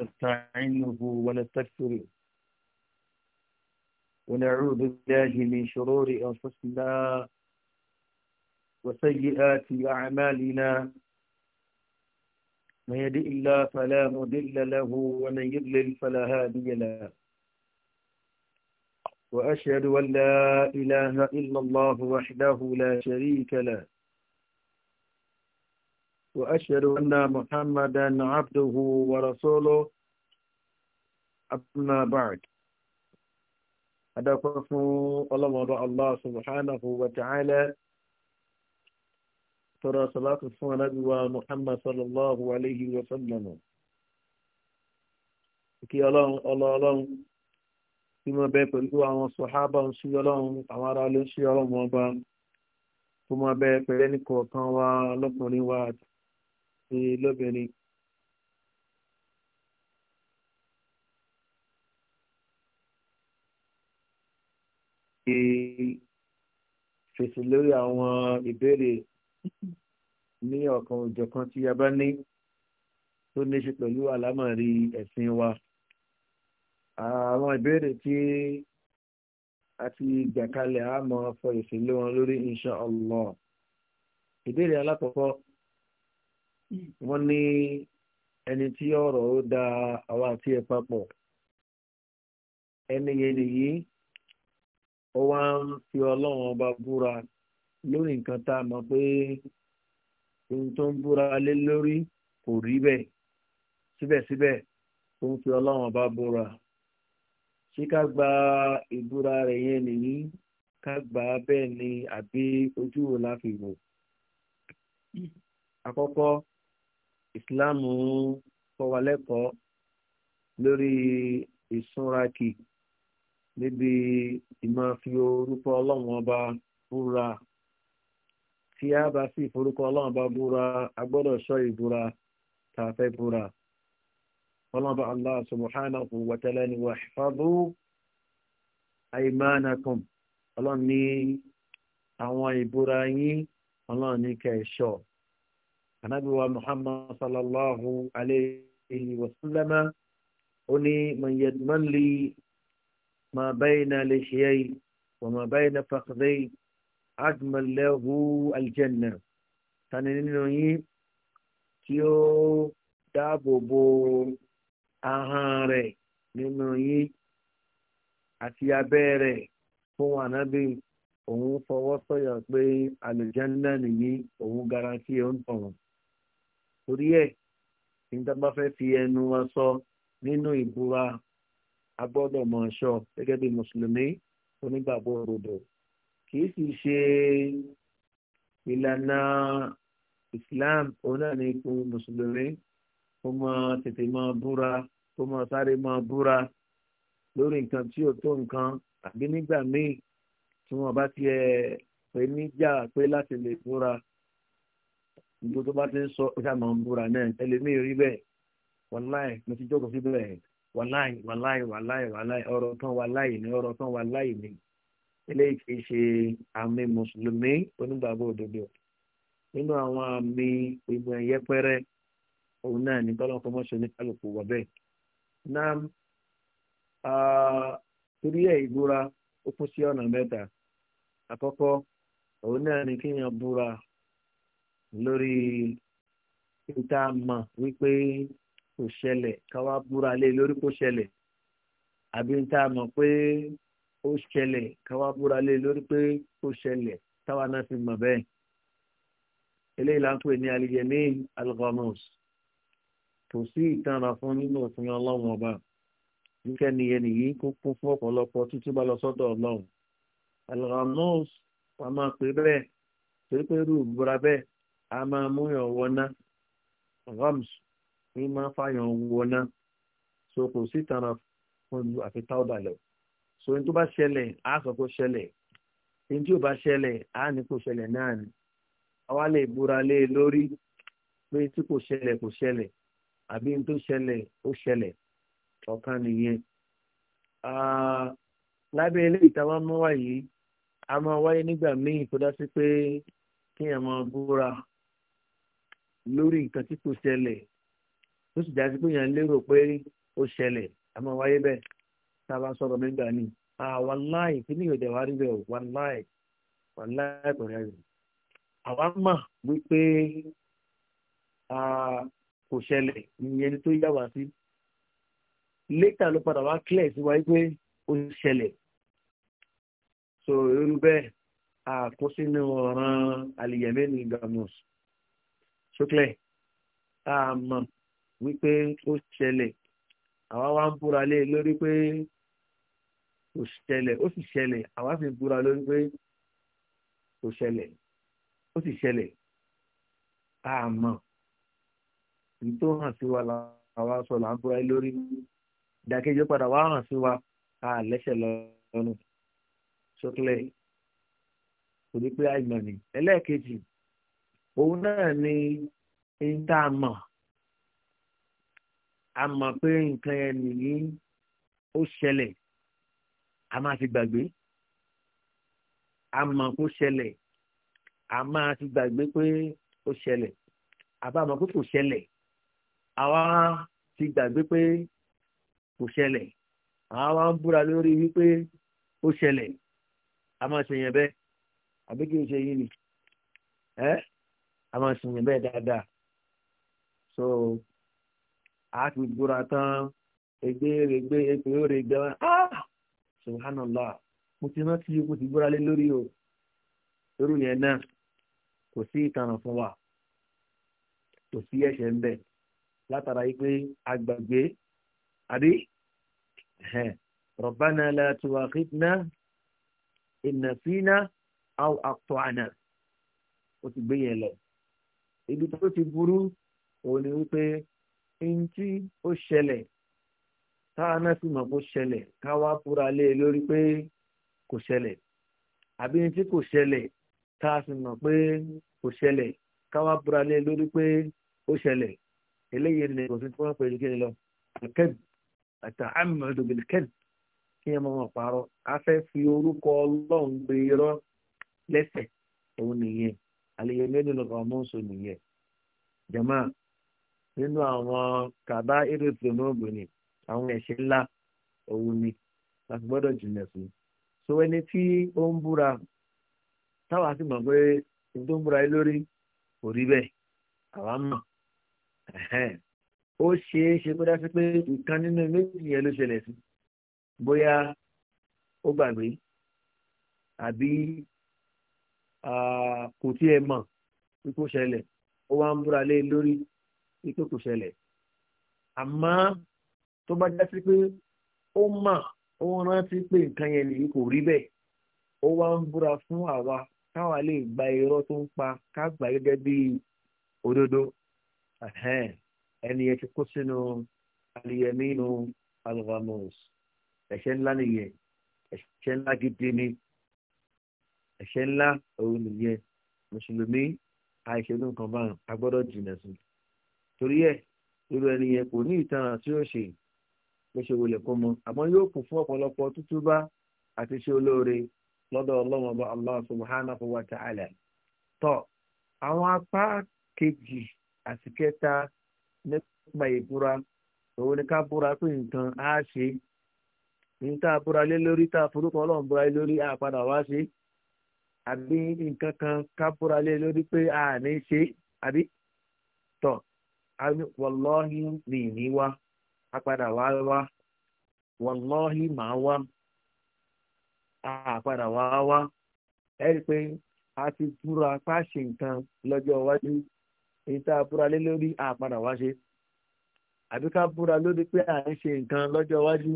نستعينه ونستغفره ونعوذ بالله من شرور أنفسنا وسيئات أعمالنا من يهد الله فلا مضل له ومن يضلل فلا هادي له وأشهد أن لا إله إلا الله وحده لا شريك له وأشهد أن محمدا عبده ورسوله أما بعد أدقف الله الله سبحانه وتعالى ترى صلاة النبي محمد صلى الله عليه وسلم kí ọlọ́run ọlọ́run tí mo bẹ pẹ̀lú àwọn sọ̀hábà ń sí ọlọ́run àwọn ará ló ń sí ọlọ́run ọba tó mo bẹ pẹ̀lú ẹnì kọ̀ọ̀kan wa lọ́kùnrin wa àti àti lóbìnrin. ṣe fèsì lórí àwọn ìbéèrè ní ọ̀kan òjọ̀kan tí a bá ní tó ní ṣe pẹ̀lú àlámọ̀rí ẹ̀sìn wa. Àwọn ìbéèrè tí a ti gbà kalẹ̀ á mọ fọ ìfìlé wọn lórí insha Allah. Ìbéèrè alákọ̀ọ́kọ́ wọ́n ní ẹni tí ọ̀rọ̀ ó da àwa àti ẹ̀ papọ̀ ẹni yẹn nìyí ó wá ń fi ọlọ́run ọba búra lórí nǹkan tá a mọ̀ pé ohun tó ń búra lé lórí kò rí bẹ́ẹ̀ síbẹ̀síbẹ̀ ó ń fi ọlọ́run ọba búra ṣé ká gba ìbúra rẹ̀ yẹn nìyí ká gbà á bẹ́ẹ̀ ni àbí ojú wo la wò. àkọ́kọ́ ìsìláàmù kọ́ wa lẹ́kọ̀ọ́ lórí ìsúnrakì níbi ìmọ̀ fi orúkọ ọlọ́run ọba búra tí a bá sì forúkọ ọlọ́run ọba búra a gbọ́dọ̀ sọ ìbúra tá a fẹ́ búra ọlọ́run ọba allah subhanahu wa ta'ala ni wa ihfazu aymanakum ọlọ́run ní àwọn ìbúra yín ọlọ́run ní kẹ́ ẹ̀ ṣọ́ anabi wa muhammad sallallahu alayhi wa sallama ó ní man yadmanli ma bayna lishiyai wa ma bayna fakhidai ajmal lahu aljanna tani nínú yín tí ó dáàbò bo ahọ́n rẹ̀ nínú yín àti abẹ́ rẹ̀ fún anabi òun fọwọ́ sọ̀yà pé aljanna nìyí òun garanti òun tọ̀wọ̀n torí ẹ̀ ìjọba fẹ́ fi ẹnu wa sọ nínú ìbúra a gbọ́dọ̀ mọ̀ ṣọ́ gẹ́gẹ́ bí mùsùlùmí onígbàgbọ́ òdodo kìí sì ṣe ìlànà islam òun náà ní ikú mùsùlùmí kó máa tètè máa búra kó máa sáré máa búra lórí nǹkan tí ò tó nǹkan àbí nígbà míì tí wọn bá tiẹ̀ pé níjà pé láti lè búra gbogbo tó bá ti ń sọ ọjà máa ń búra náà ẹlẹ́mìí rí bẹ́ẹ̀ wàláì mo ti jókòó sí bẹ́ẹ̀ wàláì wàláì wàláì wàláì ọ̀rọ̀ tán wàláì ni ọ̀rọ̀ tán wàláì ni eléyìí kì í ṣe àmì mùsùlùmí onígbàgbọ́ òdodo nínú àwọn àmì ìgbìmọ̀ ìyẹpẹrẹ òun náà ní tọ́lọ́kọ́ mọ́ṣẹ́ ní kálukú wà bẹ́ẹ̀ náà torí ẹ̀ ìbúra ó kún sí ọ̀nà mẹ́ta àkọ́kọ́ òun náà ní kéèyàn lórí níta mọ̀ wípé kò ṣẹlẹ̀ káwá búra lé e lórí kò ṣẹlẹ̀ àbí níta mọ̀ pé ó ṣẹlẹ̀ káwá búra lé e lórí pé kò ṣẹlẹ̀ táwa náà fi mọ̀ bẹ́ẹ̀ eléyìí là ń pè ní alìyẹmí alghamus kò sí ìtanra fún nínú òfin ọlọ́run ọba níkẹ́ nìyẹn nìyí kó kún fún ọ̀pọ̀lọpọ̀ títí bá lọ sọ́dọ̀ ọlọ́run alghamus wàá máa pè bẹ́ẹ̀ torí pé irú ìbúra bẹ́ẹ̀ a máa múyàn wọná rams ní máa fàyàn wọná so kò sí tànà fún ju àfi táwọdà lọ so ní tó bá ṣẹlẹ̀ á sọ pé ṣẹlẹ̀ ní tí ò bá ṣẹlẹ̀ á ní kò ṣẹlẹ̀ náà ni àwa lè búra lé e lórí pé tí kò ṣẹlẹ̀ kò ṣẹlẹ̀ àbí ní tó ṣẹlẹ̀ ó ṣẹlẹ̀ ọ̀kan nìyẹn lábẹ́ ilé ìtawọ́ mọ́ wáyé a máa wáyé nígbà míì tó dá sí pé kí ẹ̀ máa búra lórí nǹkan tí kò ṣẹlẹ̀ tó sì já sí pé yàn lérò pé ó ṣẹlẹ̀ a máa wáyé bẹ́ẹ̀ tá a bá sọ̀rọ̀ nígbà ni wàláì kí ni ìyọ̀dẹ̀ wá rí bẹ́ẹ̀ wàláì wàláì kò rẹ̀ rẹ̀ àwa mọ̀ wípé kò ṣẹlẹ̀ ìyẹn tó yá wá sí létà ló padà wá clear sí wáyé pé ó ṣẹlẹ̀ so irú bẹ́ẹ̀ àkóso ní ọ̀ràn àlìyẹ̀mẹ́ni gamus ṣókè tá a mọ̀ wípé ó ṣẹlẹ̀ àwa wá ń búra lé e lórí pé kò ṣẹlẹ̀ ó sì ṣẹlẹ̀ àwa fi ń búra lórí pé kò ṣẹlẹ̀ ó sì ṣẹlẹ̀ tá a mọ̀ èyí tó hàn sí wa làwa sọ là ń búra e lórí ìdàkejì padà wá hàn sí wa a lẹ́sẹ̀ lọ́nà ṣókè torí pé àìmọ̀ ni ẹlẹ́ẹ̀kejì òun náà ni ń tá a mọ̀ a mọ̀ pé nǹkan yẹn nìyí ó ṣẹlẹ̀ a máa ti gbàgbé a mọ̀ kó ṣẹlẹ̀ a máa ti gbàgbé pé ó ṣẹlẹ̀ àbá mọ̀ pé kò ṣẹlẹ̀ àwa ti gbàgbé pé kò ṣẹlẹ̀ àwa ń búra lórí wípé ó ṣẹlẹ̀ a máa ṣe yẹn bẹ́ẹ̀ àbí kí n ṣe yín ni a máa sinmi bẹ́ẹ̀ dáadáa so a ti gbóra tán egbèrègbè egbèrè gan ah subhanallah mo ti rántí mo ti gbóra lé lórí o lórí yẹn náà kò sí ìtanràn fún wa kò sí ẹ̀ṣẹ̀ ń bẹ látara yìí pé àgbàgbé àbí rabbana la tuwakhidna in nasina aw akhta'na ó ti gbé yẹn lọ ibi tó ti burú òun ni wípé ẹni tí ó ṣẹlẹ̀ táwa náà sì mọ̀ kó ṣẹlẹ̀ káwá fúra lé e lórí pé kò ṣẹlẹ̀ àbí ẹni tí kò ṣẹlẹ̀ tá a sì mọ̀ pé kò ṣẹlẹ̀ káwá fúra lé e lórí pé ó ṣẹlẹ̀ eléyìí ni kò sí tí wọ́n pè é kíni lọ kẹ́ẹ̀dì àtàhámẹ́dù bìlkẹ́ẹ̀dì kí ẹ máa pààrọ̀ a fi orúkọ ọlọ́run gbé irọ́ lẹ́sẹ̀ òun nìyẹn àlèyé mélòó lọ́kàn ọmọ oṣù nìyẹn jẹ̀mọ́ nínú àwọn kàbá èrò tòmóògùn ni àwọn ẹ̀ṣẹ̀ ńlá òun ni láti gbọ́dọ̀ jìnnà sí so ẹni tí ó ń búra táwa sì mọ̀ pé tó ń búra yìí lórí kò rí bẹ́ẹ̀ àwa mọ̀ ó ṣeé ṣe kó dá pé ìkan nínú méjì yẹn ló ṣẹlẹ̀ sí bóyá ó gbàgbé àbí kò tí ẹ mọ̀ pé kò ṣẹlẹ̀ ó wá ń búra lé e lórí pé kò kò ṣẹlẹ̀ àmọ́ tó bá já sí pé ó mà ó rántí pé nǹkan yẹn nìyí kò rí bẹ́ẹ̀ ó wá ń búra fún àwa káwa lè gba irọ́ tó ń pa ká gbà gẹ́gẹ́ bí òdodo ẹni yẹn ti kó sínú aliyemínú alvamus ẹ̀ṣẹ̀ ńlá nìyẹn ẹ̀ṣẹ̀ ńlá gidi ni ẹ̀ṣẹ̀ ńlá òun nìyẹn mùsùlùmí àìṣe ló ń kan báyìí a gbọ́dọ̀ jìnà sí i torí ẹ̀ irú ẹni yẹn kò ní ìtàn tí ó ṣe ló ṣe wọlé kó mọ àmọ́ yóò kún fún ọ̀pọ̀lọpọ̀ tútúbá àti ṣe olóore lọ́dọ̀ ọlọ́run allah subhanahu wa ta'ala tọ́ àwọn apá kejì àti kẹta nípa ìbúra òun ni ká búra pé nǹkan á ṣe ní tá lé lórí tá a forúkọ ọlọ́run búra lórí àpadà wá ṣe àbí nǹkan kan ká búra lé lórí pé a ní ṣe àbí tọ̀ wọlọ́hì ni ìní wá a padà wá wá wọlọ́hì máa wá a padà wá wá ẹ rí i pé a ti búra pa ṣe nǹkan lọ́jọ́ iwájú èyí tá a búra lé lórí a padà wá ṣe àbí ká búra lórí pé à ń ṣe nǹkan lọ́jọ́ iwájú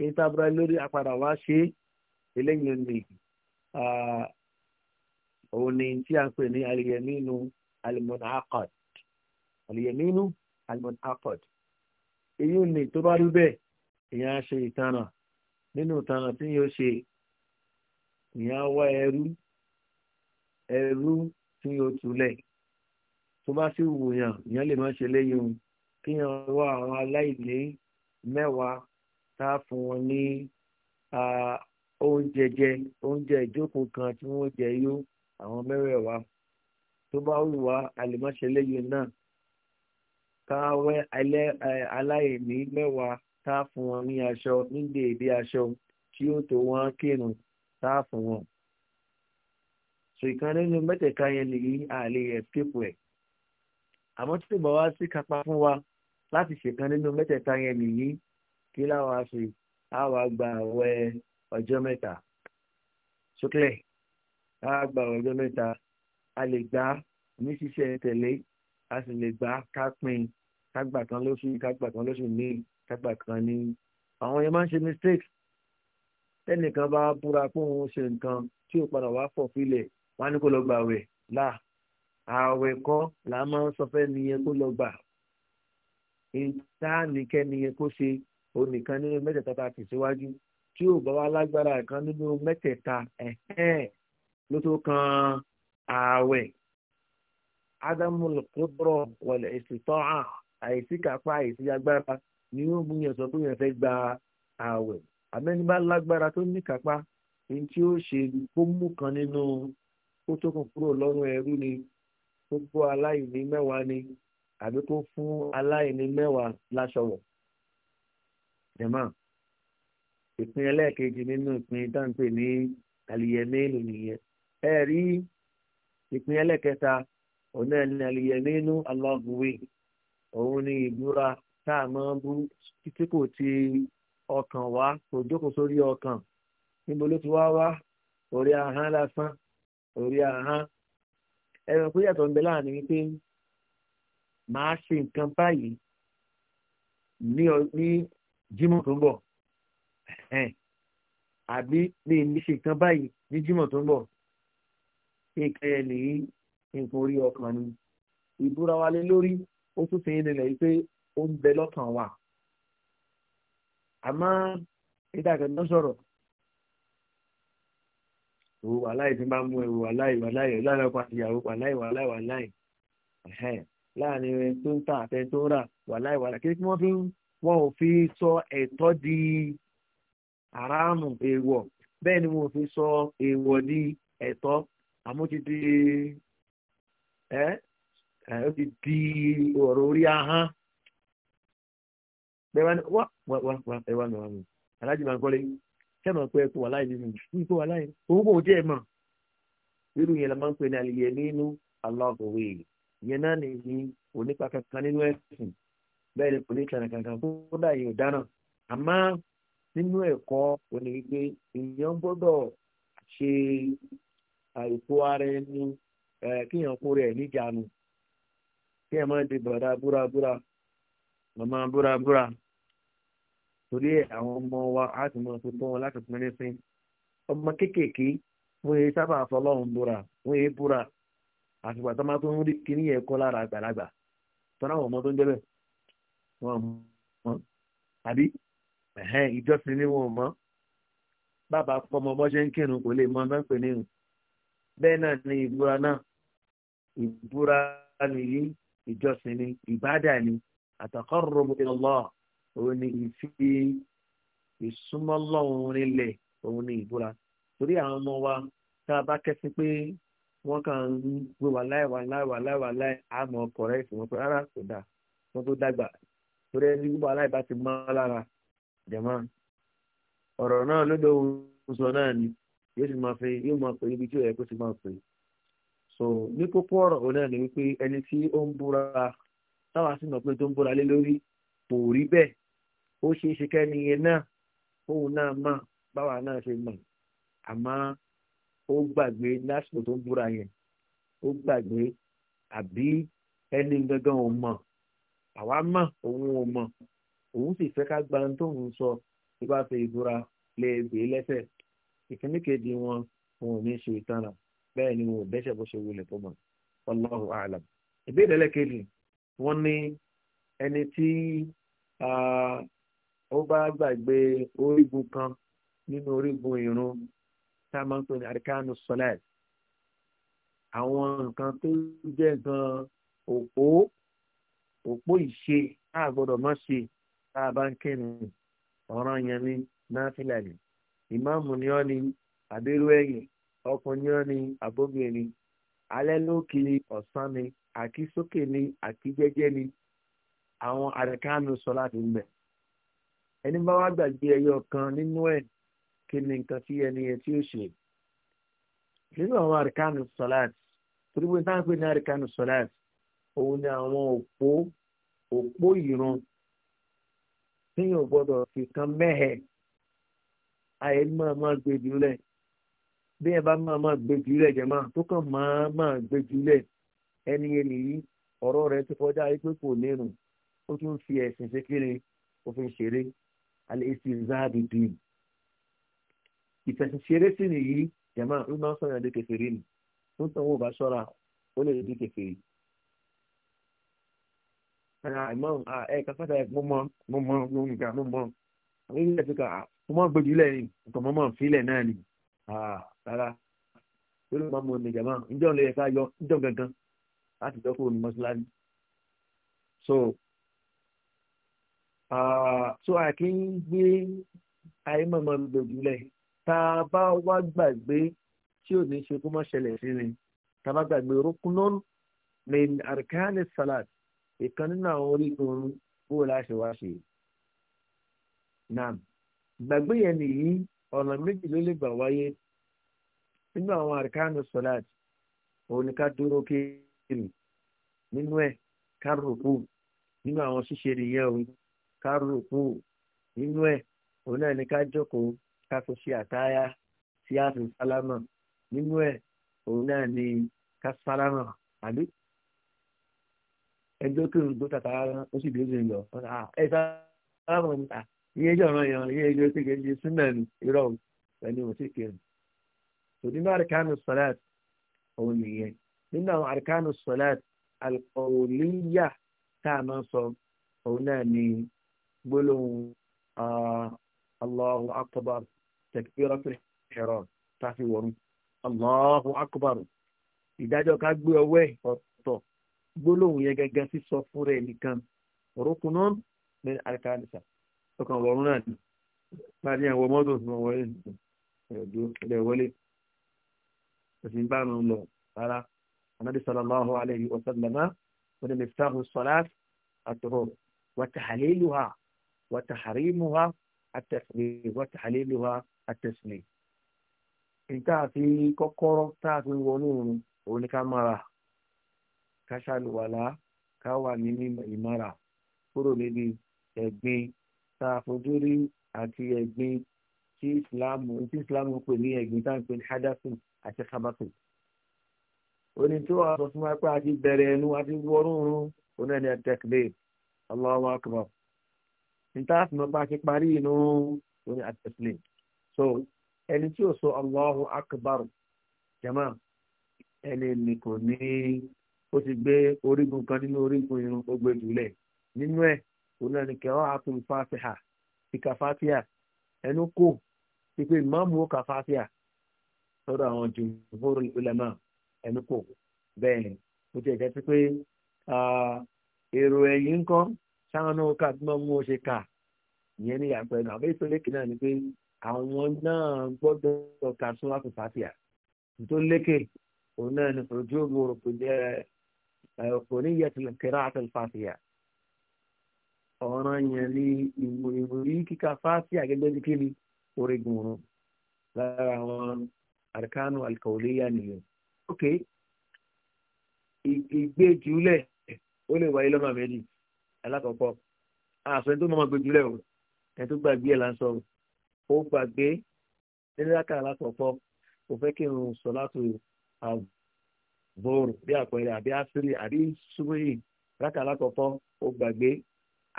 èyí tá a búra lórí a padà wá ṣe eléyìí ni òun ni tí a ń pè ní aliyaminu alimunakad aliyaminu alimunakad èyí ni tó bá rí bẹ́ẹ̀ èèyàn á ṣe ìtanà nínú ìtanà tí yóò ṣe èèyàn á wá ẹrú ẹrú tí yóò túlẹ̀ tó bá sì wù yàn èèyàn lè má ṣe léyìn kí yàn wá àwọn aláìní mẹ́wàá tá a fún wọn ní oúnjẹ jẹ oúnjẹ ìjókòó kan tí wọ́n jẹ yó àwọn mẹ́wẹ̀ẹ̀wá tó bá wù wá àlèmọ́ṣẹ́ lẹ́yìn náà káwẹ́ aláìní mẹ́wàá tá a fún wọn ní aṣọ ní dèédé aṣọ tí ó tó wọn kírun tá a fún wọn. sọ ìkan nínú mẹ́tẹ̀ẹ̀ka yẹn nìyí àlè escape ẹ̀ àmọ́ tí ìbá wá sí kápá fún wa láti ṣèkan nínú mẹ́tẹ̀ẹ̀ta yẹn nìyí kí láwa ṣe á wàá gba ọjọ́ mẹ́ta sókè. So, á gba ọjọ́ mẹ́ta a lè gbà ní ṣíṣe tẹ̀lé a sì lè gbà ká pín ká gbà kan lóṣù ká gbà kan lóṣù míì ká gbà kan ní. àwọn yẹn máa ń ṣe mistake tẹ́nìkan bá búra pé òun ṣe nǹkan tí ò padà wá fọ̀ fílẹ̀ wá ní kó lọ gbà wẹ̀ là ààwẹ̀ kọ́ là á máa ń sọ fẹ́ nìyẹn kó lọ gbà ìtànìkẹ́ nìyẹn kó ṣe onìkan nínú mẹ́tẹ̀ẹ̀ta ta tẹ̀síwájú tí ò bá wá lágbára kan nínú mẹ́tẹ̀ẹ̀ta ẹ̀hẹ́n ló tó kan ààwẹ̀ adamul kudro wal istita'a àìsí kápá àìsí agbára ni yóò mú yẹn sọ pé yẹn fẹ́ gba ààwẹ̀ àmẹ́ni bá lágbára tó ní kápá ní tí ó ṣe kó kan nínú kó tó kàn kúrò lọ́rùn ẹrú ni kó gbọ́ aláìní mẹ́wàá ni àbí kó fún aláìní mẹ́wàá láṣọ wọ̀ jẹ̀mọ́ ìpín ẹlẹ́ẹ̀kejì nínú ìpín dáńpẹ́ ní àlìyẹ̀mẹ́lì nìyẹn ẹ̀rí ìpín ẹlẹ́kẹta ọ̀nà ìlànà nínú aláàbùwé òun ni ìbúra tá a máa ń bú títí kò ti ọkàn wá kò jókòó sórí ọkàn níbo ló ti wá wá orí ahán lásán orí ahán ẹ̀rọ pé yàtọ̀ ń bẹ láàrin màá ṣe nǹkan báyìí ní jímọ̀ tó ń bọ̀ àbí ní kékeré nìyí nítorí ọkàn ni ìbúra wa lé lórí ó tún fi nílẹ̀ yìí pé ó ń bẹ lọ́kàn wa àmọ́ ìdàgbẹ́ná sọ̀rọ̀ òwò wàláì tí máa mú ẹ̀rù wàláì wàláì láàrin ọkọ àtìyàwó wàláì wàláì wàláì láàrin ẹni tó ń tà àti tó ń rà wàláì wàláì kí wọ́n fi wọn ò fi sọ ẹ̀tọ́ di àràmù èèwọ̀ bẹ́ẹ̀ ni wọn ò fi sọ èèwọ̀ di ẹ̀tọ́ àmọ́ ti di ẹ ẹ ó ti di ọ̀rọ̀ orí ahọ́n bẹ́ẹ̀ wá ní wá wá wá ẹ wá mi wá mi aláàjì máa ń kọ́lé ṣé máa ń pẹ́ ẹ kó wà láì nínú yìí kó wà láì òun kò jẹ́ ẹ mọ̀ irú yẹn la máa ń pè ní àlèyé nínú aláàbòwé yẹn náà nìyí onípa kankan nínú ẹ̀sìn bẹ́ẹ̀ ni kò ní ìtàn kankan kó dà yìí ò àmọ́ nínú ẹ̀kọ́ òní gbé ìyẹn gbọ́dọ̀ ṣe àìkó ara ẹni kíyàn kó rẹ̀ níjànú kíyàn máa di bọ̀dá búrabúra màmá búrabúra torí àwọn ọmọ wa á ti mọ tuntun wọn láti pín ní sin ọmọ kéékèèké wọn yé sábà fọlọ́run búra wọn yé búra àtùgbà tó máa tó ń rí kíní yẹn kọ́ lára àgbàlagbà tọ́lá àwọn ọmọ tó ń débẹ̀ wọn mọ àbí ìjọsìn ni wọn mọ bàbá fọmọ bọ́ ṣe ń kírun kò lè mọ bẹ́ẹ̀ pè ní irun bẹ́ẹ̀ náà ni ìbúra náà ìbúra nìyí ìjọsìn ni ìbádà ni àtàkọ́rọ̀bù Allah òun ni ìfi ìsúmọ́lọ́hún nílẹ̀ òun ni ìbúra torí àwọn ọmọ wa tá a bá kẹ́sí pé wọ́n kàn ń gbé wa láì wà láì wà láì wà láì àmọ́ kọ̀rẹ́ ìfowópamọ́ pé rárá kò dáa wọ́n tó dàgbà torí ẹni gbogbo aláìbá ti mọ́ lára jẹ̀mọ́ ọ̀rọ̀ náà lódò sọ náà ni yóò sì máa fẹ́ yóò máa pè níbi tí ó yẹ kó ti máa pè so ní kókó ọ̀rọ̀ òun náà ni wípé ẹni tí ó ń búra táwa sì mọ̀ pé tó ń búra lé lórí kò rí bẹ́ẹ̀ ó ṣeé ṣe kẹ́ni yẹn náà òun náà mà báwa náà ṣe mọ̀ àmọ́ ó gbàgbé lásìkò tó ń búra yẹn ó gbàgbé àbí ẹni gangan ò mọ̀ àwa mọ̀ òun ò mọ̀ òun sì fẹ́ ká gba ohun tóun sọ nípa fẹ́ ìbúra lè gbé lẹ́sẹ̀ ìkíníkejì wọn wọn ò ní ṣe ìtanà bẹ́ẹ̀ ni wọn ò dẹ́ṣẹ̀ bó ṣe wulẹ̀ tó mọ̀ Allahu a'lam. ìbéèrè ẹlẹ́kejì wọ́n ní ẹni tí ó bá gbàgbé orígun kan nínú orígun ìrun tá a máa ń pè ní àríkánu sọlẹ́t àwọn nǹkan tó jẹ́ gan òpó òpó ìṣe tá a gbọ́dọ̀ má ṣe tá a bá ń kírun ọ̀ràn yẹn ní náfìlà nìyí ìmáàmù ni ọ́ ni àbírú ẹ̀yìn ọkùnrin ọ́ ni àbóbìnrin ni alẹ́ ló kiri ọ̀sán ni àkí sókè ni àkí jẹ́jẹ́ ni àwọn àrẹ̀kánu sọ láti mbẹ̀. ẹni bá wá gbàgbé ẹyọ kan nínú ẹ̀ kí ni nǹkan tí ẹni yẹn tí ó ṣe. nínú àwọn àrẹ̀kánu sọ láti torí táwọn pè ní àrẹ̀kánu sọ láti òun ni àwọn òpó òpó ìran téèyàn gbọ́dọ̀ fi kan mẹ́hẹ̀ẹ́ àyè máa máa gbé jùlẹ̀ bí ẹ bá máa máa gbé jùlẹ̀ jẹ̀má tó kàn máa máa gbé jùlẹ̀ ẹni yẹn nìyí ọ̀rọ̀ rẹ̀ ti kọjá yìí pé kò nírun ó tún fi ẹ̀sìn ṣe kiri òfin ṣeré alẹ́ èsì záàbì bíi ìfẹ̀sìnṣeré sì nìyí jẹ̀má ń máa sọ̀rọ̀ ẹ̀dẹ́ kẹfẹ́rẹ́ nì ń tàn wọ́n bá ṣọ́ra ó lè di kẹfẹ́rẹ́ ẹ̀ka fẹ́ta ẹ̀ mọ́ mọ́ mọ́ mọ́ mọ́ mọ́ mọ́ mọ́ mọ́ mo máa ń gbèjú ilẹ̀ ni nǹkan mọ́ máa ń filẹ̀ náà ni rárá lórí máa mú ẹnìjà máa ń jẹun lè ká yọ ń gangan láti dọ́kọ̀ ní mọ́ṣáláṣí so uh, so àkí ń gbé àìmọ̀mọ́ gbèjú ilẹ̀ tá a bá wá gbàgbé tí ò ní ṣe kó má ṣẹlẹ̀ sí ni tá a bá gbàgbé rukunun min arkani salat ìkan nínú àwọn orígun bó o láṣẹ wá ṣe náà gbàgbé yẹn nìyí ọ̀nà méjì ló lè gbà wáyé nínú àwọn àríkánu sọ̀láàt òun ni ká dúró kéèrè nínú ẹ̀ ká rùkú nínú àwọn ṣíṣe nìyẹn o ká rùkú nínú ẹ̀ òun náà ni ká jókòó ká fi ṣe àtáyá sí àfi sálámà nínú ẹ̀ òun náà ni ká sálámà àbí ẹjọ́ kí n gbó tàtàrà ó sì bí ó sì ń lọ ẹ sálámà ni à ìyẹn jẹ́ ọ̀ràn yẹn ìyẹn ìjọ sí kejì súnà ní irọ́ ẹni ò sí kiri tó nínú àríkánu sọ̀láàt òun nìyẹn nínú àwọn àríkánu sọ̀láàt alkọ̀ọ̀lìyà tá a máa sọ òun náà ní gbólóhùn Allahu akbar takbiratul ihram táfi wọ̀rùn Allahu akbar ìdájọ́ ká gbé ọwọ́ ẹ̀ ọ̀tọ̀ gbólóhùn yẹn gẹ́gẹ́ sísọ fúnra ẹ̀ nìkan min àríkánu sọ̀láàt ọkàn ọ̀run náà ni láti àwọn mọ́tò tí wọ́n wọlé ẹ̀dọ́ ẹ̀dẹ̀ wọlé òsì bá mi lọ rárá anábì sallallahu alayhi wa sallama wọn ni miftahu salat àtọ̀rọ̀ wàtàhálélùhà wàtàhárímùhà àtẹ̀sílẹ̀ wàtàhálélùhà àtẹ̀sílẹ̀ nta àfi kọ́kọ́rọ́ tá a fi wọnú òun òun ká mara ká ṣàlùwàlá ká wà ní ìmára kúrò níbi ẹ̀gbin tá a fojú rí àti ẹ̀gbin tí ìsìláàmù tí ìsìláàmù pè ní ẹ̀gbin tá à ń pè ní hadasun àti khabasun. oní tí wàá sọ fún wa pé a ti bẹ̀rẹ̀ ẹnu a ti wọ́rùn rún oní ẹni àtẹ̀kùlé Allahu akbar. níta àti bá a ti parí inú oní àtẹ̀kùlé. so ẹni tí ò sọ Allahu akbar jama ẹni ni kò ní ó ti gbé orígun kan nínú orígun irun ó gbé jùlẹ̀ nínú ẹ̀ òun náà ni kẹrọ àtún fàtíhà ìka fàtíhà ẹnu kò pípé ìmáàmù ó ka fàtíhà sọ́dọ̀ àwọn jùmọ̀rún ulama ẹnu kò bẹ́ẹ̀ mo ti ẹ̀jẹ̀ sí pé èrò ẹ̀yìn ń kọ́ sáwọn náà ká bí wọ́n mú ọ ṣe kà ìyẹn ní ìyàgbọ́ ẹnu àbẹ́ ìpínlẹ̀ kìnnà ni pé àwọn náà gbọ́dọ̀ ka sún àtún fàtíhà tó lékè òun náà ni ojú òru òròpìlẹ̀ ọ̀ràn yẹn ní ìwòrí kíka fásitì àgẹ́gẹ́ bí kíni orígun òrun lára àwọn àríkánú àlùkàwọléyà nìyẹn. ok ìgbé jùlẹ̀ ó lè wáyé lọ́mọ àmẹ́dì alákọ̀ọ́kọ́ àṣọ ẹni tó mọ̀ gbé jùlẹ̀ o ẹni tó gbàgbé ẹ̀ là ń sọ o ó gbàgbé níláka alákọ̀ọ́kọ́ kò fẹ́ kí n sọ láti àbòrò bí àpẹẹrẹ àbí àṣírí àbí súwèé rákà ó gbàgbé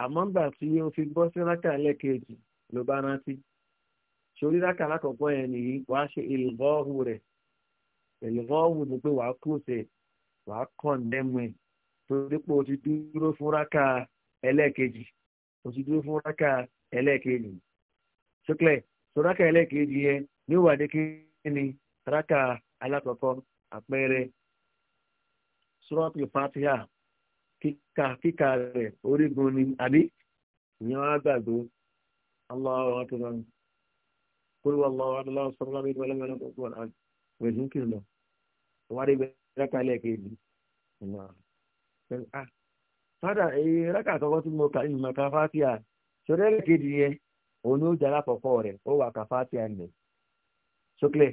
àmọ́ gbà tí ó fi bọ́ sí rákà lẹ́ẹ̀kejì ló bá rántí sórí rákà lákọ̀ọ́kọ́ yẹn nìyí wàá ṣe ìlúbọ́ọ̀hù rẹ̀ ìlúbọ́ọ̀hù ni pé wàá kúròsè wàá kọ̀ǹdẹ́mù ẹ̀ torí pé o ti dúró fún rákà ẹlẹ́ẹ̀kejì o ti dúró fún rákà ẹlẹ́ẹ̀kejì ṣókè so rákà ẹlẹ́ẹ̀kejì yẹn ní ìwádìí kí ni rákà alákọ̀ọ́kọ́ àpẹẹrẹ sùrátù Fátíhà kíkà kíkà rẹ̀ orígun ni àbí ìyẹn wọn á gbàgbé aláwọ̀ àtúntàn kúrò aláwọ̀ àtúntàn sọ̀rọ̀ lábẹ́ ìgbàlẹ́ mẹ́rin tó kúrò àti wẹ̀sùn kìí lọ wọ́n rí rákàlẹ̀ kejì ìmọ̀ ah fada èyí rákà àkọ́kọ́ tí mo kà ìmọ̀ kan fáfíà sọ̀rọ̀ ẹ̀rẹ́ kejì yẹn òun ni ó jẹ́ alákọ̀ọ́kọ́ rẹ̀ ó wà kà fáfíà nì sókè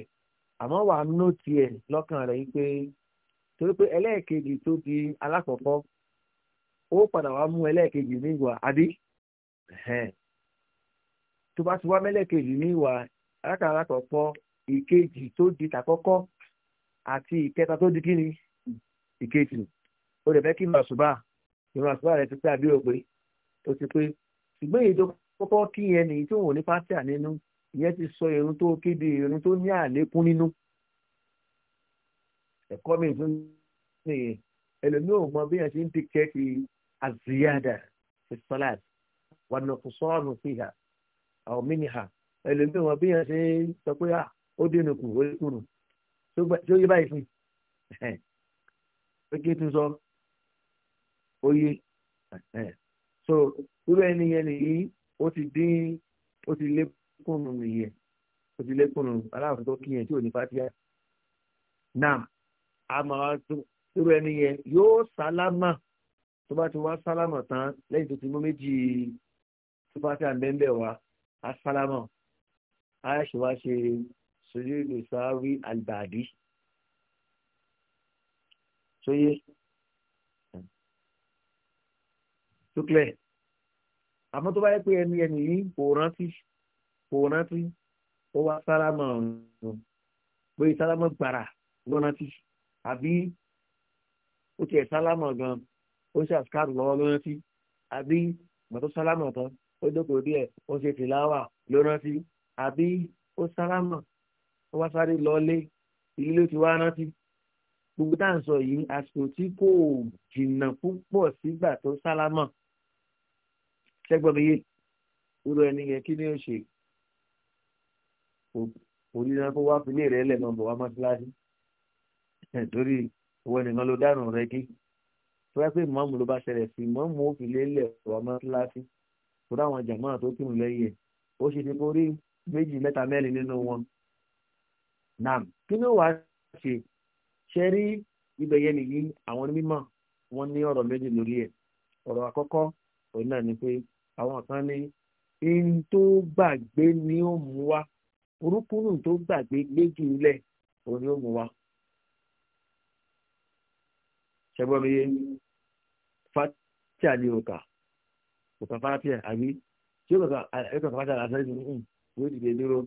àmọ́ wà á nù tiẹ̀ lọ́kàn rẹ̀ yìí pé torí pé ẹlẹ́ẹ̀kejì tó di alákọ̀ọ́kọ́ ó padà wá mú ẹlẹ́ẹ̀kejì ní ìwà àbí tó bá ti wá mẹ́lẹ́ẹ̀kejì ní ìwà alákàrà kọ̀ọ̀pọ̀ ìkejì tó di tàkọ́kọ́ àti ìkẹta tó di kíni ìkejì ó lè fẹ́ kí màṣúbà ìrún àṣùbà rẹ ti pé àbí òpè ó ti pé ṣùgbọ́n èyí tó kọ́kọ́ kí yẹn nìyí tó wò ní pásítà nínú ìyẹn ti sọ irun tó kéde irun tó ní àlékún nínú ẹ̀kọ́ mi tún ẹlòmíràn mọ bí yẹn ti ń ti kẹ́kì الزيادة في الصلاة والنقصان فيها أو منها اللي هو ẹlòmíì شيء bí أدينك ṣe شو pé ó dénú kù ó kùnù tó yé báyìí so irú ẹni yẹn nìyí ó ti dín ó ti lékùnù nìyẹn ó ti lékùnù aláwọ̀ tó kí yẹn tí ò ní fàtíà náà àmọ́ irú ẹni yóò sálámà tó bá ti wá sálámà tán lẹ́yìn tó ti mú méjì sípàtì àbẹ́ńbẹ́ wa á sálámà á ṣe wá ṣe sórí ìsáárí àlùbàdì sóyè tókìlẹ̀ àmọ́ tó bá yẹ pé ẹni ẹni yìí kò rántí kò rántí ó wá sálámà pé sálámà gbàrà ló rántí àbí ó tiẹ̀ sálámà gan-an ó ṣe àṣkárù lọ́wọ́ ló rántí àbí gbàtó sálámà tán ó dókòó díẹ̀ ó ṣe tìláwà ló rántí àbí ó sálámà ó wá sáré lọlé ilé ló ti wá rántí gbogbo tá à ń sọ yìí àsìkò tí kò jìnnà púpọ̀ sígbà tó sálámà ṣẹ́gbọ́n mi yé irú ẹni yẹn kí ni ó ṣe kò ní náà kó wá fi ilé rẹ̀ lẹ̀ bọ̀ wá mọ́ síláṣí torí owó ẹnìkan ló dárùn rẹ kí fẹ́ pé mọ́mù ló bá ṣẹlẹ̀ sí mọ́mù ó fi lélẹ̀ wà mọ́ kíláàsì kó dáwọn jàmọ́ tó kírun lẹ́yìn ẹ̀ ó ṣe ti kórí méjì mẹ́ta mẹ́rin nínú wọn. nam kí ló wàá ṣe ṣe rí ibẹ̀ yẹn nìyí àwọn onímọ̀ wọn ní ọ̀rọ̀ méjì lórí ẹ̀ ọ̀rọ̀ àkọ́kọ́ òun náà ni pé àwọn kan ní in tó gbàgbé ni ó mú wa orúkúrú tó gbàgbé méjì lẹ̀ òun ni ó mú wa. ṣẹ́gbọ́n mi yé fátíà ni òkà òkà fátíà àbí tí ó kà fátíà lásán ní ìhùn ló dìde dúró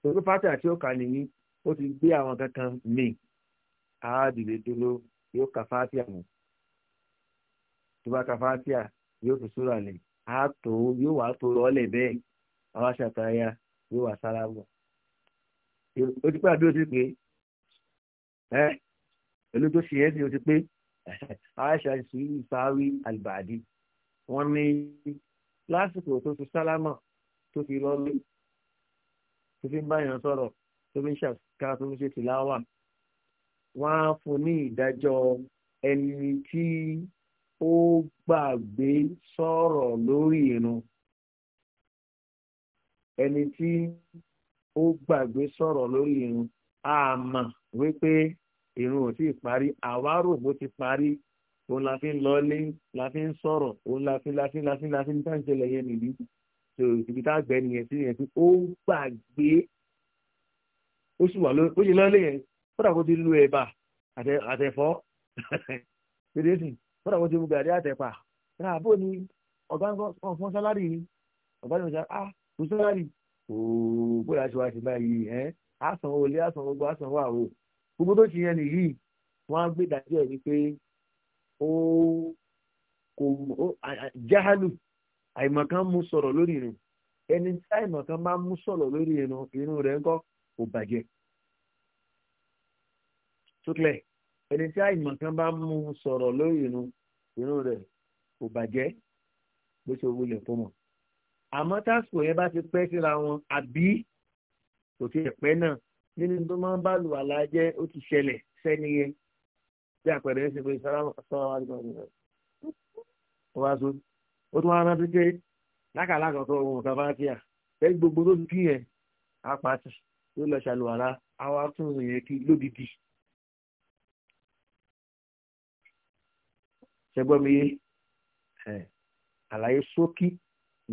torí fátíà tí ó kà nìyí ó ti gbé àwọn kankan míì á dìde dúró yóò kà fátíà mọ́ tó bá kà fátíà yóò fi súrà lè á tó yóò wá tó rọ́ọ̀lẹ̀ bẹ́ẹ̀ àwọn aṣàtàyà yóò wá sára wọ̀ ó ti pé àbí ó ti pé ẹ pẹ̀lú tó ṣe é sí ó ti pé aisha sí ìsáwí àlùbàdì wọ́n ní lásìkò tó fi sálámà tó fi rọ́lé tó fi ń báyàn sọ̀rọ̀ tó fi ń ṣàkà tó fi ṣe tìláwà wọ́n á fún ní ìdájọ́ ẹni tí ó gbàgbé sọ̀rọ̀ lórí irun ẹni tí ó gbàgbé sọ̀rọ̀ lórí irun a wípé irun ò tí ì parí àwárò bó ti parí òun la fi ń lọ lé la fi ń sọ̀rọ̀ òun la fi la fi la fi la fi ń tán ìṣẹ̀lẹ̀ yẹn nìyí tó ibi tá a gbẹ nìyẹn sí yẹn tí ó ń gbàgbé ó sì wà lórí ó sì lọ́lé yẹn fúnra kó ti lu ẹ̀bà àtẹ̀fọ́ fèdèsì fúnra kó ti mu gàdé àtẹ̀pà rà bó ni ọ̀gá ńkọ́ fún sálárì ni ọ̀gá ni sọ ah fún sálárì ooo bóyá aṣọ àti báyìí ẹ̀ àsanwó ilé àsanwó gbogbo àsanwó àwò gbogbo tó ṣe yẹn nìyí wọ́n á gbé ìdájọ́ ẹ̀ wípé ó kò ó jáhálù àìmọ̀kan mú sọ̀rọ̀ lórí irun ẹni tí àìmọ̀kan máa mú sọ̀rọ̀ lórí irun irun rẹ̀ ń kọ́ kò bàjẹ́ sókè ẹni tí àìmọ̀kan bá mú sọ̀rọ̀ lórí irun irun rẹ̀ kò bàjẹ́ bó ṣe owó fún wọn àmọ́ tásìkò yẹn bá ti pẹ́ síra wọn àbí kò tiẹ̀ pẹ́ náà nínú tó máa ń bá lù àlàjẹ́ ó ti ṣẹlẹ̀ sẹ́ni yẹn bí àpẹẹrẹ ẹ ṣe pé sọ́wọ́ àdìgbò ó wá sórí ó tún wá rántí pé lákàlákà tó ohun kan bá ti à ẹ gbogbo tó kí yẹn á pàtì ló lọ ṣàlùwàlá á wá tún yẹn kí lódìdí. ṣẹgbọ́n mi yé àlàyé ṣókí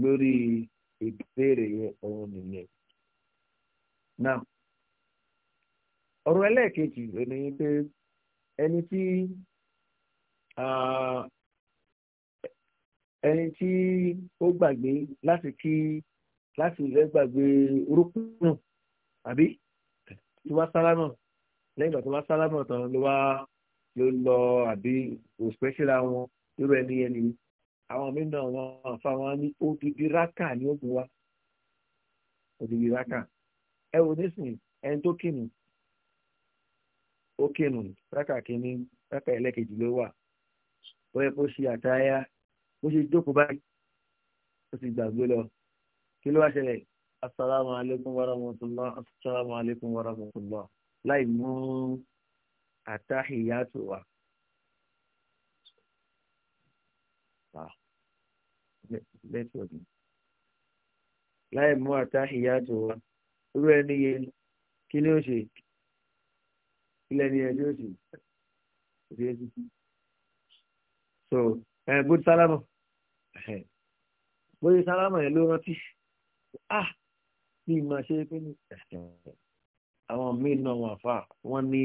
lórí ìbéèrè yẹn òun nìyẹn. Now, ọ̀rọ̀ ẹlẹ́ẹ̀kejì ni pé ẹni tí ẹni tí ó gbàgbé láti kí láti ilẹ̀ gbàgbé rúkúnù àbí tí wá sálámà lẹ́yìn ìgbà tó wá sálámà tán ló wá ló lọ àbí òṣìṣẹ́ra wọn irú ẹni ẹni àwọn mìíràn wọn àfa wọn ní odidi rákà ní òkú wa odidi rákà ẹ wò nísìnyí ẹni tó kìnnì ó kírun rákà kínní rákà ẹlẹ́kejì ló wà ó yẹ kó ṣe àtàyà ó ṣe jókòó báyìí ó sì gbàgbé lọ kí ló wá ṣẹlẹ̀ asalaamu alaykum wa rahmatulah asalaamu alaykum wa rahmatulah láì mú àtàhìyàtò wa. Ah, lẹ́tọ̀ọ̀dù láì mú àtàhìyàtò wa irú ẹni yẹn kí ni ó ṣe ilẹ̀ ni ẹjọ́ òsì òsì èsì so ẹ bó ti sálámà bó ti sálámà yẹn ló rántí ah bí màá ṣe pé ní àwọn míì náà wà fà wọn ní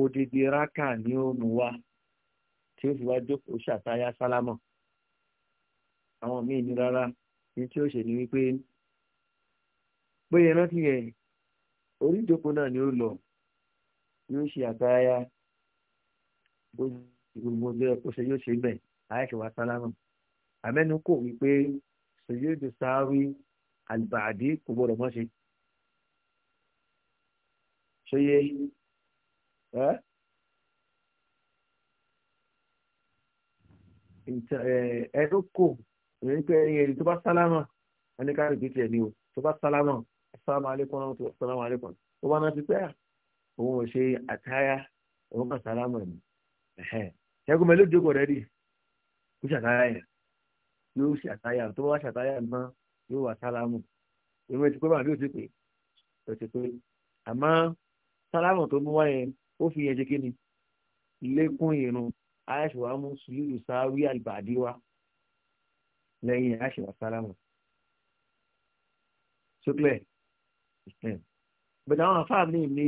odidi raka ní òmù wa tí ó fi wá jókòó ṣàtayá sálámà àwọn míì ní rárá ní tí ó ṣe ni wípé bóyá rántí yẹn orí ìjókòó náà ni ó lọ yóò ṣe àtàyà gbogbo ọjọ́ ẹ̀kọ́ ṣe yóò ṣe bẹ̀ àyàṣẹ wa sálámù àmẹ́nu kò wí pé sèyídì sáárì àlùbàdì kò gbọdọ̀ mọ́ ṣe ṣe yé ẹ́. ẹ̀ẹ́dọ́kọ̀ ìrìnkẹ́ ẹ̀yìn tó bá sálámà ẹni ká rìbìtì ẹ̀ ní o tó bá sálámà sálámà alẹ́kùn náà tó sálámà alẹ́kùn tó bá náà ti pẹ́ òun ò ṣe àtáyà òun kàn sálámà ni ṣẹ́gun mẹ́lẹ́ jókòó rẹ̀ rí kó ṣàtáyà yẹn yóò ṣàtáyà tó wá ṣàtáyà náà yóò wá sálámù ìwé ti pé bá àbí òtí pé òtí pé àmọ́ sálámù tó mú wá yẹn ó fi yẹn jẹ́ kí ni lékún irun aṣèwà mú sùúrù sáwí àlùbàdí wa lẹ́yìn aṣèwà sálámù. sókè. So, bẹ̀rẹ̀ àwọn afáà mi ní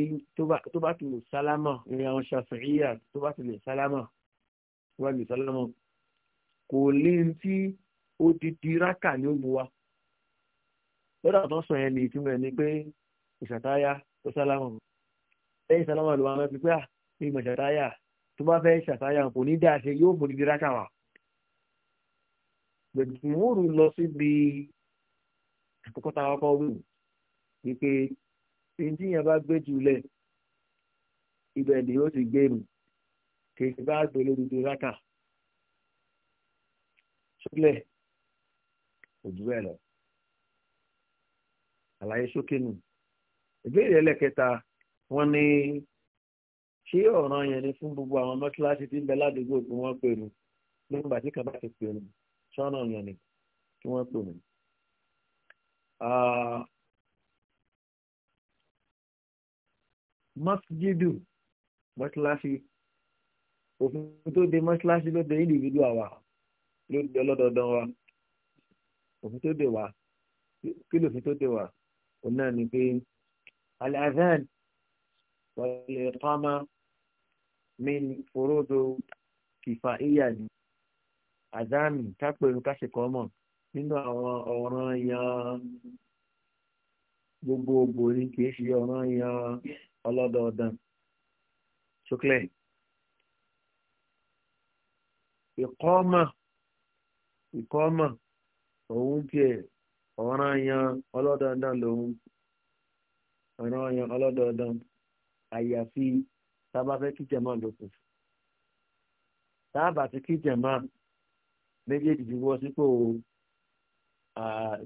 tó bá ti lè sálámà ìrìn àwọn ṣàfihìyà tó bá ti lè sálámà tó bá lè sálámà kò lè ń tí ó ti di rákà ní ògbó wa lọ́dọ̀ àtọ́ sọ yẹn ní ìtumọ̀ ẹ̀ ni pé ìṣàtáyà tó sálámà lẹ́yìn sálámà ló wà lọ́ọ́ pípẹ́ à ní ìmọ̀ ìṣàtáyà tó bá fẹ́ ìṣàtáyà kò ní dáa ṣe yóò mú di rákà wá gbẹ̀dùmúrù lọ síbi àkókò táwọn kọ́ wù wípé èyí tí yẹn bá gbé jùlẹ̀ ibẹ̀ ni ó ti gbèrú kèké bá gbé lórí dúrákà ṣúlẹ̀ òjú ẹ̀ lọ àlàyé ṣókè nù ìbéèrè ẹlẹ́kẹta wọ́n ní ṣé ọ̀ràn yẹn ni fún gbogbo àwọn mọ́ṣáláṣí tí ń bẹ ládùúgbò tí wọ́n pèrò nígbà tí kàbá ti pèrò sọ́nà yẹn ni kí wọ́n pèrò. mọ́síjídù mọ́síláṣí òfin tó de mọ́síláṣí ló de ìdìbìdù àwa ló de ọlọ́dọọdọ wa òfin tó de wa kí lófin tó de wa òun náà ni pé al-adhan wal-iqama min furudu kìfàíyà ni àdáàmì tápẹ̀rù káṣẹ̀kọ́ mọ̀ nínú àwọn ọ̀ràn yan gbogbogbò ni kì í ṣe ọ̀ràn yan. ọlọ́dọọdún ṣókèlè ìkọ́mọ̀ ìkọ́mọ̀ òun tiẹ̀ ọ̀ràn yan ọlọ́dọọdún lòun ọ̀ràn yan ọlọ́dọọdún àyàfi tábà fẹ́ kí jẹ̀mọ́ lókun tábà ti kí jẹ̀mọ́ méjèèjì ti wọ́ sípò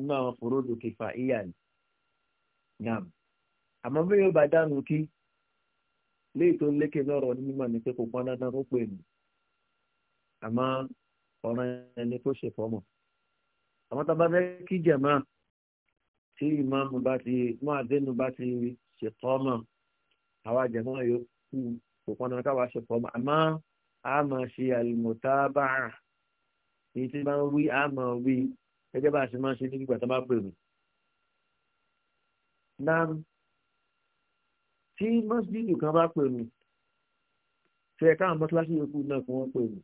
nínú àwọn àmọ́ bí yóò bá dànù kí léyìí tó lékè lọ́rọ̀ ní mímọ̀ ní pé kò pọn dandan kó pè mí àmọ́ ọ̀ràn ẹni tó ṣe fọ́mọ̀ àmọ́ tá a bá fẹ́ kí jẹ̀mọ́ tí ìmáàmù bá ti mú àdénú bá ti ṣètọ́ mọ̀ àwa jẹ̀mọ́ yòókù kò pọn dandan káwa ṣe fọ́mọ̀ àmọ́ a máa ṣe àlùmọ̀tábàrà èyí tí máa ń wí a máa wí gẹ́gẹ́ bá a ṣe máa ń ṣe nígbà tó bá pè mí tí mọ́sídìdì kan bá pè mí ṣe káwọn mọ́síláṣí yòókù náà kí wọ́n pè mí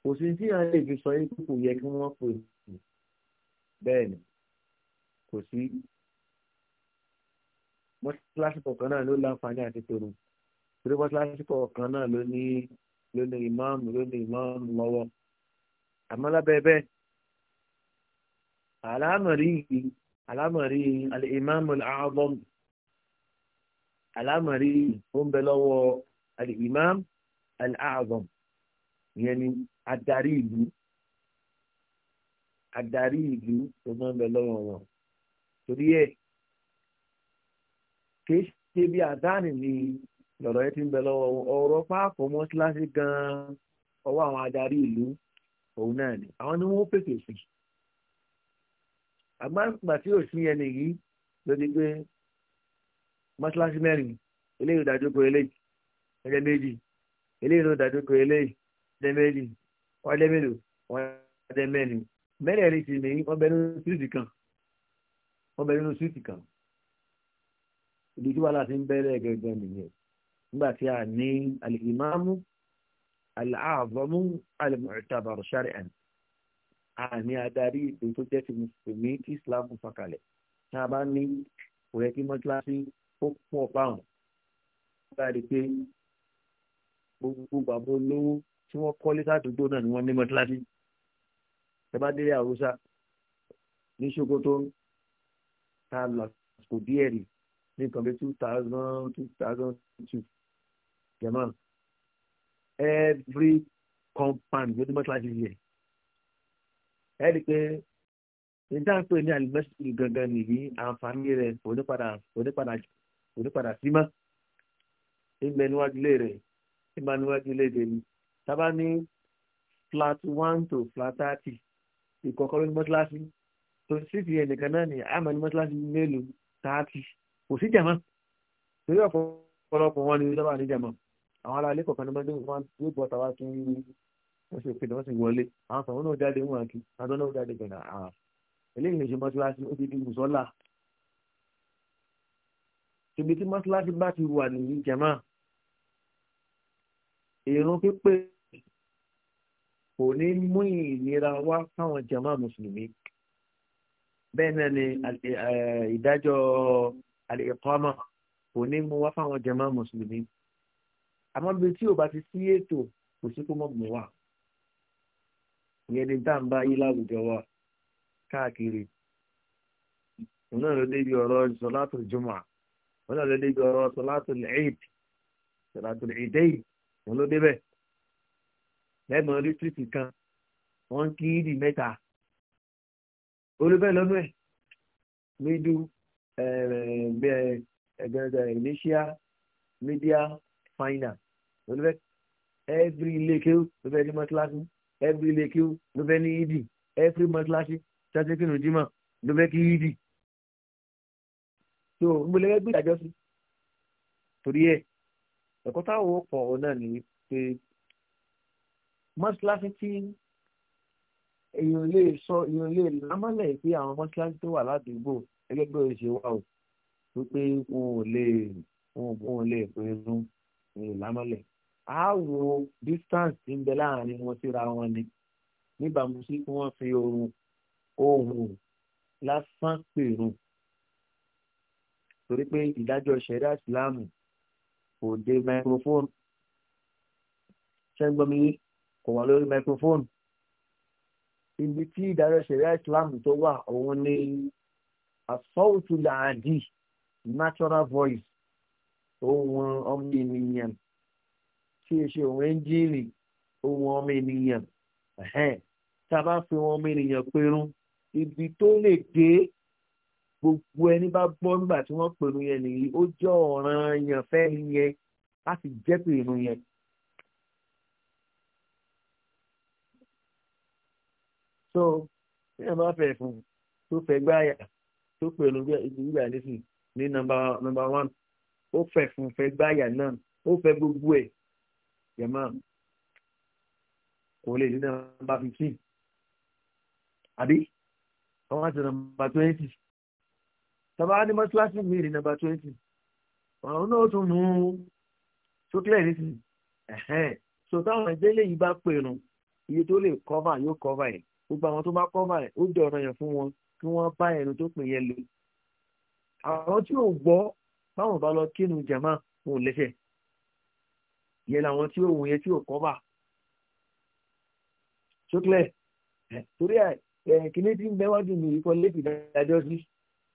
kò sí tí a lè fi sọ yìí kò yẹ kí wọ́n pè mí bẹ́ẹ̀ ni kò sí mọ́síláṣí kọ̀ọ̀kan náà ló láǹfààní àti pèrò torí mọ́síláṣí kọ̀ọ̀kan náà ló ní ló ní ìmáàmù ló ní ìmáàmù lọ́wọ́ àmọ́ lábẹ́ bẹ́ẹ̀ àlámọ̀rí àlámọ̀rí alìmáàmù al-a'zam alámọ̀rí ó ń bẹ lọ́wọ́ al-imam al-a'zam ìyẹn ni adarí ìlú adarí ìlú tó máa ń bẹ lọ́wọ́ wọn torí ẹ̀ kì í ṣe bí àdáni ni lọ́rọ̀ ẹ ti ń bẹ lọ́wọ́ wọn ọ̀rọ̀ páàpọ̀ mọ́ṣáláṣí gan-an ọwọ́ àwọn adarí ìlú òun náà ni àwọn ni wọ́n pèsè sí àgbàgbà tí ò sí ẹni yìí ló ní pé mọ́ṣáláṣí mẹ́rin eléyìí ìdájọ́ kọ eléyìí ọjọ́ méjì eléyìí ìdájọ́ kọ eléyìí ọjọ́ méjì ọjọ́ mélòó ọjọ́ mẹ́rin mẹ́rẹ̀ẹ̀rin sì ní wọ́n bẹ nínú síìtì kan wọ́n bẹ nínú síìtì kan ìdí tí wàhálà ti ń bẹ̀rẹ̀ gẹ́gẹ́ nìyẹn nígbà tí a ní alìmáàmù aláàbọ̀mù alìmọ̀tàbàrù ṣáríàn a ní adarí ètò tó jẹ́ ti tí islam fàkalẹ̀ tá a bá ní kò yẹ kí mọ́tíláṣí ó pọ̀ báwọn bá rí i pé gbogbo bàbá olówó tí wọ́n kọ́lé sádùúgbò náà ni wọ́n ní mọ́tíláṣí ẹ bá délé àrùsá ní Sokoto ta lásìkò díẹ̀ rí ní nǹkan bíi two thousand two thousand two jẹ̀mọ́ every compound ló ní mọ́tíláṣí yẹn ẹ rí i pé nígbà pé ní alimẹ́sìtì gangan nìyí àǹfààní rẹ̀ onípadà onípadà kò ní padà sí mọ́ ìgbẹ́ níwájú ilé rẹ̀ ìgbà níwájú ilé tèmi tábà ní flat one to flat thirty ìkọ̀kọ́ ló ní mọ́tíláṣí tó sì fi ẹnìkan náà ní àmọ́ ní mọ́tíláṣí mélòó thirty kò sí jàmọ́ torí ọ̀pọ̀lọpọ̀ wọn ni lọ́wọ́ àníjàmọ́ àwọn aráalé kọ̀ọ̀kan ní mọ́tò wọn yóò bọ́ tàwa kí wọ́n ṣe òkè wọ́n sì wọlé àwọn sọ̀rọ̀ náà jáde wọn kí adọ́ náà jáde gbẹ̀nà àwọn ah, eléyìí lè ṣe mọ́tíláṣí ó ti di mùsọ́lá síbi tí mọ́ṣáláṣí bá ti wà nìyí jàmá ìrun pípé kò ní mú ìnira wá fáwọn jàmá mùsùlùmí bẹ́ẹ̀ náà ni ìdájọ́ àlèkọ́mọ kò ní mú wá fáwọn jàmá mùsùlùmí àmọ́ bí tí ò bá ti sí ètò kò sí kó mọ̀ mọ́ wà ìyẹn ni tá yí láwùjọ wa káàkiri òun náà ló débi ọ̀rọ̀ ìsọ̀látò jùmọ̀ wọn náà lọ débi ọ̀rọ̀ sọlátùn eid sọlátùn eidain wọn ló débẹ̀ lẹ́nu rítírìtì kan wọ́n kí ìdì mẹ́ta olùbẹ̀ lọ́nà ẹ̀ middle ẹ̀ẹ́dẹ̀ẹ̀dẹ̀ eh, eh, initial media final olùbẹ̀ every ilé kéwù ló ní mọ́tíláṣí every ilé kéwù ló ní ìdì every mọ́tíláṣí ṣáṣẹ́kìnnù jimá ló fẹ́ kí ìdì so mo lè gbé ìdájọ́ sí torí ẹ̀ ẹ̀kọ́ táwọn ò pọ̀ ọ náà ní pé mọ́ṣíláṣí tí èèyàn lè sọ èèyàn lè lámọ́lẹ̀ pé àwọn mọ́ṣíláṣí tó wà ládùúgbò ẹgbẹ́gbẹ́ òṣè wà ó wípé wọn ò lè wọn ò lè pè é rún lámọ́lẹ̀ á wo distance ń bẹ láàrin wọn síra wọn ni níbàámu sí kí wọ́n fi ohun ohun lásán pèrún torí pé ìdájọ́ ṣẹ̀dá ìsìláàmù kò dé microphone ṣẹ́gbọ́nmi kò wà lórí microphone ibi tí ìdájọ́ ṣẹ̀dá ìsìláàmù tó wà òun ni asọ́wùtú làádì natural voice ohun ọmọ ènìyàn tí èṣe òun ẹ́ńjìnì ohun ọmọ ènìyàn tá a bá fi wọn ọmọ ènìyàn pẹ̀rún ibi tó lè dé gbogbo ẹni bá gbọ́ nígbà tí wọ́n pè irun yẹn nìyí ó jẹ́ ọ̀ràn yàn fẹ́ yẹn láti jẹ́ pé yẹn. so bí ẹ bá fẹ́ fún tó fẹ́ gbáyà tó pè irun gbígbà nísìn ní nọ́mbà nọ́mbà one ó fẹ́ fún fẹ́ gbáyà náà ó fẹ́ gbogbo ẹ̀ yẹ̀mọ́ kò lè ní nọ́mbà fifteen àbí wọ́n á ti nọ́mbà twenty tàbá ní mọ́tíláṣí mi rí nàbà twenty ọ̀run náà tún mú sókèlè nísìnyí so táwọn ìdílé yìí bá pèrún iye tó lè kọ́fà yóò kọ́fà yẹn gbogbo àwọn tó bá kọ́fà yẹn ó dẹ̀ ọ̀rọ̀ yẹn fún wọn kí wọ́n bá ẹnu tó pè yẹn lò àwọn tí ò gbọ́ báwọn bá lọ kínu jàmá wọn ò lẹ́sẹ̀ yẹn làwọn tí ò wù yẹn tí ò kọ́fà sókèlè torí ẹ kìnìún ti ń bẹ wájú mi kọ lẹ́kìdájọ́ sí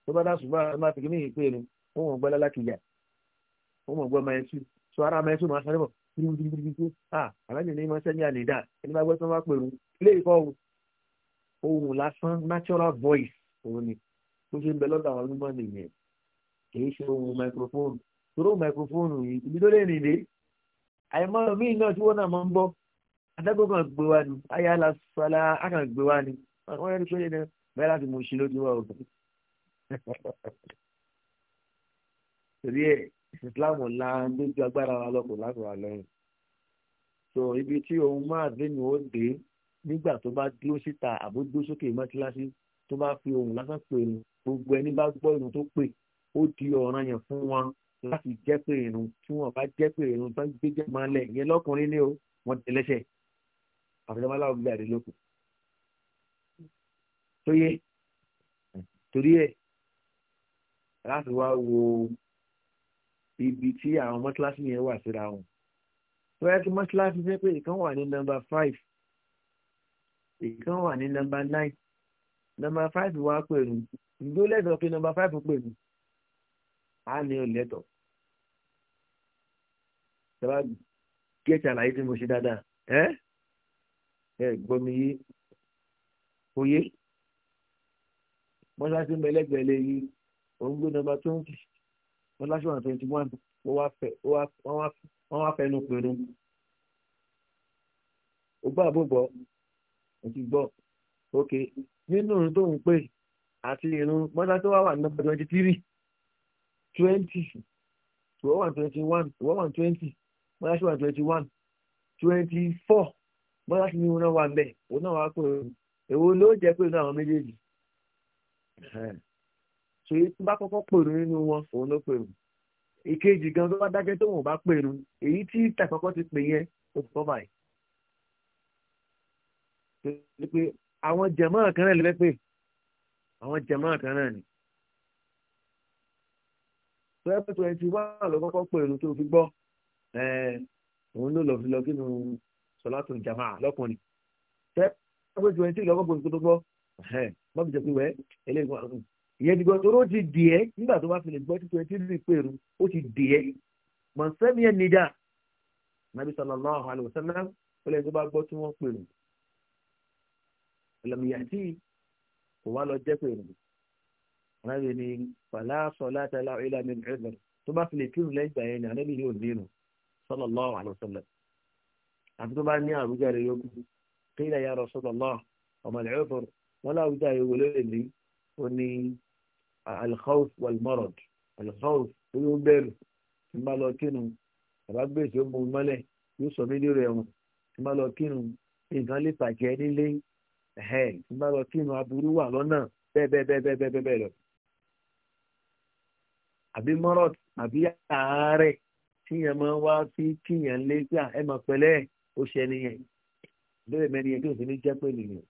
tó bá dá ṣùgbọ́n ẹ máa tẹ̀kí ní ìpè ni wọ́n mọ̀ gbọ́ lálákìjà wọ́n mọ̀ gbọ́ mẹ́sù tó ara mẹ́sù máa sáré bọ̀ kúrúkúrúkú à alájẹ ní máa sẹ́yìn àlè dà ẹni bá gbọ́ tó máa pèrú ilé ìkọ́ ohun lásán natural voice òun ni tó ṣe ń bẹ lọ́dọ̀ àwọn olúmọ̀ nìyẹn kì í ṣe ohun microphone tóró microphone yìí ibi tó lè nìdé àìmọ́ mi náà tí wọ́n náà máa ń bọ́ adágbó kan gbé wa ni ayé alásọ̀lá akàn gbé wa ni wọ́n yẹ kí ó yẹ náà torí ẹ ìsìláàmù la ń dójú agbára wa lọ lágbára lẹ́yìn so ibi tí òun máa dénú ó dé nígbà tó bá dúró síta àbó dúró sókè mọ́tíláṣí tó bá fi ohun lásán pè ní gbogbo ẹni bá gbọ́ irun tó pè ó di ọ̀ràn yẹn fún wọn láti jẹ́ pé irun tí wọ́n bá jẹ́ pé irun tó ń gbé jẹ́ máa lẹ̀ yẹn lọ́kùnrin ní o wọ́n ti lẹ́sẹ̀ àfẹ́sẹ́mọ́ aláwọ̀ gbé àdé lókun tó yẹ torí ẹ̀ láti wá wo ibi tí àwọn mọ́ṣáláṣí yẹn wà síra wọn tó yẹ kí mọ́ṣáláṣí jẹ́ pé ìkan wà ní nọ́mbà five ìkan wà ní nọ́mbà nine nọ́mbà five wá pẹ̀lú ìgbó lẹ́tọ̀ọ́ pé nọ́mbà five pẹ̀lú á ní olẹ́tọ̀ọ́ tẹ́wá gẹ́tì àlàyé tí mo ṣe dáadáa ẹ́ ẹ gbọ́mi yé oyé mọ́ṣáláṣí ń bẹ lẹ́gbẹ̀ẹ́ lé yìí òun gbé nọ́mbà twenty wọn láṣọ àwọn twenty one wọn wá fẹnu pinnu ó bá àbúgbọ ó ti gbọ́ ok nínú irun tó ń pè àti irun mọ́tà tó wà wà nọ́mbà twenty three twenty one one twenty one one one twenty mọ́tà tó wà twenty one twenty four mọ́tà tó ní irun náà wà ń bẹ̀ òun náà wà pé èwo ló jẹ́ pé irun àwọn méjèèjì ṣèyí tó bá kọ́kọ́ pèrò nínú wọn òun ló pèrò ìkejì gan tó bá dájẹ́ tó wọn ò bá pèrò èyí tí tàkọ́kọ́ ti pè yẹn ó ti kọ́ báyìí. àwọn jẹ̀mọ́ kan náà lè pè àwọn jẹ̀mọ́ kan náà ni. twelve twenty one ló kọ́kọ́ pèrò tó fi gbọ́ òun ló lọ fi lọ kínú sọlátù jàmá lọ́kùnrin twelve twenty lọ́kọ́ pèrò tó gbọ́ mọ́bìjọ́ pé wẹ́ eléyìí ìyẹn dìgbò tóró ti dì ẹ́ nígbà tó bá fi lè gbọ́ títí ẹ tí ń rìn pèrú ó ti dì ẹ́ mọ̀nsẹ́mi ẹ̀ nìdá nàbí sallallahu alaihi wasallam ó lẹ́yìn tó bá gbọ́ tí wọ́n pèrú ẹlẹ́mìyàn tí kò wá lọ jẹ́ pèrú ànábì ni fàlà sọlá tẹlá ìlà mi ẹ̀dùn tó bá fi lè kírun lẹ́yìn ìgbà yẹn ni ànábì ni ò nínú sallallahu alaihi wasallam àti tó bá ní àrùjáre yókù qila alkhawf walmarod alkhawf bóyá ó bẹ̀rù tí n bá lọ kírun bàbá gbèsè ó mú mọ́lẹ̀ yóò sọ mí lérò ẹ̀wọ̀n tí n bá lọ kírun nǹkan lè bàjẹ́ nílé tí n bá lọ kírun aburú wà lọ́nà bẹ́ẹ̀ bẹ́ẹ̀ bẹ́ẹ̀ bẹ́ẹ̀ bẹ́ẹ̀ bẹ́ẹ̀ lọ. àbí marod àbí àárẹ̀ tíyẹn máa wá sí kíyẹn lé gbà ẹ máa pẹ̀lẹ́ ó ṣe nìyẹn bẹ́ẹ̀ mẹ́rin yẹn kí òsì ní jẹ́ pé nìyẹn.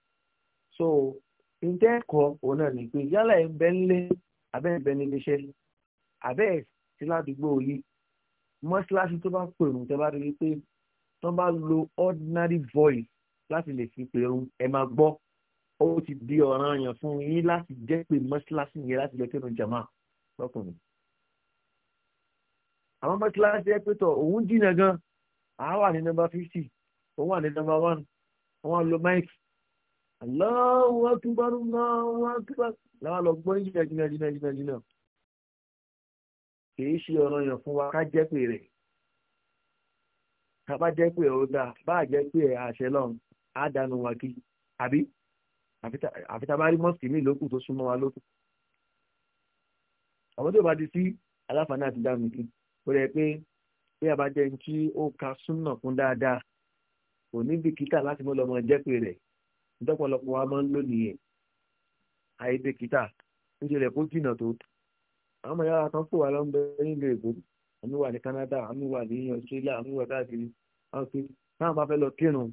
so ǹjẹ́ ẹ̀kọ́ òun náà ní pé yálà ẹ̀ ń bẹ́ ń lé abẹ́ẹ̀bẹ́ nílé iṣẹ́ abẹ́ẹ̀ sí ládùúgbò yìí mọ́ṣíláṣí tó bá pèrún tẹ́ bá rí i pé tó bá lo ordinary voice láti lè fi pèrún ẹ máa gbọ́ ó ti di ọ̀ràn yàn fún yín láti jẹ́ pé mọ́ṣíláṣí yẹn láti lọ kírun jàmá lọ́kùnrin. àwọn mọ́ṣíláṣí ẹ pé tọ̀ òun jìnnà gan àá wà ní nọ́mbà fifty òun wà ní nọ́mbà one òun wà lo máìkì Allahu akbar Allahu akbar láwọn lọ gbọ́n jìnà jìnà jìnà jìnà jìnà kìí ṣe ọ̀ràn yàn fún wa ká jẹ́ pé rẹ̀ ká bá jẹ́ pé ó dáa bá jẹ́ pé àṣẹ lọ́run á dànù wa kí àbí àfi a bá rí mọ́sìkì míì lókù tó súnmọ́ wa lókù àwọn tó bá ti sí aláfààní àti dànù kí ó rẹ̀ pé bí a bá jẹ́ ní kí ó ka súnà fún dáadáa kò ní bìkítà láti mú lọ́mọ jẹ́ pé rẹ̀ ìtọ́pọ̀lọpọ̀ wa máa ń lò nìyẹn àìbìkítà níṣẹ́ rẹ̀ kó jìnnà tó àwọn ọmọ yàrá kan pò wá lọ ń bẹ nílùú èkó àmì wà ní Canada àmì wà ní Australia àmì wà káàkiri àwọn pé táwọn bá fẹ́ lọ kírun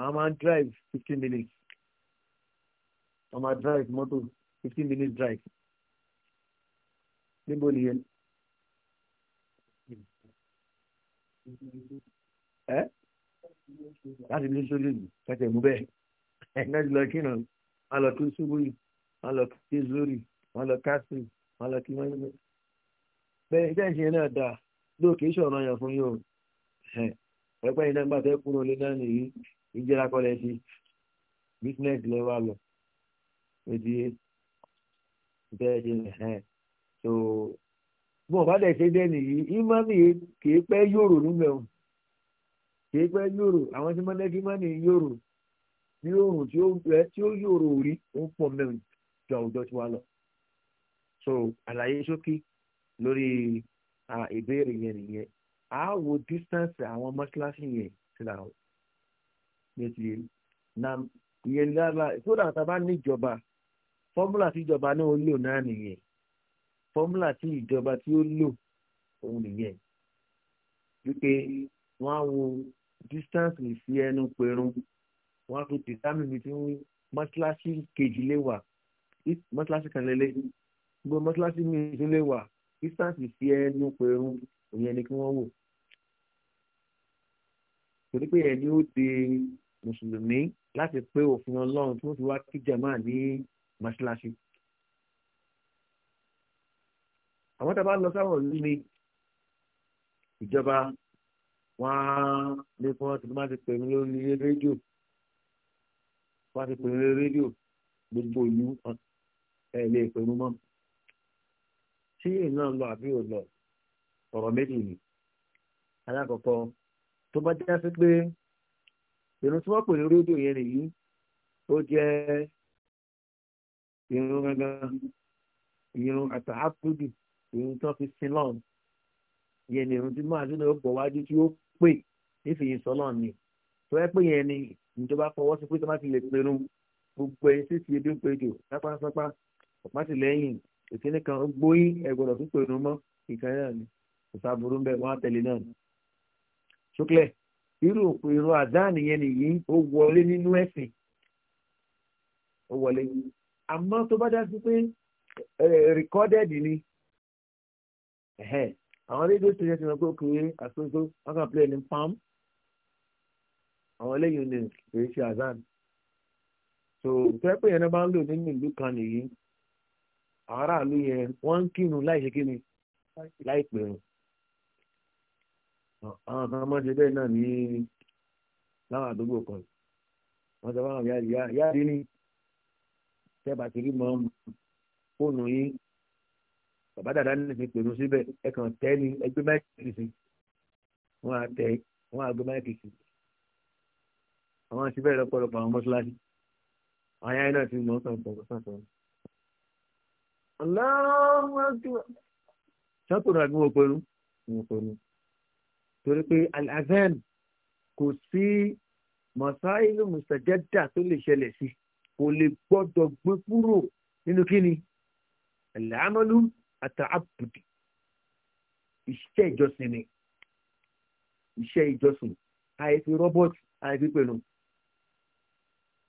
àwọn máa ń drive fifteen minutes wọ́n máa drive mọ́tò fifteen minutes drive níbo nìyẹn. ẹ láti ní sójú kẹsẹ̀ mú bẹ́ẹ̀ ẹ̀yìn náà ti lọ kí náà wọn lọ kí ṣubúrì wọn lọ kí zúrì wọn lọ kásì wọn lọ kí wọn lọ. bẹ́ẹ̀ iṣẹ́ ìṣe náà dáa lóòkè ìṣọ̀rọ̀ yàn fún yóò ẹ̀pẹ́ yìí náà ń bá fẹ́ kúrò lé náà nìyí ìjẹ́ra kọ́lẹ̀ sí business lẹ́wà lọ èdè bẹ́ẹ̀ ni ẹ̀hẹ́n so bọ́n bá dẹ̀ ṣe dẹ́ nìyí ìmọ̀nì kìí pẹ́ yòrò nígbà wọn kìí pẹ́ yòrò àwọn tí mọ́lẹ́kí mọ́nì yòrò ní oòrùn tí ó rẹ tí ó yòrò rí ó ń pọ̀ mẹ́rin ju àwùjọ tiwa lọ. so àlàyé ṣókí lórí ìbéèrè yẹn nìyẹn a wo distance àwọn mọ́ṣáláṣí yẹn síra o létí na ìyẹn lára sódà tá a bá níjọba fọ́múlà tí ìjọba náà lò náà nìyẹn fọ́múlà tí ìjọba tí ó lò òun nìyẹn wípé wọ́n á wo distance sí ẹnu pẹ̀rún wọ́n á fi tìtámì mi tí ń wí mọ́ṣáláṣí kejì lè wà mọ́ṣáláṣí kan lélẹ́ gbogbo mọ́ṣáláṣí mi tún lè wà distance sí ẹnu pẹ̀rún òyìn ẹni kí wọ́n wò. torí pé ẹni ó de mùsùlùmí láti pé òfin ọlọ́run tí wọ́n fi wá kí jama ní mọ́ṣáláṣí. àwọn tá a bá lọ sáwọn ìlú ni ìjọba wọn á lè fún ọtí tó máa ti pè mí lórí rédíò wọ́n ti pè é rédíò gbogbo ìlú ẹ̀ lè pè mú mọ́ tí iná lọ àbí ò lọ ọ̀rọ̀ méjì ni alákọ̀ọ́kọ́ tó bá já sí pé irun tí wọ́n pè ní rédíò yẹn nìyí ó jẹ́ irun gangan irun àtàhápùdù irun tó fi sin lọ́n yẹn ni irun tí máa dúró bọ̀ wájú tí ó pè nífìyí sọ́lọ́ ni tó ẹ pé yẹn ni níjọba fọwọ́ sí pé tó bá ti lè pẹ̀rù gbogbo ẹyin sí ti ebi ń pẹ̀jọ lápásápá ọ̀pá ti lẹ́yìn ìkíní kan gbóyìn ẹ̀gbọ́dọ̀ fún pẹ̀rù mọ́ ìkan náà ni kò sá burú bẹ́ẹ̀ wọ́n á tẹ̀lé náà ni. ṣókè irú ìró àdáàní yẹn nìyí ó wọlé nínú ẹ̀sìn ó wọlé àmọ́ tó bá dá sí pé recorded ni àwọn rédíò ṣe ṣe ti mọ̀ pé ó kéré àtúntò wọ́n kàn pílẹ̀ ní pam àwọn eléyìí ni kì ṣe azan so tẹ́pẹ́ yẹn náà bá ń lò nínú ìlú kan nìyí aráàlú yẹn wọ́n ń kírun láì ṣe ni. láì pẹ̀rùn àwọn kan máa ń ṣe bẹ́ẹ̀ náà ní láwọn àdúgbò kan wọ́n sọ fáwọn yáàdí ní tẹ́bà ti rí mọ́ fóònù yín bàbá dàda ní ìsìn pẹ̀lú síbẹ̀ ẹ kàn tẹ́ ni ẹgbẹ́ máìkì sí wọ́n á tẹ wọ́n á gbé máìkì sí àwọn àti bẹ́ẹ̀ lọ́pọ̀lọpọ̀ àwọn mọ́ṣáláṣí àwọn ayé náà ti mọ̀ ọ́ sàn sọ̀rọ̀ sàn sọ̀rọ̀. sọ́kùnrin àbí wọn pẹ̀lú wọn pẹ̀lú torí pé al-azan kò sí mọ̀sáìlú mùsàjẹ́dà tó lè ṣẹlẹ̀ sí kò lè gbọ́dọ̀ gbé kúrò nínú kíni al-amalu at-ta'abbudi iṣẹ́ ìjọsìn ni iṣẹ́ ìjọsìn àìfi rọ́bọ̀tì àìfi pẹ̀lú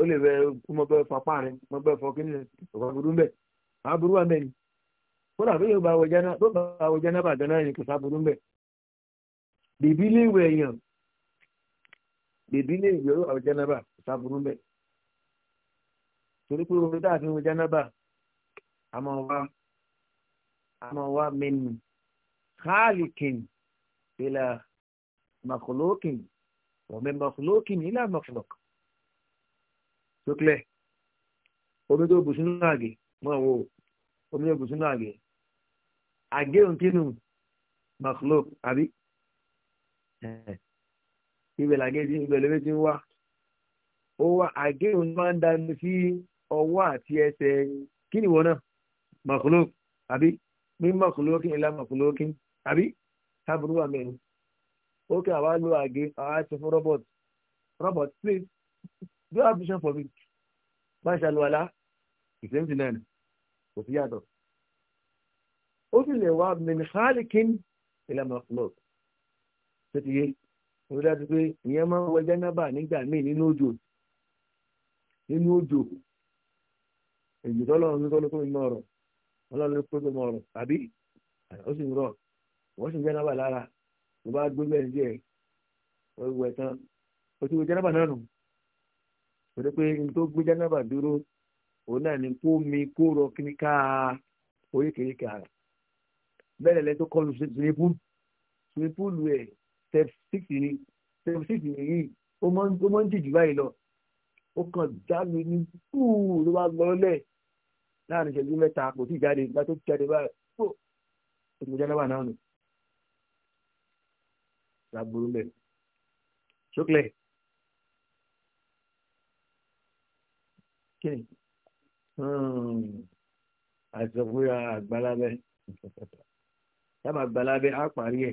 ó lè fẹ́ kú mọ́ bẹ́ẹ̀ fọ apá rẹ mọ́ bẹ́ẹ̀ fọ kíni ọ̀gá burú ń bẹ̀ máa burú wà mẹ́rin kódà bí yóò bá wọ jẹ́ náà bàdán náà ni kò sá burú ń bẹ̀ lè wẹ̀ èèyàn bèbí lè yọ àwọn jẹ́ náà bà burú ń torí pé omi dáa fi wọ jẹ́ náà bà a máa wá a máa wá mẹ́nu káàlìkìn ìlà màkòlókìn wọ̀mẹ́ màkòlókìn ìlà màkòlókìn sókèlè omi tó bù sínú àgè máa wò omi tó bù sínú àgè àgé òǹkínú makhluk àbí ibẹ̀ làgé tí ibẹ̀ lóbi ti ń wá ó wá àgé òun máa ń dání sí ọwọ́ àti ẹsẹ̀ kí ni wọ́n náà makhluk àbí mi makhlukin ila makhlukin àbí tábùrú wà mẹ́rin ó àwa lo àgé àwa ti fún robot robot please do you have vision for me máa ṣàlùwàlá ìsèǹtì náà kò sí yàtọ̀ ó sì lè wá mìnìkálíkín ìlànà flog tó ti yé ó dájú pé ìyẹn máa ń wọ jẹ́nàbà nígbà míì nínú òjò nínú òjò èyí tọ́lọ́run ní tọ́lọ́kùn nínú ọ̀rọ̀ ọlọ́run ní kókó mọ ọ̀rọ̀ àbí ó sì ń rọ̀ wọ́n sì ń jẹ́nàbà lára ló bá gbé bẹ́ẹ̀ díẹ̀ ó ó ti wọ jẹ́nàbà náà nù torí pé n tó gbé jánábà dúró òun náà ni kó mi kó rọ kí ni ká oríkèéríkèé ara bẹ́ẹ̀ lẹ́yìn tó kọlu sinipú sinipú lu ẹ̀ tẹ̀síìsì ni tẹ̀síìsì nìyí ó máa ń jìjù báyìí lọ ó kàn já mi ní kúù ló bá lọ lẹ̀ láàrin ìṣẹ́jú mẹ́ta kò tí ì jáde ìgbà tó jáde báyìí kó o ti mú jánábà náà nù. láburú kí ni hmm. àìsànfúnra àgbàlábẹ yàrá àgbàlábẹ á parí ẹ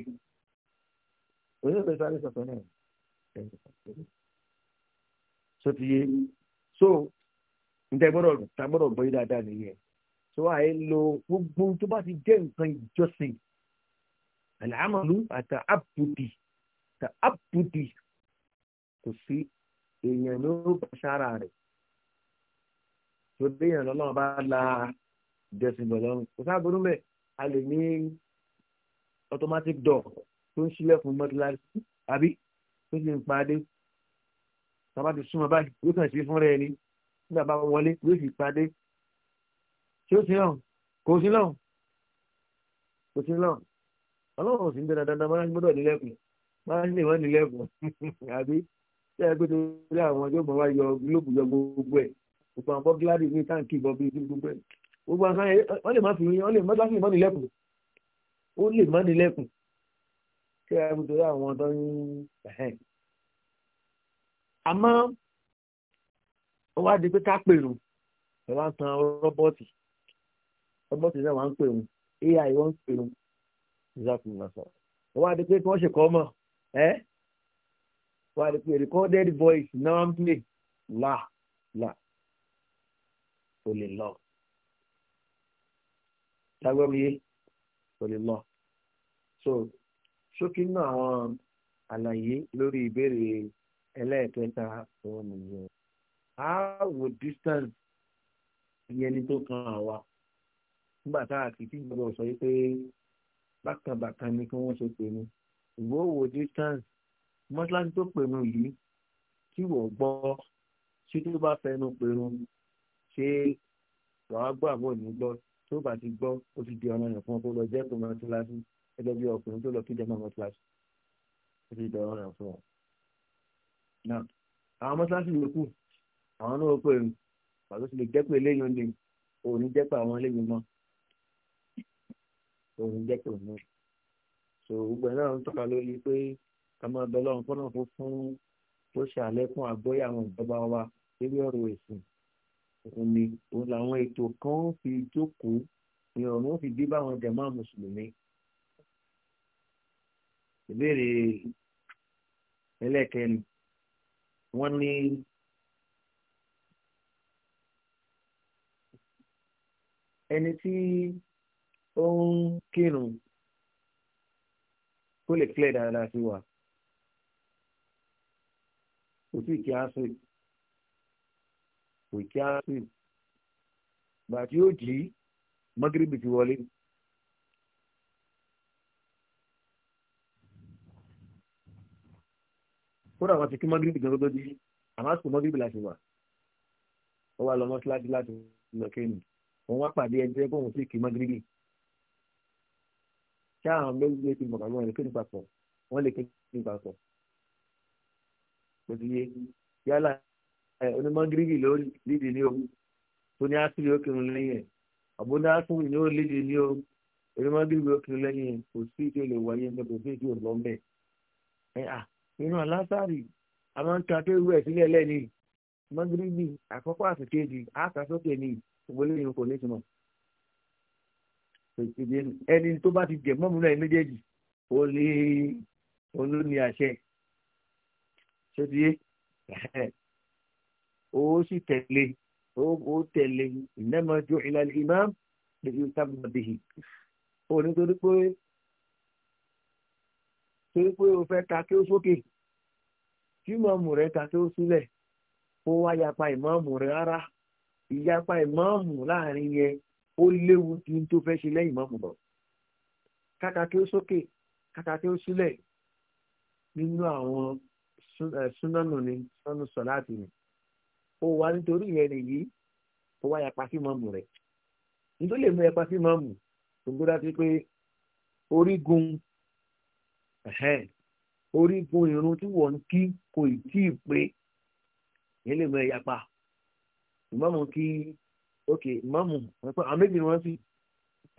oníṣẹ́ sáré sọ̀tọ̀ náà sotiye so ntẹ gbọ́dọ̀ ta gbọ́dọ̀ gbọ́ yìí dáadáa nìyẹn so àyè lo gbogbo tó bá ti jẹ́ nǹkan ìjọsìn àlàámọ̀lú àti àpùtì àti àpùtì kò sí èèyàn ló bá sára rẹ̀ tó déyàn lọ́lọ́run bá la ìjọsìn bọ̀ lọ́rùn kò sáàbùrú mẹ́ a lè ní automatic door tó ń ṣílẹ̀kùn mọ́tíláṣí àbí tó ti ń padé tàbá ti súnmọ́ báyìí yóò kàn sí fúnra ẹni nígbà bá wọlé yóò sì padé ṣé ó ti hàn kò sí lọ́hùn kò sí lọ́hùn ọlọ́run ò sí ń dandan dandan máa ń gbọ́dọ̀ nílẹ̀kùn máa ń lè wọ́n nílẹ̀kùn àbí ṣé ẹgbẹ́ tó rí àwọn ọjọ́ mọ́ wá yọ gílóòbù yọ gbogbo ẹ̀ gbogbo àwọn bọ́gílárì ní táǹkì bọ́bí ní gbogbo ẹ̀ gbogbo àwọn sáyẹn wọ́n lè má fi yín wọ́n lè má sáfì mọ́ni lẹ́kùn ó lè mọ́ni lẹ́kùn kí ẹ bí torí àwọn tó ń ẹ̀hẹ́n. àmọ́ ó wá di pé ká pèrò ẹ wá tan rọ́bọ́ọ̀tì rọ́bọ́ọ̀tì náà wá ń pèrò ai wọ́n ń pèrò ìzákùnrin àṣà ó wá di pé kí wọ́n ṣe kọ́ mọ̀ ẹ́ wá di pé recorded voice náà ń play la la o lè lọ lágbọ́mìyé o lè lọ so ṣókí náà àwọn àlàyé lórí ìbéèrè ẹlẹ́ẹ̀kẹta òun nìyẹn a wo distance ìyẹn ni tó kan àwa nígbà tá a kì í tí gbọ́dọ̀ sọ pé bákàbàkan ni kí wọ́n ṣe pè mí ìwọ wo distance mọ́ṣáláṣí tó pè mí yìí tí wọ́n gbọ́ sí tó bá fẹnu pè mí ṣé wàá gbọ́ àbọ̀ ní gbọ́ tó bá ti gbọ́ ó ti di ọ̀nà yẹn fún ọ kó lọ jẹ́ kó máa tún láti gẹ́gẹ́ bí ọkùnrin tó lọ kí jẹ́ máa tún láti ó ti di ọ̀nà yẹn fún ọ. àwọn mọ́ṣáláṣí yòókù àwọn náà pè é pàtó sì lè jẹ́ pé eléyìí ń lè òní jẹ́ pé àwọn eléyìí mọ́ òní jẹ́ pé òní. so gbogbo ẹ̀ náà ń tọ́ka lórí pé ká máa bẹ lọ́run fọ́nà fún fún tó ṣàlékún àgbóyà àwọn ìjọba wa lórí ọ̀rọ̀ ìsìn òun ni òun làwọn ètò kan fi jókòó ní ọ̀run ó fi dé báwọn jàmá mùsùlùmí. ìbéèrè ẹlẹ́kẹ̀ẹ́ni wọ́n ní. ẹni tí ó ń kírun kó lè clear dáadáa sí wa kò sí kí á sè é àwẹ̀ kí á sè gbà tí ó jí mọ́gìrìbì ti wọlé. kódà wọn ti kí mọ́gìrìbì gan tó di àmọ́ àsìkò mọ́gìrìbì láti wà ó wà lọ mọ́síláṣí láti lọ kéènì òun wá pàdé ẹni tẹ́ kóun sì kí mọ́gìrìbì kí àwọn méjì lè fi mọ̀kàn wọn lè kéènì papọ̀ wọ́n lè kéènì papọ̀ kò yé yálà onímọ̀ gírígì ló léde ní o tó ní asiri ó kírun lẹ́yìn ẹ̀ àbúdá asiri ni ó léde ní o onímọ̀ gírígì ó kírun lẹ́yìn ẹ̀ kò sí ìdí olè wáyé ẹ̀ kò sí ìdí òlọ́ mẹ́ ẹ̀ à inú alásàrì a máa ń ta tó ewu ẹ̀ sílẹ̀ lẹ́ni onímọ̀ gírígì àkọ́kọ́ àti kejì ni gbogbo lẹ́yìn kò ní ìtumọ̀ ẹni tó bá ti jẹ̀ mọ́mú náà ó sì tẹ̀lé ó tẹ̀lé innama ju'ila al-imam liyutamma bihi ó ní torí pé torí pé o fẹ́ ta kí ó sókè tí ìmọ̀ọ́mù rẹ̀ ta kí ó sílẹ̀ ó wá yapa ìmọ̀ọ́mù rẹ̀ rárá ìyapa ìmọ̀ọ́mù láàrin yẹn ó léwu ju tó fẹ́ ṣe lẹ́yìn ìmọ̀ọ́mù lọ kàkà kí ó sókè kàkà kí ó sílẹ̀ nínú àwọn súnánù ni sọnù sọláàtì ni ó wà nítorí ìyẹn nìyí ó wá yapa sí mọ́mù rẹ̀ nítorí lè mú yapa sí mọ́mù tó gbọ́dọ̀ sí pé orígun orígun irun tí wọ́n ń kí kò tí ì pé ìyẹn lè mú yapa ìmọ̀mù kí ok ìmọ̀mù àwọn méjì ni wọ́n sì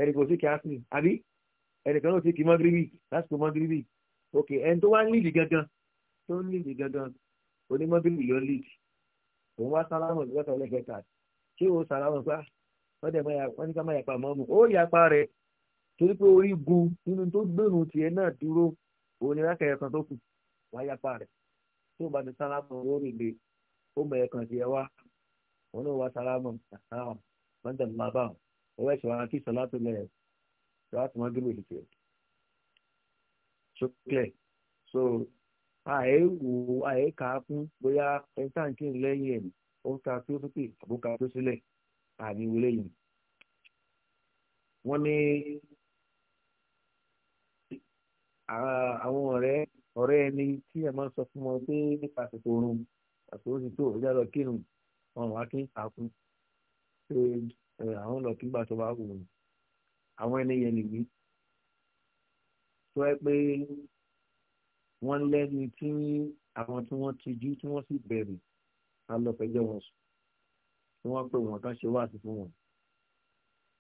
ẹnì kò sí kí á sì àbí ẹnì kan ló ti kí mọ́gíríbì lásìkò mọ́gíríbì ok ẹni tó wá ń lídìí gangan tó ń lídìí gangan onímọ́gíríbì ló ń lídìí òun wá sálámù lọ́tọ̀ lẹ́kẹ̀ẹ́ta ṣé o sálámù pa wọ́n dẹ̀ wọ́n ní ká má yapa mọ́mù ó yapa rẹ̀ torí pé orígun nínú tó gbẹ̀rù tiẹ̀ náà dúró òun ni rákẹ̀ẹ́ kan tó kù wá yapa rẹ̀ tó bá ti sálámù ó rìn lè ó mọ̀ ẹ̀kan tiẹ̀ wá òun náà wá sálámù sálámù wọ́n dẹ̀ máa bá wọn ọwọ́ ẹ̀ṣọ́ wọn àì wò àì kà á fún bóyá ẹ̀ńtàǹkì lẹ́yìn ẹ̀ ó ta tó sókè àbúkà tó sílẹ̀ àní wọlé yìí. wọ́n ní àwọn ọ̀rẹ́ ọ̀rẹ́ ẹni tí ẹ máa ń sọ fún wọn pé nípa àsìkò oorun àsìkò oṣù tó ìjà lọ kírun wọn wá kí àkú pé àwọn lọ kí gbàtọ́ bá wù wọn àwọn ẹni yẹn nìyí. sọ ẹ pé wọ́n lẹ́ni tí àwọn tí wọ́n ti jú tí wọ́n sì bẹ̀rù á lọ fẹjọ́ wọn sùn tí wọ́n pè wọ́n kán ṣe wáàsí fún wọn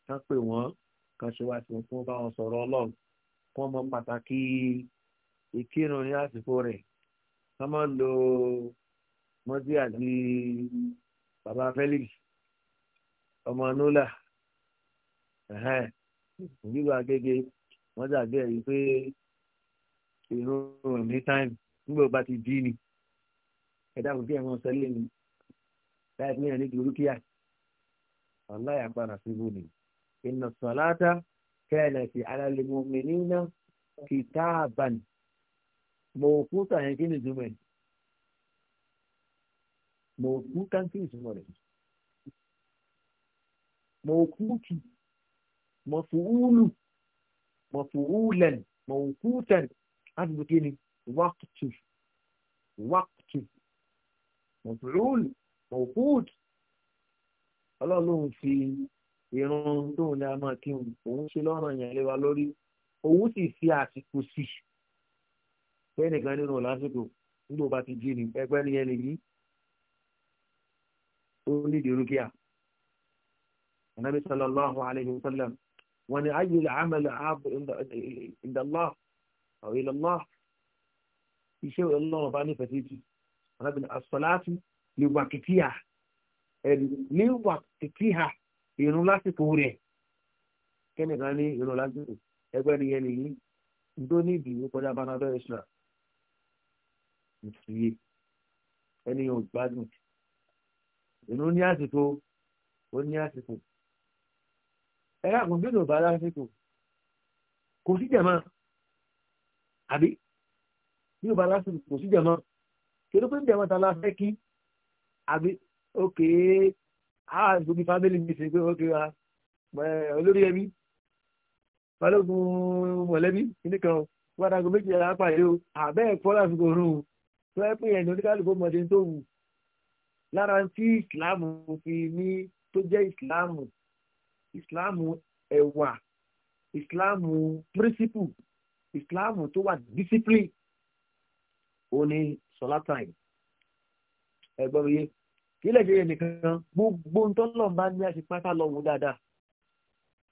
kán pè wọ́n kán ṣe wáàsí fún wọn bá wọn sọ̀rọ̀ ọlọ́run kí wọ́n mọ pàtàkì ìkírun ní àsìkò rẹ̀ kán mọ́ lo mọ́tí àti bàbá Felix ọmọ nola ìdílé agége wọ́n dàgbé ẹ̀yìn pé ìrún ní táìmù nígbà bá ti jí ni ẹ̀dá kò kí ẹ̀ máa sẹ́lẹ̀ ni láì fún yàn ní dúrúkìá ọláyà padà síbò ni inna salata kanat ala al-mu'minina kitaban mawquta yẹn kí ni ìtumọ̀ ẹ̀ mawqutan kí ni ìtumọ̀ rẹ̀ mawquti maf'ulu maf'ulan mawqutan. adùn kí ni wákìtù wákìtù mọ̀fúrúùlù mọ̀fúùd ọlọ́run lòun fi irun tóun ní a máa kí òun ṣe lọ́rọ̀ yẹn léwa lórí òun sì fi àsìkò sí nìkan nínú lásìkò nígbà bá ti jí ni ẹgbẹ́ ó wọ́n ayé أو إلى الله يشوي الله باني فتيتي أنا بن الصلاة لوقتها لوقتها ينو لا كان غني ينو لا تقولي ẹgbẹ́ni yẹn nìyí ndó níbi ó kọjá banadọ àbí bí o bá lásìkò kò sí jẹ̀mọ́ kéré pé jẹ̀mọ́ ta la fẹ́ kí àbí òkè àá gbogbo fámìlì mi ṣe pé òkè wa olórí ẹbí balógun mọ̀lẹ́bí nìkan wọ́n àgọ́ méjì yàrá pàdé o àbẹ́ ẹ̀kọ́ lásìkò rún o tó ẹ pé ẹ̀yìn oníkálukú mọ̀dé tó wù lára tí ìsìláàmù fi ní tó jẹ́ ìsìláàmù ìsìláàmù ẹ̀wà ìsìláàmù pírísìpù islam tó wà discipline ó ní sọlá time ẹgbọ́n mi yé kí lè ṣe nìkan gbogbo ntọ́nà bá ní àṣepátá lọ wò dáadáa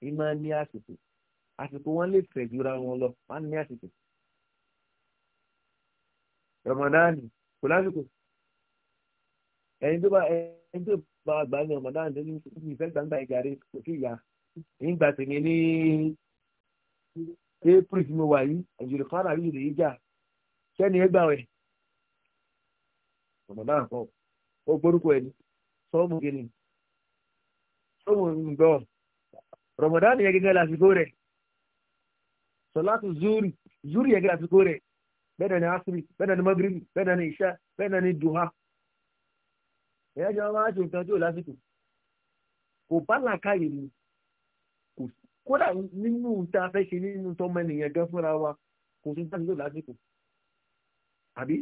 ìmọ̀ ní àsìkò àsìkò wọn lè fẹ̀ jura wọn lọ wọn ní àsìkò ramadani kò lásìkò ẹni tó bá ẹni tó bá gbà ní ramadani tó ní ìfẹ́ gbàgbà ìjà rẹ kò sí ìyá ìgbà tèmi ní april tí mo wà yìí àjùlọ kan àbí ìdè yìí jà sẹ́ni ẹ gbà wẹ̀ ọ̀nà náà kọ́ ó gbórúkọ ẹni sọ́ọ̀mù gini sọ́ọ̀mù gbọ́ rọ̀mọ̀dán yẹn gẹ́gẹ́ lásìkò rẹ̀ sọ̀látù zuri zuri yẹn gẹ́gẹ́ lásìkò rẹ̀ bẹ́ẹ̀ ni asiri bẹ́ẹ̀ ni magribi bẹ́ẹ̀ ni isha bẹ́ẹ̀ ni duha ẹ̀yà jẹ́ wọn máa ṣe nǹkan tí ò lásìkò kò bá làákàyè ni kódà nínú tá a fẹ́ ṣe nínú tọ́mọ ènìyàn gan fúnra wa kò sí táwọn tó lásìkò àbí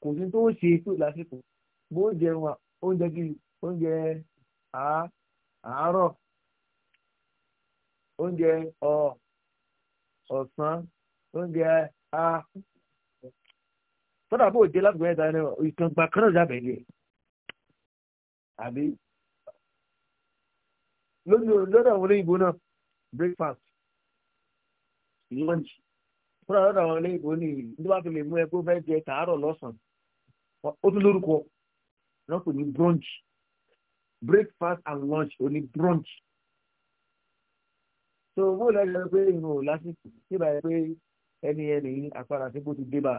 kò sí tó ṣe tó lásìkò bó jẹun oúnjẹ kiri oúnjẹ àárọ̀ oúnjẹ ọ̀sán oúnjẹ a tọ́dà bó dé láti gbẹ́ta ẹni ìkàngbà kan náà jábẹ̀ ni àbí lójú lọ́dọ̀ àwọn olóyìnbó náà breakfast lunch fúnra lọ́dọ̀ àwọn ilé ìbò ní ìlú tó bá fi lè mú ẹgbẹ́ fẹ́ jẹ tàárọ̀ lọ́sàn-án ó tún lórúkọ náà kò ní brunch breakfast and lunch ò ní brunch so bó lọ́jọ́ pé ìrìn ò lásìkò nígbà yẹn pé ẹni ẹni àpárá sí bó ti dé bá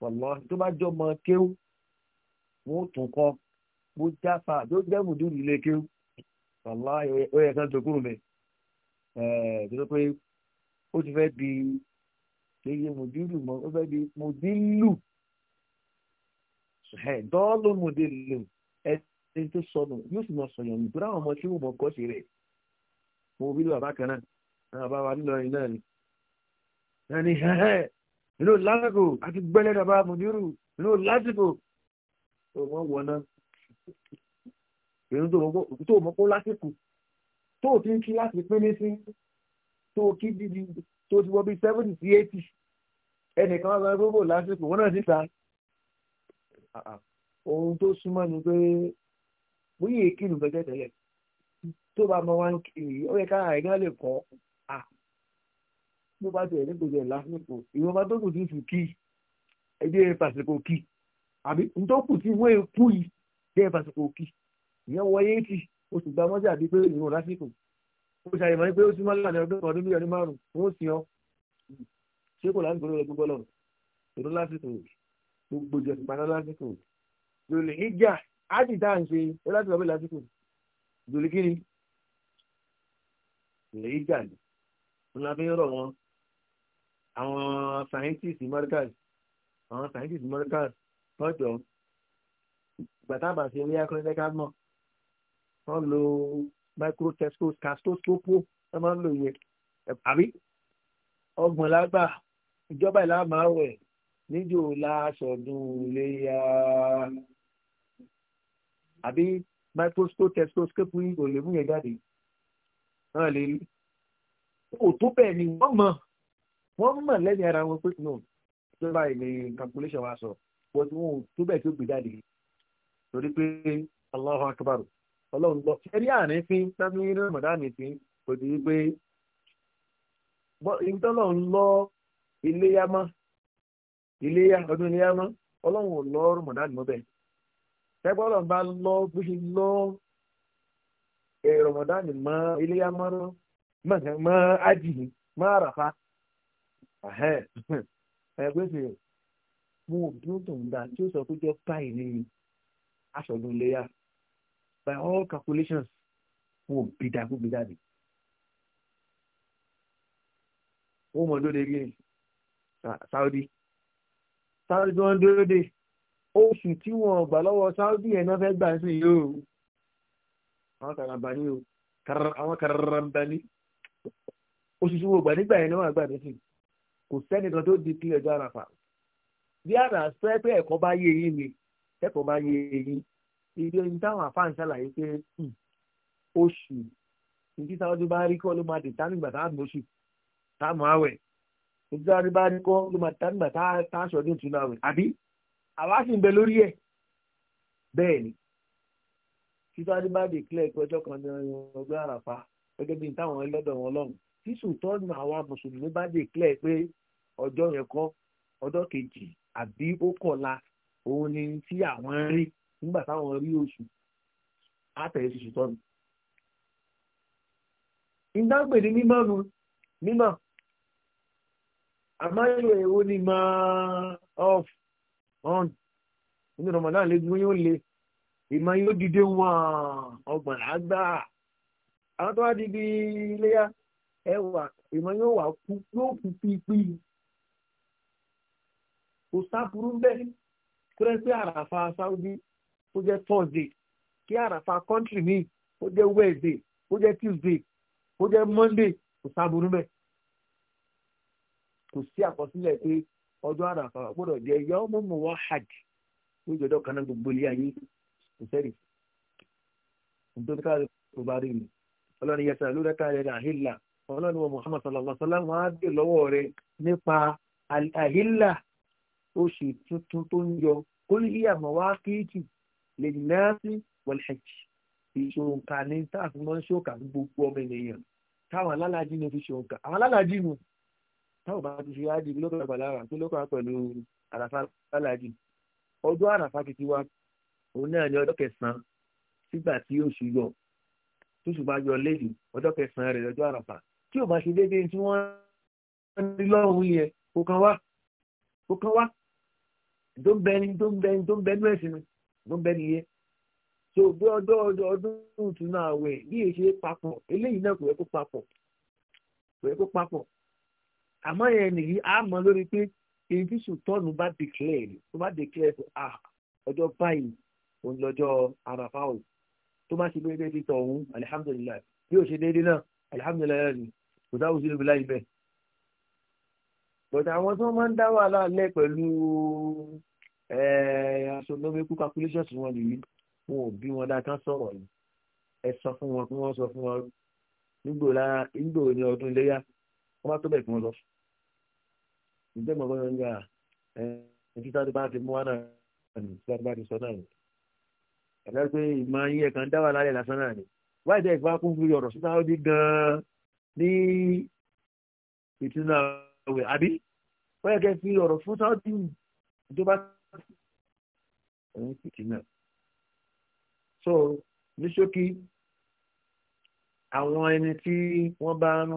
wọ̀lọ́ tó bá jọ mọ kéwú wọ́n tún kọ́ bó jáfa tó jẹ́ mùdúrú ilé kéwú wọ̀lọ́ ó yẹ kán tó kúrò mẹ́rin. Eh, tó sọ pé ó ti fẹ́ di kéye mòdìlù mọ́ ó fẹ́ di mòdìlù eh, dọ́ọ̀lù mòdìlù ẹni tó sọnù yóò sì mọ sọyàn nù torí àwọn ọmọ tí wọn mọ kọ́ sí rẹ̀ mo bí lọ àbá kan náà àwọn àbá wa nílò ẹyin náà ni ẹni hẹ́hẹ́ inú lásìkò àti gbẹ́lẹ́ dàbá mòdìlù inú lásìkò tó wọ́n wọ̀ náà èyí tó mọ́ kó lásìkò tó ti ń kí láti pín ní sí tó kí dídí tó ti wọ bí seventy sí eighty ẹnìkan ọgbà gbogbo lásìkò wọn náà síta ohun tó súnmọ́ ni pé bóyá èkìlù gbẹgbẹ tẹ́lẹ̀ tó bá mọ wọn kiri ó yẹ káàrin náà lè kọ́ à ló bá tẹ̀lé nígbòdì ẹ̀ lásìkò ìwọ́n bá tó kù sí sùn kí ẹjẹ́ pàṣípò kí àbí n tó kù sí wọ́n èkú yìí jẹ́ pàṣípò kí ìyẹn wọ yéé tì o sì gba mọ́tì àbí pé ìrún lásìkò o ṣàyẹ̀mọ́ pé ó ti máa láàrin ọdún kan ọdún bí ọdún márùn ó sì ọ ṣé kò lásìkò lórí gbogbo ọlọ́run ìrún lásìkò gbogbo ìjọsìn paná lásìkò lórí ìjà ájì tá à ń ṣe ó láti lọ́bẹ̀ lásìkò lórí kíni lórí ìjà ni wọn la fi ń rọ wọn àwọn scientist americans àwọn scientist americans tọ́jọ́ gbàtà bàṣẹ ilé akọ́nẹ́dẹ́ká mọ́ wọ́n lo microtestoscope wọ́n máa ń lò yẹn àbí ọgbọ̀n lágbà ìjọba ìlànà rẹ̀ níjó láṣọdún léyà àbí microtestoscope yìí kò lè mú yẹn jáde náà lè rí òtó bẹ́ẹ̀ ni wọ́n mọ̀ wọ́n mọ̀ lẹ́yìn ara wọn pé no ìjọba ìní calculation wa sọ wọ́n ti wọ́n tó bẹ́ẹ̀ tó gbé jáde torí pé Allahu akbar ọlọ́run gbọ́ ṣe rí àárín fín tábí rí ramadan tí kò sí pé ìtọ́lọ̀ ń lọ iléyá mọ́ iléyá ọdún iléyá mọ́ ọlọ́run ò lọ ramadan mọ́ bẹ́ẹ̀ tẹ́gbọ́n ọlọ́run bá lọ bó ṣe lọ ramadan mọ́ iléyá mọ́ mọ́ ájì mọ́ àràfà ẹgbẹ́ sì mo ò dúró tó ń da tí ó sọ pé jọ báyìí ní aṣọ ọdún iléyá by all calculations wọn ò bí dàgbò gbé jáde wọn mọ lóde gíní Saudi Saudi tí do dúró dé oṣù tí wọn gbà lọ́wọ́ Saudi yẹn náà fẹẹ gbà sí yìí o àwọn karambani o àwọn karambani oṣù tí wọn gbà nígbà yẹn náà wọn gbà nísìn kò sẹ́nìkan tó di kílẹ̀ ọjọ́ àràfà bí àrà sẹ́pẹ́ ẹ̀kọ́ bá yé yín ni ẹ̀kọ́ bá yé yín ilé ní táwọn àfáàn ṣàlàyé pé hmm, oṣù ìdí sáwọ́dún bá rí kọ́ ló máa dè tánìgbà táàmù oṣù táàmù àwẹ̀ ìdí sáwọ́dún bá rí kọ́ ló máa dè tánìgbà táàṣọdún tún àwẹ̀ àbí àwa sì ń bẹ lórí ẹ̀ bẹ́ẹ̀ ni títí wàá bá dèklẹ̀ pé ọjọ́ kan ní ọgbẹ́ àràfà gẹ́gẹ́ bí táwọn ẹlẹ́dọ̀ wọn lọ́hùn tí sùtọ́nù àwa mùsùlùmí bá dèklẹ̀ pé ọjọ́ yẹn kọ́ ọjọ́ kejì àbí ó kọ̀la òun ni tí àwọn ń rí nígbà táwọn rí oṣù àtẹ̀yẹ ṣiṣù tọ́nu. ìdáǹpè ní mímọ́ nu mímọ́ àmáyọ̀ èwo ni máa off on nínú Ramadan lẹ́gbọ́n yóò le ìmọ̀ yóò dìde wọn ọgbọ̀n àgbà àwọn tó wá di bí iléyà ẹwà ìmọ̀ yóò wà kú yóò kú pípí kò sáfurú bẹ́ẹ̀ kúrẹ́sì àràfà Saudi kó jẹ́ thursday kí àràfà country míì kó jẹ́ wednesday kó jẹ́ tuesday kó jẹ́ monday kò sábúrú mẹ́ kò sí àkọsílẹ̀ pé ọdún àràfà gbọ́dọ̀ jẹ́ yọ́mú mọ́wọ́ hajj ní ìjọ́jọ́ kan náà gbogbo ilé ayé kò sẹ́rì nítorí káàdì kò bá rí mi ọlọ́run yẹtọ̀ lórẹ́ka rẹ̀ ní àhílà ọlọ́run wọn muhammad sallallahu alayhi wa sallam wọn á dé lọ́wọ́ rẹ̀ nípa àhílà oṣù tuntun tó ń yọ kólíyà mọ̀wá kéèkì lè nẹ́ẹ̀sì wọ̀lẹ́ẹ̀kì ìṣòro nǹka ní táàfin máa ń ṣòkà fún gbogbo ọmọ ènìyàn táwọn alálàájì ní fi ṣòkà àwọn alálàájì nù táwọn bá ti fi ájì kí ló kọ́ àgbàlára kí ló kọ́ pẹ̀lú àràfà alálàájì ọjọ́ àràfà kìkì wa òun náà ní ọjọ́ kẹsàn-án sígbà tí oṣù yọ tóṣù bá yọ léyìí ọjọ́ kẹsàn-án rẹ̀ lọ́jọ́ àràfà tí ò bá ṣe déédéé tí wọ́n ń rí lọ́rùn yẹn kó kan wá kó kan wá tó ń bẹ ní tó ń bẹ ní tó ń bẹ ní ẹ̀sìn ni ló ń bẹ́ nìyẹn so bí ọdọ ọdọ ọdún ìtúnú àwẹ̀ bí èsì papọ̀ eléyìí náà kò yẹ kó papọ̀ kò yẹ kó papọ̀ àmọ́ yẹn nìyí á mọ lórí pé èyí tí sùtọ́nù bá declare tó bá declare pé ah ọjọ́ báyìí òun lọ́jọ́ àràfà o tó bá ṣe déédéé ti tọ̀ ọ̀hún alihamudulilayi bí ó ṣe déédéé náà alihamudulilayi ni kò dáwọ́ sí ibi láì bẹ́ẹ̀ bọ̀dà àwọn tí wọ́n máa ń dá wàhálà lẹ́ pẹ̀lú Eh, astronomical calculations wọn nìyí wọn ò bí wọn dáadáa sọ̀rọ̀ yìí ẹ sọ fún wọn kí wọ́n sọ fún wọn nígbò lára nígbò ní ọdún iléyà wọ́n bá tó bẹ̀ fún wọn lọ. ǹjẹ́ mọ̀ bọ́yọ̀ ń gbà ẹ̀ títà tó bá ti mú wá náà ní títà tó bá ti sọ náà ní. ẹ̀dá pé ìmọ̀ ayé ẹ̀kan dá wà lálẹ́ lásán náà ní. wáyé dẹ́ ìfowópamọ́ kún fún ọ̀rọ̀ síta ó di gan-an ní ìtúná àwẹ̀ àbí wọ́n yẹ kẹ́ fi ọ̀rọ̀ fún sáà fún fìtínà so ní ṣókí àwọn ẹni tí wọ́n bá ń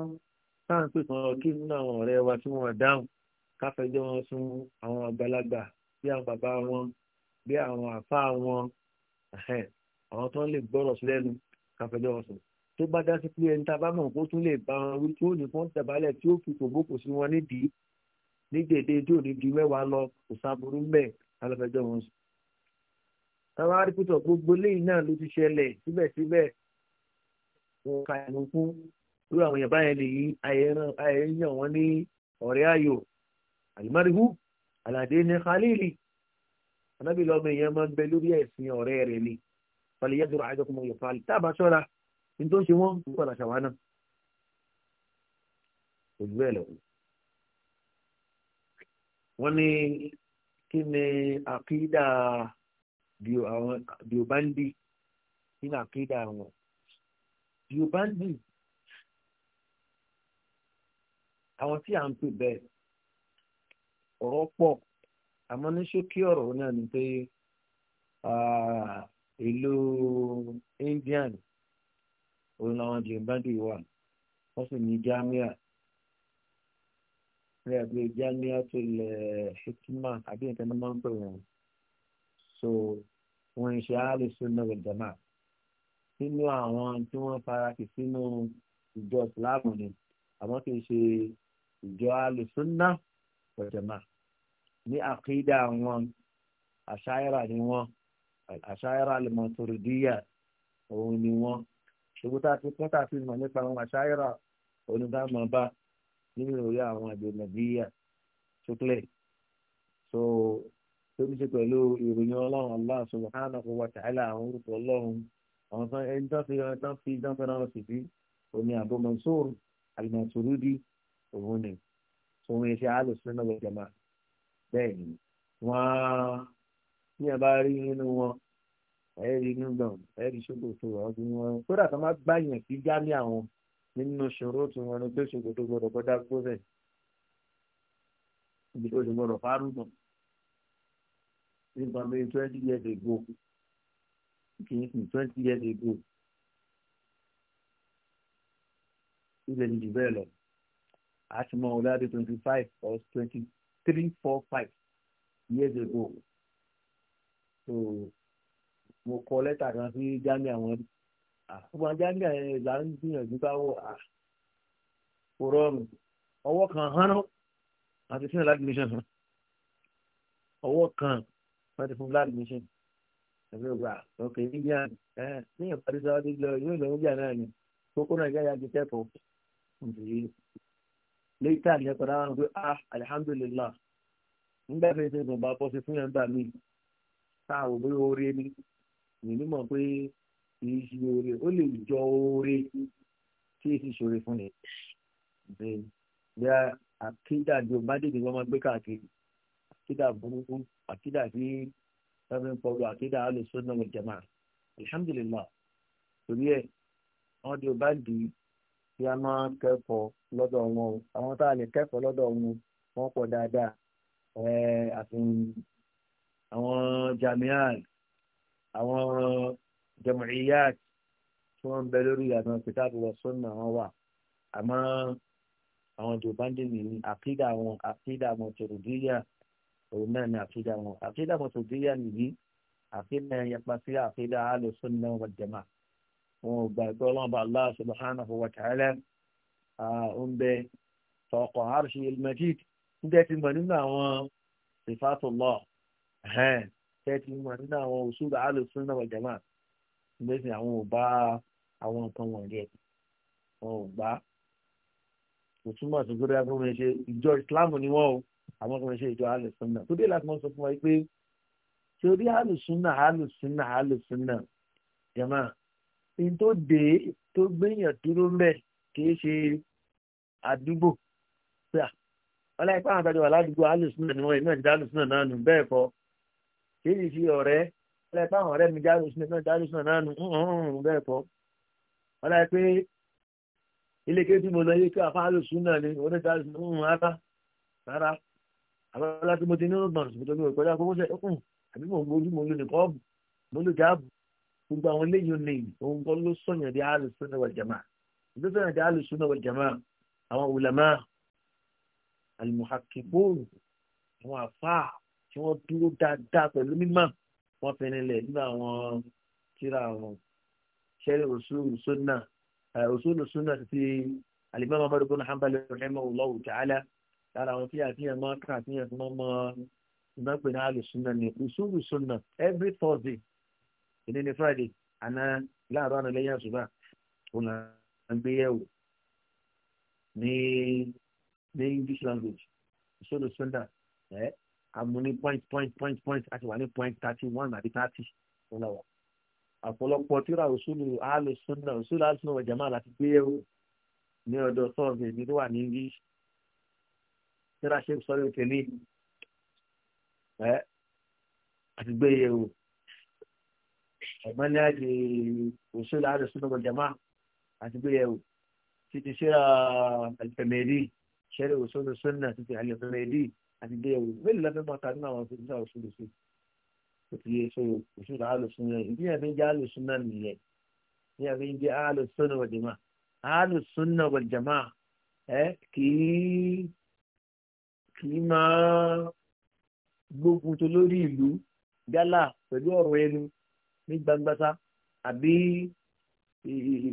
sáà ń pè kan kí nínú àwọn ọ̀rẹ́ wa tí wọ́n dáhùn káfẹjọ́ wọn sún àwọn àgbàlagbà bí àwọn bàbá wọn bí àwọn àfa wọn àwọn tó ń lè gbọ́rọ̀ sí lẹ́nu káfẹjọ́ wọn sùn tó bá dá sí pé ẹni tá a bá mọ̀ kó tún lè bá wọn wí tí ó ní fún ìtàbálẹ̀ tí ó fi kòbókò sí wọn nídìí ní dèdè tí ò ní di mẹ́wàá lọ kò sábúrú mẹ́ẹ̀ alọ́fẹjọ́ wọn sùn táwọn arípútọ̀ gbogbo lẹ́yìn náà ló ti ṣẹlẹ̀ síbẹ̀síbẹ̀ wọn ka ẹnu fún irú àwọn èèyàn báyẹn lè yí ayẹyẹ wọn ní ọ̀rẹ́ ayò alimarihu alade ní khalili anábì lọ́mọ èèyàn máa ń bẹ lórí ẹ̀sìn ọ̀rẹ́ rẹ̀ ni falẹ̀ yẹ́ dùrọ̀ àjọkùnmọ̀ yóò falẹ̀ tá a bá ṣọ́ra ní tó ń ṣe wọ́n ń padà ṣàwánà ojú ẹ̀ lọ́wọ́ wọ́n ní kí ni àkídà biobandi nínú àkéde àwọn biobandi àwọn tí à ń pè bẹ́ẹ̀ ọ̀rọ̀ pọ̀ àmọ́ ní ṣókí ọ̀rọ̀ náà ni pé ìlú Indian òun làwọn biobandi wà wọ́n sì ní jamia ní ẹgbẹ́ jamia tó ilẹ̀ hikima àbí nǹkan tó máa ń pè wọ́n so wọn ń ṣe àlè sunna wal jamaa nínú àwọn tí wọ́n farati sínú ìjọ ìsìláàmù ni àwọn kì í ṣe ìjọ àlè sunna wal jamaa ní àkídà wọn àṣàyẹ̀rà ni wọn àṣàyẹ̀rà al-maturidiyya òun ni wọn ṣùgbọ́n tá a ti kọ́ mọ̀ nípa àwọn àṣàyẹ̀rà onídàmọ́ba nínú ìròyìn àwọn àjò nàìjíríà ṣúklẹ̀ so tó ní ṣe pẹ̀lú ìròyìn ọlọ́run Allah subhanahu wa ta'ala àwọn orúkọ ọlọ́run àwọn sọ ẹni tó fi ọ̀rẹ́ tán fi dánfẹ́ràn ọ̀sìn sí omi Abu Mansur al-Maturidi òun ni òun yẹn ṣe àlùsùn náà wọ́n jẹ̀má bẹ́ẹ̀ ni wọ́n ní ẹ̀ bá rí nínú wọn ẹ̀rí nùgbọ̀n ẹ̀rí ṣòkòtò ọdún wọn kódà tó má gbàyàn sí jámí àwọn nínú ṣòro tí wọn ní pé ṣòkòtò gbọdọ̀ gbọdá gbọ́dẹ̀ nípa bíi twenty years ago kìí sìn twenty years ago ilẹ̀ ní jù bẹ́ẹ̀ lọ àti twenty five or twenty three four five years ago so mo kọ lẹ́tà kan sí jamiu àwọn àkókò jamiu àwọn ẹ̀dá ń gbìyànjú báwo kò rọrùn ọwọ́ kan hánà àti sínú láti mission ọwọ́ kan wọ́n ti fún blood mission ẹ̀mí ò gbà ok india ẹ̀ ní ìpàdé sáwọ́dí lọ yóò lọ india náà ni kókó náà yára di kẹ́kọ̀ọ́ nìyí létà ni ẹ̀kọ́ náà wọ́n pé ah alihamdulillah nígbà tí ṣe gbọ̀ngbà bọ́ sí fún yàrá mi tá a ò bí oore ni ìlú mọ̀ pé kì í ṣe oore ó lè jọ oore tí èsì ṣòro fún ni bí a àkídà ju bá dèbí wọn máa gbé káàkiri àkídà burúkú àkídà sí ẹbí ń pọ̀lú àkídà alùsùn náà jẹ̀mà alhamdulilah torí ẹ̀ wọ́n di ọba di kí a máa kẹ́kọ̀ọ́ lọ́dọ̀ wọn o àwọn tá a lè kẹ́kọ̀ọ́ lọ́dọ̀ wọn wọ́n pọ̀ dáadáa àfihàn àwọn jamiat àwọn jamiyat tí wọ́n ń bẹ lórí ìlànà kìtàbù wa sunna wọn wà àmọ́ àwọn jòbándì nìyí àkídà wọn àkídà wọn tòròdíyà òun náà ni àkídà wọn àkídà wọn tó déyà nìyí àkídà yapa sí àkídà alùsùnà wal jamaa wọn ò gbà pé ọlọ́run bá Allah subhanahu wa ta'ala ń bẹ tọkọ̀ arṣi ilmajid ń tẹ́ ti mọ̀ nínú àwọn sifatullah tẹ́ ti mọ̀ nínú àwọn usul alùsùnà wal jamaa gbèsè àwọn ò bá àwọn nǹkan wọ̀nyí ẹ̀ wọn ò gbà kò túmọ̀ sí gbọ́dọ̀ ẹgbẹ́ wọn ṣe ìjọ ìsìláàmù ni wọ́n o àwọn tó ń ṣe ìjọ alùsùnà tó dé láti mọ sọ fún wa pé ṣe orí alùsùnà alùsùnà alùsùnà jama ní tó dé tó gbéyàn dúró mbẹ kì í ṣe àdúgbò pé à ọlá ipá àwọn àtàjọ aládùúgbò alùsùnà ni wọn ìmọ̀ ìdá alùsùnà náà nù bẹ́ẹ̀ kọ́ kì í ṣe ọ̀rẹ́ ọlá ipá àwọn ọ̀rẹ́ mi dá alùsùnà náà dá alùsùnà náà nù bẹ́ẹ̀ kọ́ ọlá ipé ilé kéwì mo lọ yé kí àfa alùsùnà ni oníkàlùsùnà ń rárá rárá abala tí mo ti ní rọgbọn ṣùgbọ́n tó ní òpẹ́lẹ́ àkókò sẹ́ ọkùn hmm, àbí mo gbójú mo lò nìkan ọ̀bù mo lò jáàbù gbogbo àwọn eléyìí ní òun kọ́ ló sọ̀yàn di al-sunnah wal jama'ah ló sọ̀yàn di al-sunnah wal jama'ah àwọn ulama al-muhakkikun àwọn àfà tí wọ́n dúró dáadáa pẹ̀lú mímọ́ wọ́n fẹ́ni lẹ̀ nínú àwọn tíra àwọn ṣẹ́rí usulu sunnah eh, usulu sunnah ti al-imam Ahmad ibn Hanbal rahimahullahu ta'ala lára àwọn tí àti ẹ̀ máa kà sí ẹ̀ tí wọ́n mọ ìgbà pé náà àlùsùnà ní ìṣúrù every Thursday ìní ni Friday àná láàárọ̀ àná lẹ́yìn àṣùbà òun à ń gbé yẹ̀wò ní ní English language ìṣúrù sùnà ẹ̀ àmú ní point point point point àti wà ní point thirty one àti thirty òun là wà àpọ̀lọpọ̀ tíra òṣùlù àlùsùnà òṣùlù àlùsùnà ọ̀jàmá láti gbé yẹ̀wò ní ọ̀dọ̀ Thursday ní tó wà ní English tíra ṣe ń sọ ní tèmi ẹ àti gbé yẹ̀wò ẹ̀gbọ́n ní àjè òṣèlú àdùsùn ọmọ jama àti gbé yẹ̀wò títí síra àlùfẹ̀mẹ̀dì ṣẹlẹ̀ òṣèlú sọ́nà títí àlùfẹ̀mẹ̀dì àti gbé yẹ̀wò mélòó lọ́fẹ́ mọ́ta nínú àwọn òṣèlú náà òṣèlú sí òtí yẹ sọ òṣèlú àdùsùn náà ìdí yẹn fi ń jẹ́ àlùsùn náà nìyẹn ìdí yẹn ń jẹ́ àlùsùn náà wọ̀ jama àlùsùn náà wọ̀ jama ẹ kìí kì í máa gbógun tó lórí ìlú yálà pẹ̀lú ọ̀rọ̀ ẹnu ní gbangbasa àbí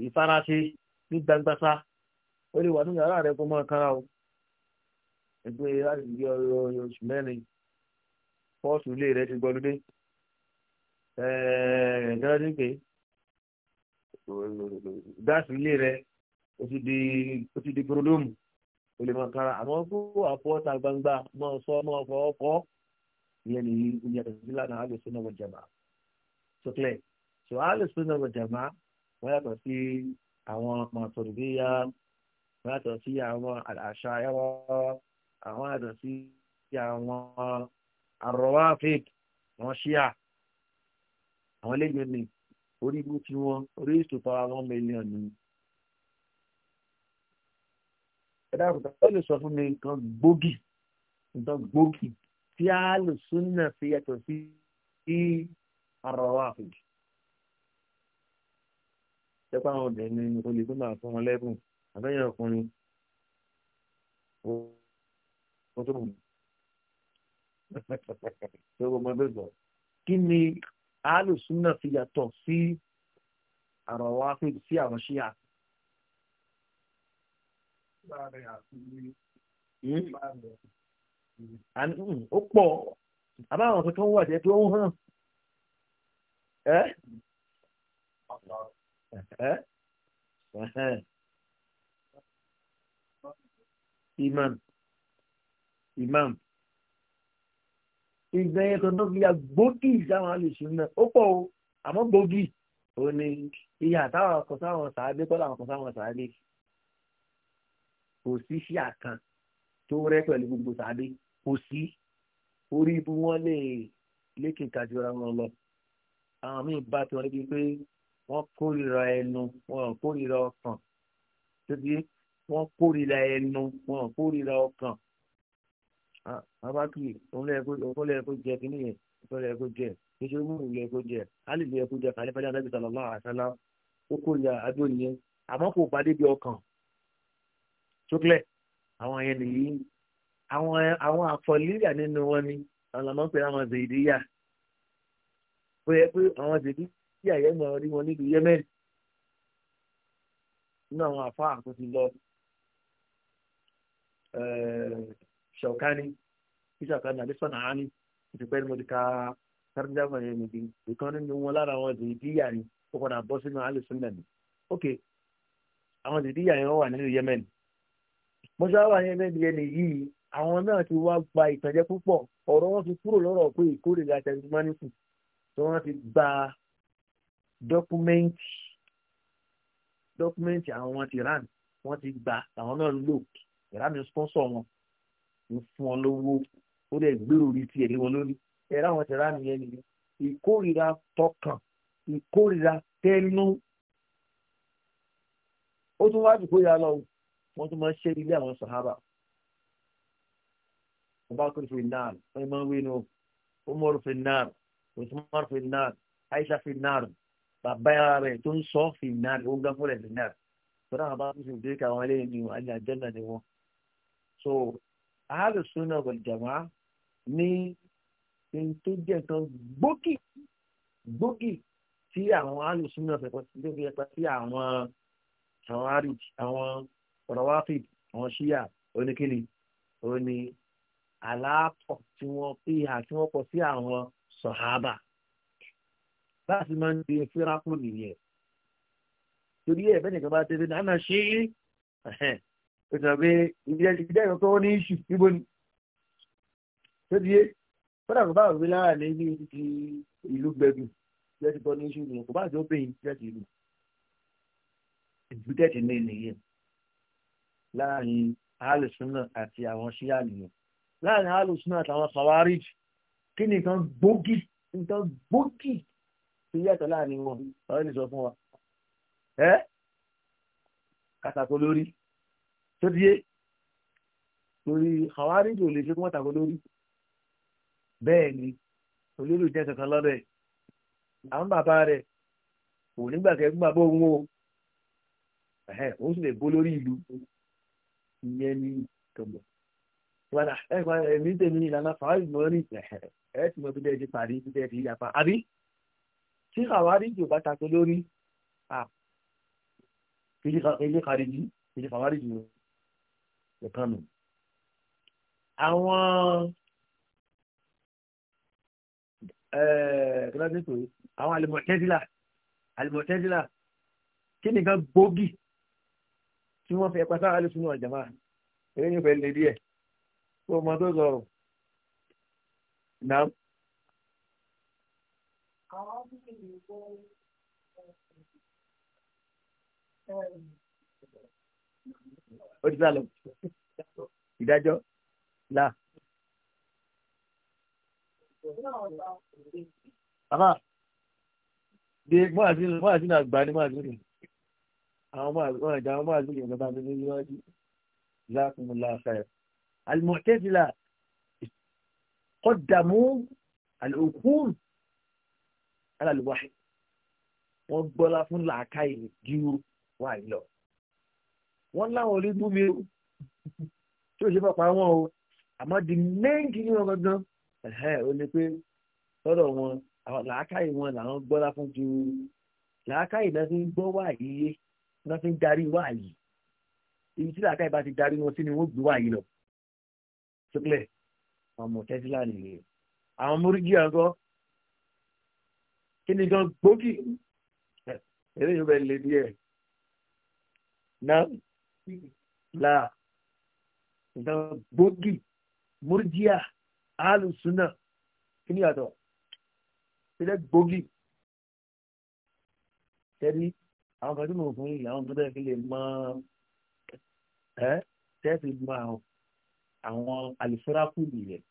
ìfarasí ní gbangbasa ó lè wà nínú yàrá rẹ kó máa kára o ẹgbẹ́ láti di ọ̀rọ̀ oṣù mẹ́rin pọ́ọ̀sù ilé rẹ ti gbọ́dúndé ẹ̀ẹ́dẹ́rẹ́ ní gáàsì ilé rẹ ó ti di gorodomu o lè máa kára àmọ́ fún àfọwọ́ta gbangba máa sọ máa fọwọ́ fọ́ ìyẹn nìyí omi àtẹ̀sí lánàá àlè sọ́nà wọ jàmá sọ́kẹ́lẹ̀ sọ àlè sọ́nà wọ jàmá wọ́n yàtọ̀ sí àwọn màtòrìbíyà wọ́n yàtọ̀ sí àwọn àṣà ẹ̀rọ àwọn yàtọ̀ sí àwọn àrọ̀wáfíìk àwọn ṣíà àwọn eléyìí ni orí ibú tiwọn orí ìsòpá wọn mílíọ̀nù ẹ dákun tó lè sọ fún mi nǹkan gbòógì nǹkan gbòógì tí àlùsùnà fi yàtọ̀ sí sí àrọ̀wá àfẹ́jù. jẹ́pá àwọn obìnrin ni olè tó máa fún wọn lẹ́bùn àbẹ́yẹ ọkùnrin ó tó wù ṣé o mọ bẹ́ẹ̀ bọ̀ kí ni àlùsùnà fi yàtọ̀ sí àrọ̀wá àfẹ́jù sí àwọn ṣíyà ó pọ̀ àbáwọn tuntun wà jẹ́ tó ń hàn ẹ́ ẹ́ ẹ́ imam imam ìgbà yẹn kan tó fi ya gbòógì sáwọn alùsùn náà ó pọ̀ o àmọ́ gbòógì ò ní ìyá àtàwọn kan sáwọn sàádé kọ́lá àwọn kan sáwọn sàádé kò sí ṣíà kan tó rẹ́ pẹ̀lú gbogbo tàbí kò sí orí ibu wọn lè lékè kàjọra wọn lọ àwọn míì bá tiwọn níbi pé wọ́n kórìíra ẹnu wọn kórìíra ọkàn tóbi wọ́n kórìíra ẹnu wọn kórìíra ọkàn abákì òkúlẹ̀ẹ́kọ́ jẹ kí nìyẹn òkúlẹ̀ẹ́kọ́ jẹ níṣẹ́ mú ìlẹ̀ẹ́kọ́ jẹ alìlẹ̀ẹ́kọ́ jẹ kàlífàdé anábìsà lọ́lá àṣálá ó kórìíra adó nìyẹn àmọ́ kò pàdé bí ọkàn chocolate àwọn yẹn nìyí àwọn àwọn àfọlíyà nínú wọn ni àwọn làmọ́ pé àwọn zèdíyà ó yẹ pé àwọn zèdíyà yẹn mọ̀ rí wọn níbi yemen nínú àwọn àfa àkóso lọ ṣọ̀kání ìṣàkánì àdéṣọ́nà àání ìtìpẹ́ ni mo ti ka sárúnjáfà yẹn mi di ìkan nínú wọn lára àwọn zèdíyà ni ó padà bọ́ sínú àlùsùn náà ok àwọn zèdíyà yẹn wà nínú yemen mọ́ṣáláwà ní mẹ́bíẹ́ nìyí àwọn náà ti wá gba ìtànjẹ púpọ̀ ọ̀rọ̀ wọn ti kúrò lọ́rọ̀ pé ìkórìíra tẹ̀síwánìkù tí wọ́n ti gba dọ́kúmẹ́ǹtì dọ́kúmẹ́ǹtì àwọn wọn ti rán wọ́n ti gba àwọn náà lò ìránì sponsor wọn ń fún wọn lówó ó dẹ̀ gbèrò orí tiẹ̀ lé wọn lórí ẹ̀rọ àwọn ti rán nìyẹn nìyẹn ìkórìíra tọkàn ìkórìíra tẹnu ó tún wá jù kó ya lọ wọ́n tún máa ń ṣe ilé àwọn sàhábà abakar fi naar wọ́n máa ń wí nu umar fi naar usman fi naar aisha fi naar bàbá rẹ̀ tó ń sọ fi naar ó ń gbà fúnlẹ̀ fi naar tọ́lá àwọn abakar fi dé káwọn eléyìí ni wọ́n àti àjẹ́nà ni wọ́n. so ahlu sunna wal jamaa ní ní tó jẹ́ nǹkan gbókì gbókì tí àwọn ahlu sunna fẹ́ pẹ́ sí àwọn àwọn àríjì àwọn rawafid àwọn ṣíyà oníkìlì oní aláàpọ̀ tí wọ́n pè é àti wọ́n pọ̀ sí àwọn sọ̀hábà báàsì máa ń di fírákù nìyẹn torí ẹ̀ bẹ́ẹ̀ nìkan bá tẹ́lẹ̀ náà náà ṣe é ó sọ pé ìdílé ìkan tó ní ìṣù níbo ni tó di é kódà kò bá òwe lára ní ní ti ìlú gbẹdù jẹ́ ti ní ìṣù nìyẹn kò bá àti ó bẹ̀yìn jẹ́ ti ìlú ìdúdẹ́tì ní nìyẹn láàrin alùsùnà àti àwọn ṣíà nìyẹn láàrin alùsùnà àtàwọn khawarij kí ni nǹkan gbógi nǹkan gbógi ti yàtọ̀ láàrin wọn ọ̀rẹ́ lè sọ fún wa ẹ́ kàtàkó lórí tó díé torí khawarij ò lè ṣe kí wọ́n tàkó lórí bẹ́ẹ̀ ni olórí jẹ́ kankan lọ́dọ̀ ẹ̀ àwọn bàbá rẹ̀ kò nígbàkẹ́ fún òun o ó sì lè bó lórí ìlú ìyẹn ní ìtọ́gbọ̀. ìpadà ẹ̀gbọ́n ẹ̀mí tèmi ìlànà fàáyì mọ́ ní ẹ̀ tí mo fi dẹ́ ti parí ti dẹ́ ti yapa àbí tí àwárí jù bá tako lórí ilé kàríjì ilé kàwárí jù nìkan nù. àwọn kíláàsì pé àwọn àlùmọ̀tẹ́sílà àlùmọ̀tẹ́sílà kí nìkan gbòógì tí wọ́n fẹ́ pátá alùsùn náà jàmá eré ní ìfẹ́ lè díẹ̀ tó ọmọ tó sọ̀rọ̀ náà. ó ti sá lọ ìdájọ́ là. Bàbá, bí mọ́ àti àgbà ni àwọn ìjà wọn máa lóye ìjọba mi níwájú láàkúnmọ́lá àṣàyà alimọ̀tẹ́sílà kọ́dàmú àlòkún alàlùwáhì wọ́n gbọ́lá fún làákàyè ju wà lọ wọ́n láwọn orí bú mi tí ó ṣe fọ́pá wọn o àmọ́ di méjì ní wọn gangan ẹ̀hẹ́ o ní pé lọ́dọ̀ wọn làákàyè wọn làwọn gbọ́lá fún ju làákàyè náà ti gbọ́ wà yíyé wọ́n fi ń darí wáàyè ibi tí làákàyè bá ti darí wọn sí ni wọ́n gbé wáàyè lọ sókèlè ọmọ tẹ́sílà nìyẹn àwọn mórígì àgọ́ kí ni gan gbòógì eré yóò bẹ lè díẹ̀ náà là gan gbòógì múrídíà alùsùnà kí ni yàtọ̀ ṣẹlẹ̀ gbòógì tẹ́lí àwọn kan tí mo fún yìí àwọn gbọ́dọ̀ fi lè mọ ẹ tẹsí mọ àwọn àlùfẹ́rà kù nìyẹn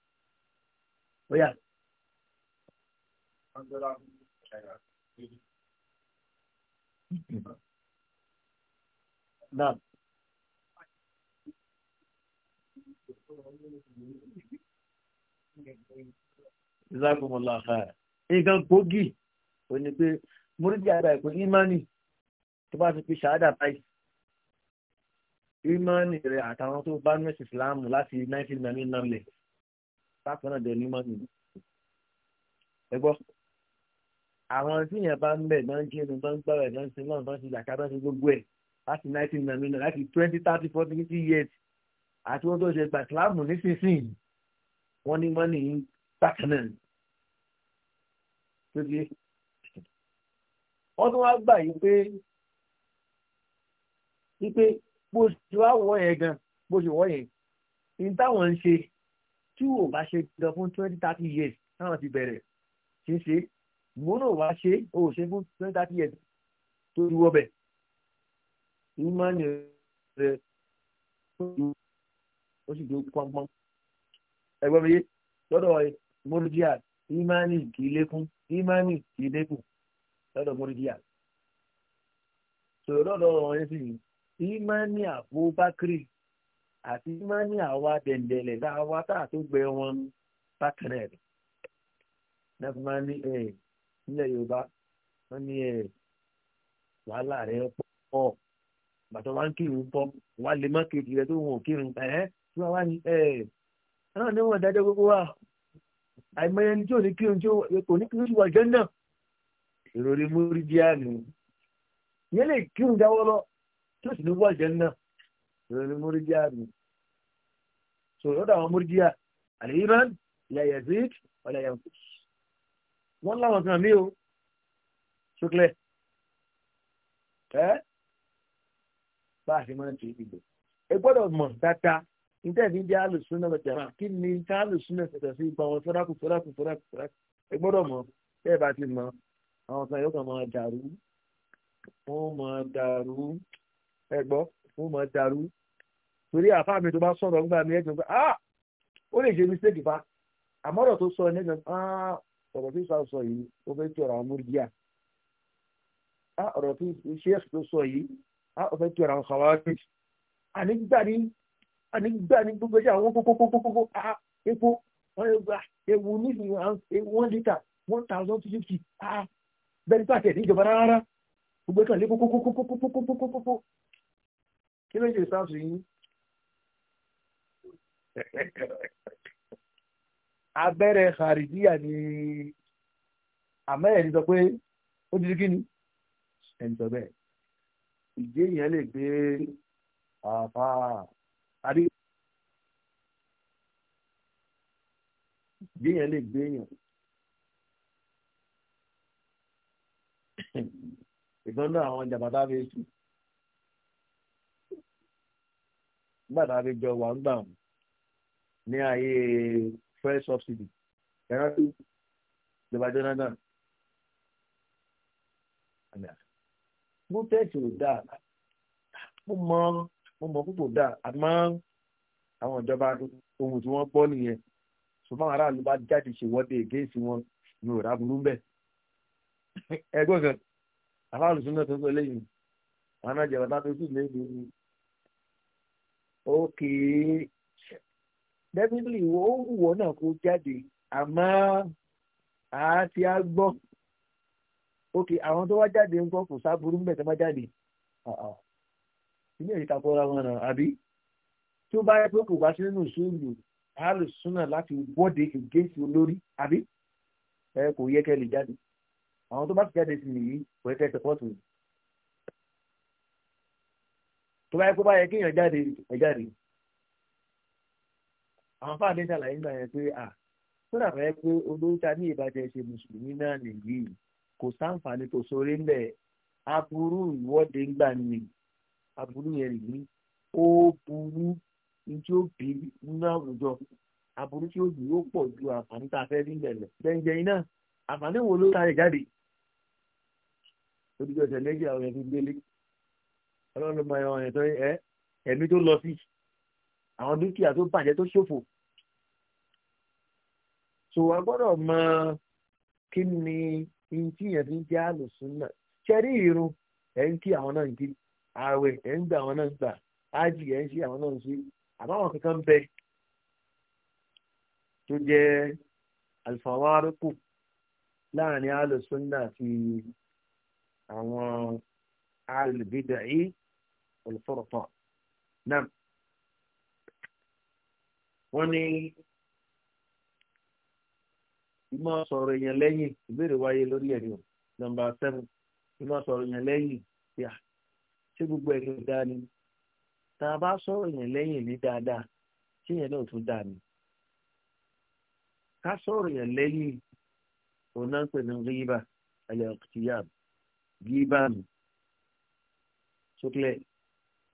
ó yà. Náà. Ìzákùnmọ̀lá àkàrà. Nǹkan gbòógì, ò ní pé, mo rí bí ara ìpín ìmánì tó bá ti pe ṣáádà báyìí ìmọ̀ọ́nì rẹ̀ àtàwọn tó bá nọ́ọ̀sì ìsìláàmù láti 1999 náà lẹ̀ bákan náà dẹ̀ ní mọ́ọ̀nì ẹ gbọ́ àwọn tí yẹn bá ń bẹ̀ náà ń kírun náà ń gbọ́rọ̀ náà ń sin náà náà ń sin ìjàkà náà ń gbogbo ẹ̀ láti 1999 láti 20 years àti wọn tó ṣe gbà ìsìláàmù nísinsìnyí wọn ní mọ́ọ̀nì bákan náà tó di wọ́n tún wá gbà yí pé wípé bó ṣe wá wọ̀ yẹn gan bó ṣe wọ̀ yẹn ní táwọn ń ṣe tí ò bá ṣe gan fún twenty thirty years táwọn ti bẹ̀rẹ̀ ṣe ṣe ìwọ náà wá ṣe o ṣe fún twenty thirty years tó ti wọ́ bẹ̀ ìmọ̀ni rẹ̀ ó sì dúró pọ́npọ́n ẹgbẹ́ mi yé lọ́dọ̀ mọ́lúdíà ìmọ̀ni kì í lékún ìmọ̀ni kì í lékún lọ́dọ̀ mọ́lúdíà sọ̀rọ̀ lọ́dọ̀ ọ̀rọ̀ yẹn sì yìí. ìmánì maa àti ìmánì àwa dẹ̀ndẹ̀lẹ̀ tá a tó gbẹ wọn bákan náà náà fi máa ní yorùbá wọ́n ní ẹ̀ wàhálà rẹ̀ pọ̀ bàtọ̀ wá ń kírun pọ̀ wà lè má kiri rẹ̀ tó wọn ò kírun ẹ̀ tí wọ́n wá ní ẹ̀ náà ní wọn gbogbo wa àìmọye ní tí ò ní kírun tí ò ní kírun tí náà díà nù yẹn lè kírun lọ. tó sì ní wọ àlùjánnà ìròyìn ní múrídíà mi so lọ́dọ̀ àwọn múrídíà àlèyíran ìyá yazid ọ̀là yankun wọ́n láwọn kan mí o ṣókẹ́lẹ̀ ẹ́ bá a ṣe máa ń ṣe ìdìbò ẹ gbọ́dọ̀ mọ̀ dáadáa ìtẹ́ẹ̀dì jẹ́ alùsùnà ọ̀jàmà kí ni ká alùsùnà ṣẹ̀ṣẹ̀ sí ipa wọn sọ́dákù sọ́dákù sọ́dákù sọ́dákù ẹ gbọ́dọ̀ mọ̀ bẹ́ẹ̀ bá ti mọ̀ àwọn kan yóò kàn máa dàrú wọ́n máa dàrú ẹ gbọ́ ó mọ̀ dàrú torí àfa mi tó bá sọ̀rọ̀ nígbà mi ẹ̀ tó ń gbà ah ó lè ṣe mistake fa àmọ́rọ̀ tó sọ ẹ̀ ah ọ̀rọ̀ tó sọ yìí ó fẹ́ tọrọ àwọn múrídìá ah ọ̀rọ̀ tó ṣe tó sọ yìí ah ó fẹ́ tọrọ àwọn kàwáàbí ànígbà ní ànígbà ní gbogbo ẹ̀ṣẹ̀ àwọn kókókókókó ah epo wọ́n yóò gba ewu nísìnyí one litre one thousand two fifty ah bẹ́ẹ̀ ni pàṣẹ ìjọba rárá gbogbo ẹ̀ṣẹ̀ lé kókókókókókókókókó kí ló ṣe sáàsù yín abẹ́rẹ́ hàrìdíyà ni àmẹ́rẹ̀ sọ pé ó ti di kí ni ẹni sọ bẹ́ẹ̀ ìdí èèyàn lè gbé àfà àdí ìdí èèyàn lè gbé èèyàn ìgbọ́n náà àwọn jàmbá tá fi sùn. gbàdá àbíjọ wà ń gbà wọn ní ayé fresh subsidy ẹran tó ìjọba jonathan bùtẹ́ẹ̀tì ò dáa mo mọ mo mọ púpọ̀ dáa àmọ́ àwọn ìjọba ohun tí wọ́n gbọ́ nìyẹn ṣùgbọ́n aráàlú bá jáde ṣèwọ́de ègéǹsì wọn ni ò ráburú bẹ́ẹ̀ ẹgbẹ́ kan aráàlú súnmọ́ tó ń sọ lẹ́yìn àwọn anájẹ́ ọ̀tá tó sì léde okay definitely ó wù wọ́n náà kó jáde àmọ́ àti á gbọ́ okay àwọn tó wá jáde ń gbọ́ kò sáburú ń bẹ̀ tó má jáde uh-uh. ilé ìtakọ̀ra wọn náà àbí tí ó bá yẹ pé kò bá sí nínú ìṣòro alùsùnà láti wọ́de against olórí àbí ẹ kò yẹ kẹ́ lè jáde àwọn tó bá ti jáde sí nìyí kò yẹ kẹ́ support mi tó bá yẹ kó bá yẹ kéèyàn jáde ẹ jáde àwọn fáàdé ṣàlàyé nígbà yẹn pé à sódà fẹ́ pé olóńtà ní ìbàjẹ́ ṣe mùsùlùmí náà nìyí kò sáǹfààní tó sórí ńlẹ̀ aburú ìwọ́de ńgbà ni aburú yẹn nìyí ó burú tí ó bí nínú àwùjọ aburú tí ó bí ó pọ̀ ju àǹfààní tá a fẹ́ rí ńlẹ̀ lẹ̀ jẹ́njẹ́yìn náà àǹfààní wo ló ta ẹ̀ jáde olùdókòtò lẹ́yìn àwọn ẹni gbélé ọlọ́run ló mọ ẹran ẹ̀ tó ẹ ẹ̀mí tó lọ sí àwọn dúkìá tó bàjẹ́ tó ṣòfò so a gbọ́dọ̀ mọ kí ni ntí yẹn fi ń jẹ́ àlùsùn náà ṣẹ́rí irun ẹ̀ ń kí àwọn náà ń kí ààwẹ̀ ẹ̀ ń gbà àwọn náà ń gbà ájì ẹ̀ ń ṣe àwọn náà ń ṣe àbáwọn kankan bẹ tó jẹ́ alfawaruku láàrin àlùsùn náà àti àwọn alùbídà yìí olùfọ̀rọ̀tọ̀ náà wọ́n ní ìmọ̀ sọ̀rọ̀ èèyàn lẹ́yìn ìbéèrè wáyé lórí ẹ̀rí o nọmba seven ìmọ̀ sọ̀rọ̀ èèyàn lẹ́yìn yà ṣé gbogbo ẹ̀rí ò dáa ni tá a bá sọ̀rọ̀ èèyàn lẹ́yìn ní dáadáa tí èèyàn náà tún dáa ni ká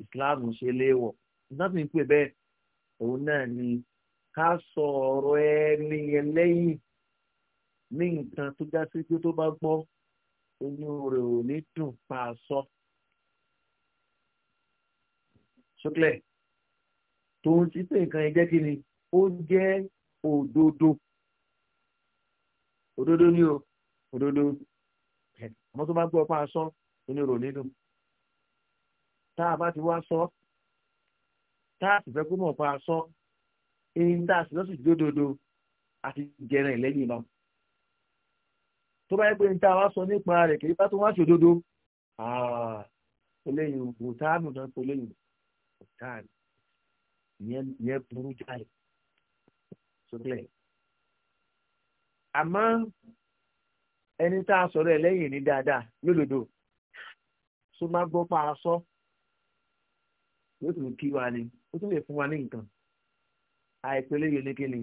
islam ṣe léèwọ̀ ìdáàbò ìpè bẹ́ẹ̀ òun náà ni ká sọ ọ̀rọ̀ ẹni yẹn lẹ́yìn ní nǹkan tó já sí pé tó bá gbọ́ inú rẹ̀ ò ní dùn pa sọ. ṣókèlè tòun ti pé nǹkan yẹn jẹ́ kí ni ó jẹ́ òdodo òdodo ni o òdodo àmọ́ tó bá gbọ́ pa sọ inú rẹ̀ ò ní dùn tá a bá ti wá sọ tá a sì fẹ́ kó mọ̀ pa sọ eyín tá a sì lọ́sùn dódodo àti jẹrin lẹ́yìn náà tó bá yẹ pé ní tá a wá sọ nípa rẹ̀ kì í bá tó wá ṣòdodo eléyìí bùtánù náà tó léyìn bùtánù ìyẹn burú jáì sókè àmọ́ ẹni tá a sọ̀rọ̀ ẹ̀ lẹ́yìn ní dáadáa lódodo tó máa gbọ́ pa aṣọ yóò tún kí wa ni ó tún lè fún wa ní nǹkan àìpẹlẹ yìí oníkè ni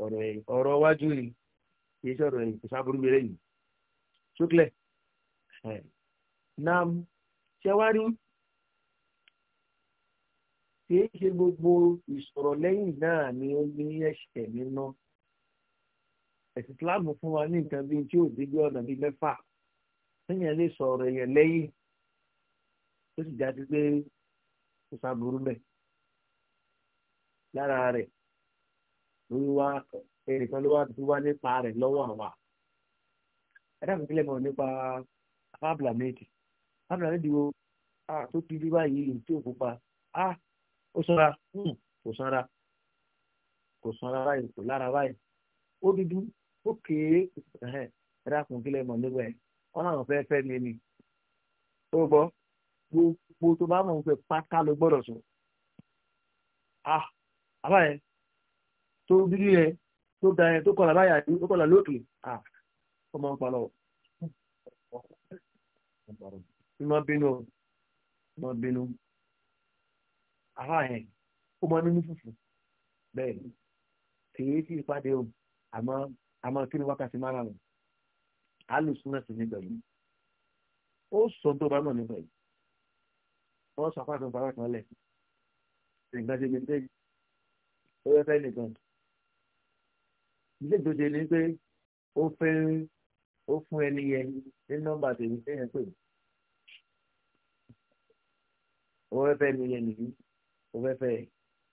ọ̀rọ̀ ẹ̀ ọ̀rọ̀ wájú ni kì í sọ̀rọ̀ ẹ̀ ìsàbùrù mèrè yìí ṣókèlè nam ṣẹwárí kì í ṣe gbogbo ìsọ̀rọ̀ lẹ́yìn náà ni ó ní ẹ̀ṣẹ̀ nínú ẹ̀sìn Ìsìláàmù fún wa ní nǹkan bíi tí ò dídí ọ̀nà bíi mẹ́fà lẹ́yìn ẹ̀ lè sọ̀rọ̀ ẹ̀yẹ̀ lẹ́yìn ó sì jáde pé kò sábúrú bẹ́ẹ̀ lára rẹ̀ lórí wá ẹnìkan ló wá tó wá nípa rẹ̀ lọ́wọ́ àwa ẹ̀dàkùn kílẹ̀ mọ̀ nípa afábùlàmẹ́ẹ̀dì afábùlàmẹ́ẹ̀dì wo tó ti rí báyìí tí ò pupa ó sanra hmm, kò sanra kò sanra báyìí kò lára báyìí ó dúdú ó kéé ẹ̀dàkùn kílẹ̀ mọ̀ nípa ẹ̀ mi ni ó gbọ́ gbogbo tó bá mọ̀ ń fẹ́ pátá ló gbọ́dọ̀ sọ. ah àbá yẹn tó dúdú yẹn tó da yẹn tó kọlà báyà tó kọlà lókè ah ọmọ ń pa lọ. ìmọ̀ bínú ìmọ̀ bínú àbá yẹn ó mọ nínú fùfù bẹ́ẹ̀ kìí sí ìpàdé o àmọ́ àmọ́ kí ni wákàtí márùn-ún alùsùn náà sì ní pẹ̀lú ó sọ tó bá mọ̀ nípa yìí wọ́n sọ fáfin bàrà kan lẹ̀ nǹkan ó yẹ fẹ́ nìkan ilé ìdóje ni pé ó fẹ́ ó fún ẹni yẹn ní nọ́mbà tèmi sẹ́yìn pè ó fẹ́ fẹ́ yẹn nìyí ó fẹ́ fẹ́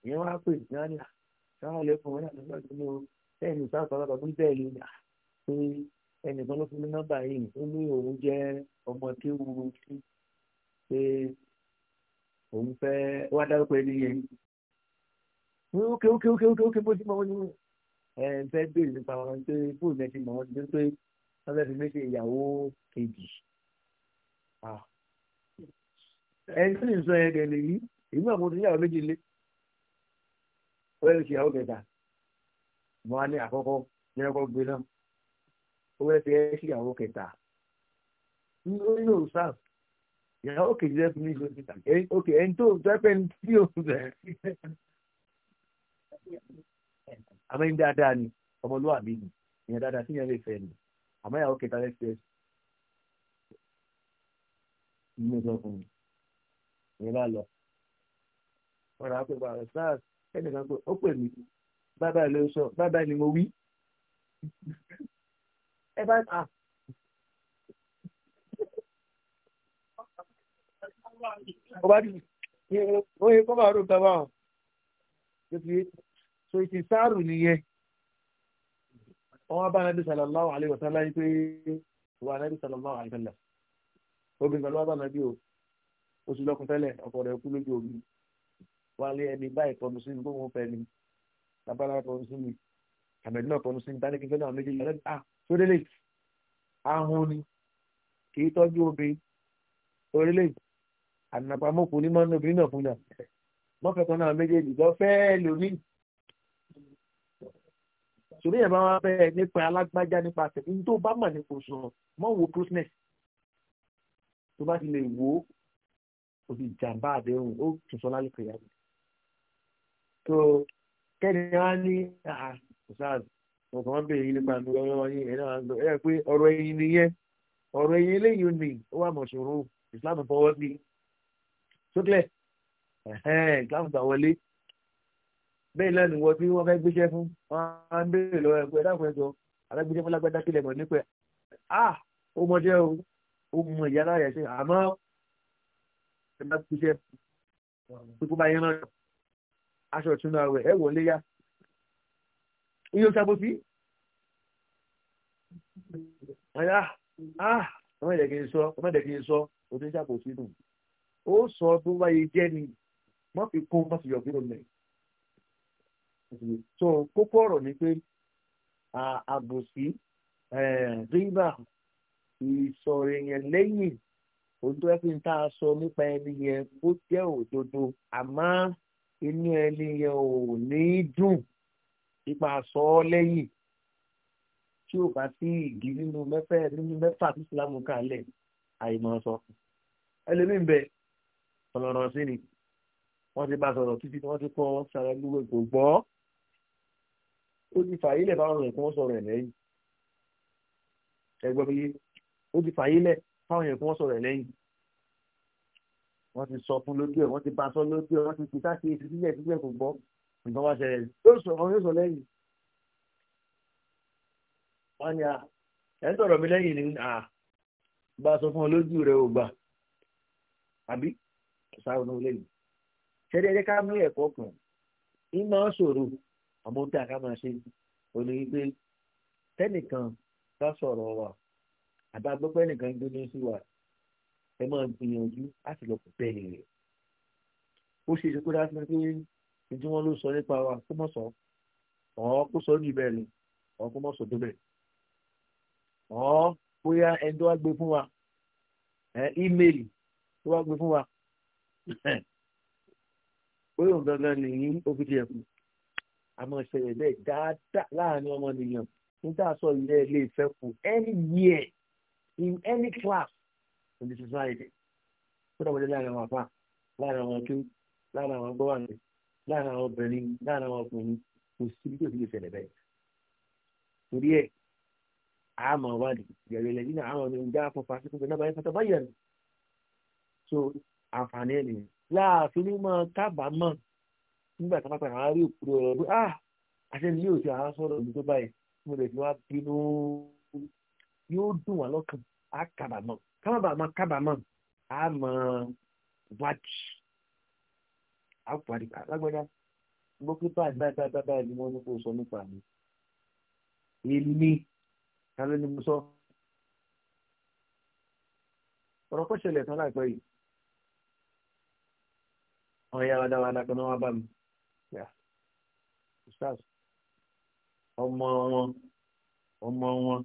ìyẹn wá pè ní àná káwọn lè fún wọn ní àdúgbò tó ní o sẹ́yìn ìsáà sọ̀rọ̀ tó ń bẹ́ẹ̀ ni pé ẹnìkan ló fún mi nọ́mbà yìí ó ní òun jẹ́ ọmọ kéwu kí pé. òun fẹ́ wá dárúkọ ẹni yẹn ókè ókè ókè ókè ókè bó ti mọ wọn ni ẹ ń fẹ́ béèrè nípa wọn pé fóònù ẹ ti mọ wọn ni pé wọn fẹ́ fi méjì ìyàwó kejì ẹni tó ń sọ ẹ dẹ̀ lè yí ìmú àwọn tó yàwó méjì lé wọ́n ti yàwó kẹta wọn á ní àkọ́kọ́ yẹn kọ́ gbé náà wọ́n ti yẹn okay, kejì lẹ́fún mi Okay, ti tà ẹ ok ẹni tó tẹ́pẹ́ ní tí ò ń bẹ̀. àmọ́ ẹni dáadáa ni ọmọlúwàbí ni ìyẹn dáadáa sí yẹn lè fẹ́ ni àmọ́ ìyàwó kẹta lẹ́sẹ̀ nínú ìjọ fún mi ìyẹn bá lọ. wọ́n rà á pé bàbá sars ẹnìkan pé ó pè mí bàbá ló sọ bàbá ni ọba dì ó yẹ kó máa rò gbà báwọn so ìsìn sáàrù nìyẹn wọn bá nàbí sàlọ́láwọ̀ àlẹ́wọ̀sálá yìí pé wà nàbí sàlọ́láwọ̀ àlẹ́fẹ́lẹ̀ obìnrin kan ló wá bá nàbí o oṣù lọ́kùn tẹ́lẹ̀ ọkọ rẹ̀ kú lójú omi wà lé ẹni báyìí pọnú sí mi kó wọn fẹ́ mi lábàlá pọnú sí mi àmẹ́lí náà pọnú sí mi tani kíkẹ́ náà méjì yàrá à sódélé ahun ni kì í tọ́jú obìnrin orílẹ̀ ànàpamọ́ kò ní máa ń obìnrin náà fún náà wọ́n fẹ́ kan náà méjèèjì lọ fẹ́ lómi. sòrí ẹ̀ bá wọn fẹ́ nípa alágbájá nípa àṣẹ ní tó bá mà ní kò sùn mọ́ wo process tó bá ti lè wò ó kò sì jàǹbá àdéhùn ó tún sọ lálẹ́ kìlá. tó kẹ́ni á ní àṣàṣ ọ̀sán wọn bèèrè nípa ọ̀rọ̀ yín ẹ̀ náà ẹ̀ pé ọ̀rọ̀ ẹ̀yìn nìyẹn ọ̀rọ̀ ẹ̀yìn eléyìí ò ní ó wà mọ̀ṣọ̀rọ̀ ìsìlámù fọwọ́ sí i sókè káwọn gbà wọlé bẹ́ẹ̀ náà ni wọ́n tí wọ́n fẹ́ fún wọ́n á ń béèrè lọ́wọ́ ẹ̀kọ́ ẹ̀dá fún ẹ̀sọ́ alágbèjẹ́ fún lágbàdá kílẹ̀ ah, ó mọ jẹ́ o ó mọ ìyá láyà ṣe àmọ́ ẹ bá gbéṣẹ́ tó náà aṣọ ìtúná rẹ̀ ẹ wọlé yá iye sábó sí ọ̀yá ah, ọmọ ìdẹ̀kì sọ ọmọ ìdẹ̀kì ń sọ òtún ṣàkóso ó sọ tó báyé jẹ́ ni wọ́n fi kó wọ́n fi yọ̀ kúrò lẹ̀. so kókó ọ̀rọ̀ ni pé àbòsí ríbà ìsọ̀rọ̀ yẹn lẹ́yìn òótọ́ ẹ̀fí ń tá a sọ nípa ẹni yẹn ó jẹ́ òdodo àmọ́ inú ẹni yẹn ò ní dùn ipa sọ ọ́ lẹ́yìn tí ò bá sí ìdí nínú mẹ́fà nínú mẹ́fà tí Islam kà lẹ̀ àìmọ̀ sọ. ẹlẹ́mìí bẹ́ẹ̀ ọ̀rọ̀ sí ni wọ́n ti bá sọ̀rọ̀ títí wọ́n ti kọ́ sara gbogbo kò gbọ́ ó ti fàyè lẹ̀ fáwọn èèyàn kí wọ́n sọ̀rọ̀ ẹ̀ lẹ́yìn ẹgbẹ́ mi ó ti fàyè lẹ̀ fáwọn èèyàn kí wọ́n sọ̀rọ̀ ẹ̀ lẹ́yìn wọ́n ti sọ fún lójú ẹ̀ wọ́n ti bá sọ lójú ẹ̀ wọ́n ti ti sáà kéèsì sílẹ̀ sílẹ̀ kò gbọ́ nǹkan wá ṣẹlẹ̀ yóò sọ ọ̀rọ̀ yóò sọ lẹ́yìn wọ́n ní ẹ̀ ń sọ̀rọ̀ mi lẹ́yìn ni à bá sọ fún ọ lójú rẹ̀ ò gbà àbí ṣáà ọ̀nà olè yìí ṣẹ́dẹ̀ ẹ̀dẹ́ ká mú ẹ̀kọ́ kan ń máa ṣòro àmọ́ ó dá ká máa ṣe òní pé tẹ́nìkan bá sọ̀rọ̀ wa àbá gbọ́pẹ́ nìkan gbóná sí wa ẹ máa gbìyànjú láti lọ bẹ̀rẹ̀ rẹ̀ ó ṣe é kó dá sí pé ìdí wọn ló sọ nípa wa kó mọ̀ sọ ọ̀ kó sọ ní ìbẹ̀rẹ̀ ọ̀ kó mọ̀ sọ débẹ̀ ọ̀ bóyá ẹni tó wá gbé fún wa ẹ ímeèlì tó wá gbé fún wa bóyá òun gangan nìyí ó fi tiẹ̀ kù àmọ́ ìṣẹ̀lẹ̀ bẹ́ẹ̀ dáadáa láàrin ọmọnìyàn nígbà sọ ilé ilé ìfẹ́ kù any year in any class in the society kódà wọlé láàrin àwọn àfà láàrin àwọn akéwì láàrin àwọn gbọ́wàlẹ̀ láàrin àwọn obìnrin láàrin àwọn ọkùnrin kò sí bí kò sí ìṣẹ̀lẹ̀ bẹ́ẹ̀ torí ẹ̀ àmọ̀ wádìí ìyàrá ilẹ̀ yìí náà àwọn ọmọ ìjà fún fásitì náà báyìí fata báyìí so àǹfààní ẹ̀ nìyẹn láàfin ní máa kábàámọ̀ nígbà tí wọ́n pẹ̀lú àwọn àárín òkúrò ọ̀rọ̀ pé ah àṣẹ ni yóò ṣe àwọn sọ̀rọ̀ ní tó báyìí mo lè fi wá bínú yóò dùn wá lọ́kàn á kábàámọ̀ kábàámọ̀ kábàámọ̀ á mọ wájú á pàdé lágbájá gbókè báyìí báyìí báyìí báyìí ni wọ́n ní kó sọ nípa mi èmi ta ló mo sọ ọ̀rọ̀ kọ́ ṣẹlẹ̀ láìpẹ́ yìí wọ́n yára dáadáa kan náà wá bá mi ustaz ọmọ wọn ọmọ wọn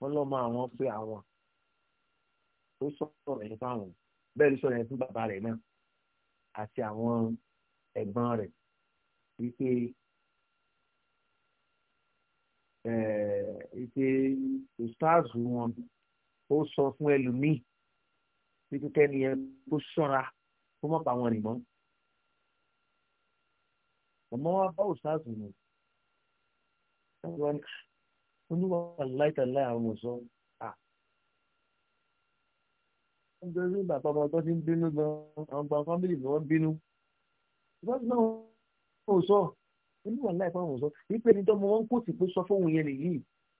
wọn lọmọ àwọn pé àwọn ó sọ̀rọ̀ yẹn fáwọn bẹ́ẹ̀ ló sọ̀rọ̀ yẹn fún bàbá rẹ̀ náà àti àwọn ẹ̀gbọ́n rẹ̀ wípé wípé ustaz wọn ó sọ fún ẹlòmíì wípé kẹ́niyẹn kó ṣọ́ra kó mọ́ pa wọn rìn mọ́. Ah, ọmọ ah, wa bá òṣàzùn nù oníwà láìtàláì àwọn ọ̀sán nítorí bàbá ọmọ tó ti ń bínú gan àwọn gba fámìlì ni wọ́n bínú ìbáṣe náà ò sọ oníwà láì fáwọn ọ̀sán wípé ẹni tó mọ wọn kò sì pé sọ fóun yẹn nìyí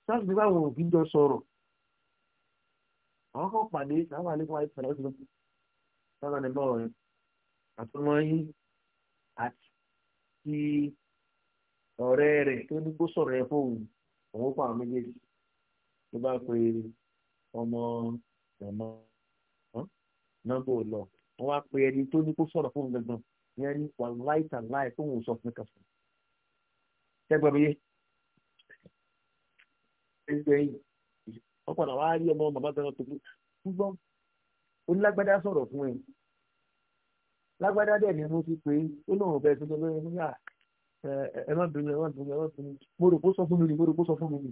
sáà ní báwọn òbí jọ sọ̀rọ̀ àwọn kan pàdé sáwọn àlékún àìsàn láti lọ sáwọn ní bọ́ọ̀rọ̀ yẹn àtọmọ yín àti ọ̀rẹ́ rẹ̀ tó ní kó sọ̀rọ̀ ẹ fóun òun fún àwọn méjèèjì tó bá pe ọmọ ọmọ nọ́mbà ò lọ wọn wá pe ẹni tó ní kó sọ̀rọ̀ fóun gangan ìyẹn ní wà láìta láì fóun sọ fún kàfọ tẹgbọn mi yé ẹgbẹ́ yìí wọn padà wá rí ọmọ bàbá tó ń tó onílágbádá sọ̀rọ̀ fún ẹ lágbádá dẹ̀ ni mo fi pé ó lóun ọ̀bẹ tó lọ́wọ́ ẹni yà ẹ má bínú ẹ má bínú ẹ má bínú mo rò kó sọ fún mi ni mo rò kó sọ fún mi ni.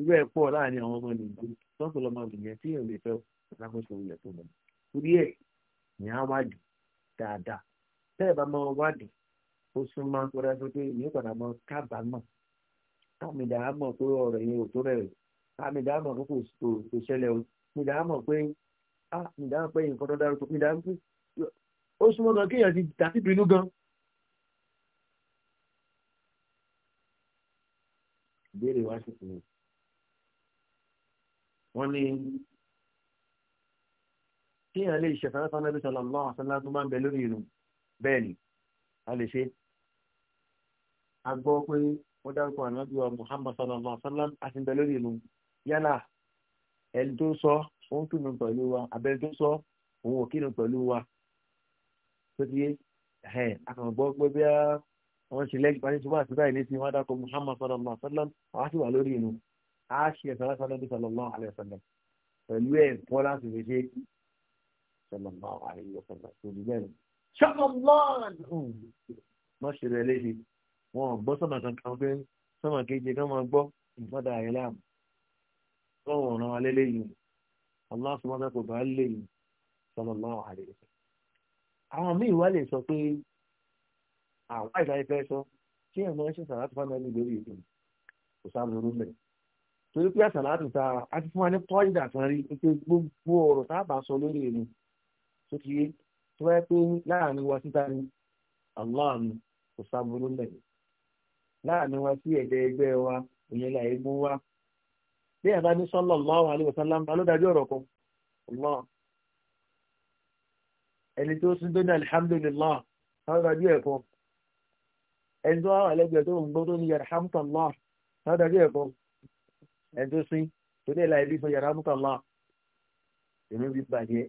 ìwé ẹ̀ pọ̀ láàrin àwọn ọmọ nìyí lọ́sọ̀ lọ́mọ nìyẹn tí èèyàn lè fẹ́ lákòóso ilẹ̀ tó lọ. torí ẹ̀ ní á wádìí dáadáa tẹ́ ẹ bá máa wádìí ó sún máa ń kọ́ra pé ní ìpàdánù kábàámọ̀ káàmì dàámọ̀ pé ọ̀rọ̀ yẹn ò tó rẹ̀ rẹ̀ àmì ìdáhùn àkókò kò ṣẹlẹ̀ o mi dàá mọ̀ pé ah mi dàá mọ̀ pé nǹkan tó dárúkọ mi dàá mọ̀ pé ó súnmọ́ gan kéèyàn ti dàbí bínú gan. ìbéèrè wá sí fún mi wọ́n ní kéèyàn lè ṣe fẹ́rẹ́ fún anábì sọlọ lọ́wọ́ àṣálá tó máa ń bẹ lórí irun bẹ́ẹ̀ ni a lè ṣe a gbọ́ pé wọ́n dárúkọ ànábì wa Muhammad sọlọ lọ́wọ́ àṣálá àti ń lórí irun yálà ẹni tó sọ ó ń kírun pẹ̀lú wa abẹ́rẹ́ tó sọ òun ò kírun pẹ̀lú wa tó ti yé ẹ̀hẹ́n àkànbọ́ pé bí wọ́n ṣe lẹ́gbẹ̀ẹ́ pàṣẹ tó bá àti báyìí létí wọn dákọ̀ Muhammad sallallahu alaihi wa sallam àwọn á sì wà lórí inú á ṣe ẹ̀sán lásán lọ́dún sallallahu alaihi wa sallam pẹ̀lú ẹ̀ kọ́ láti fi ṣe sallallahu alaihi wa sallam tó di bẹ́ẹ̀ mọ́ ṣe rẹ̀ léṣe wọn gbọ́ sọ́mà kankan pé sọ́mà gbọ́ ìfọ́dà ayé láàmú sọ̀rọ̀ ọ̀ràn alẹ́ lẹ́yìn Allah subhanahu wa ta'ala bá lẹ́yìn sallallahu alaihi wasallam. àwọn sọ pé àwọn àìsàn sọ kí ẹ̀ máa ń ṣe sàlátù fún ẹni lórí ètò kò torí pé ta a ti fún wa ní pọ́ìdà kan rí pé gbogbo ọ̀rọ̀ tá a bá sọ lórí tó ti yé tó bá pé láàrin wa síta bí ẹ̀ bá ní sallallahu alaihi wasallam ló dájú ọ̀rọ̀ kan ọ̀lá ẹni tó sún tó ní alhamdulillah ló dájú ẹ̀ kan ẹni tó wà lẹ́gbẹ̀ẹ́ tó ń gbọ́ tó ní yarhamukallah ló dájú ẹ̀ kan ẹni tó sún tó ní ìlà ibi fún yarhamukallah èmi bí bàjẹ́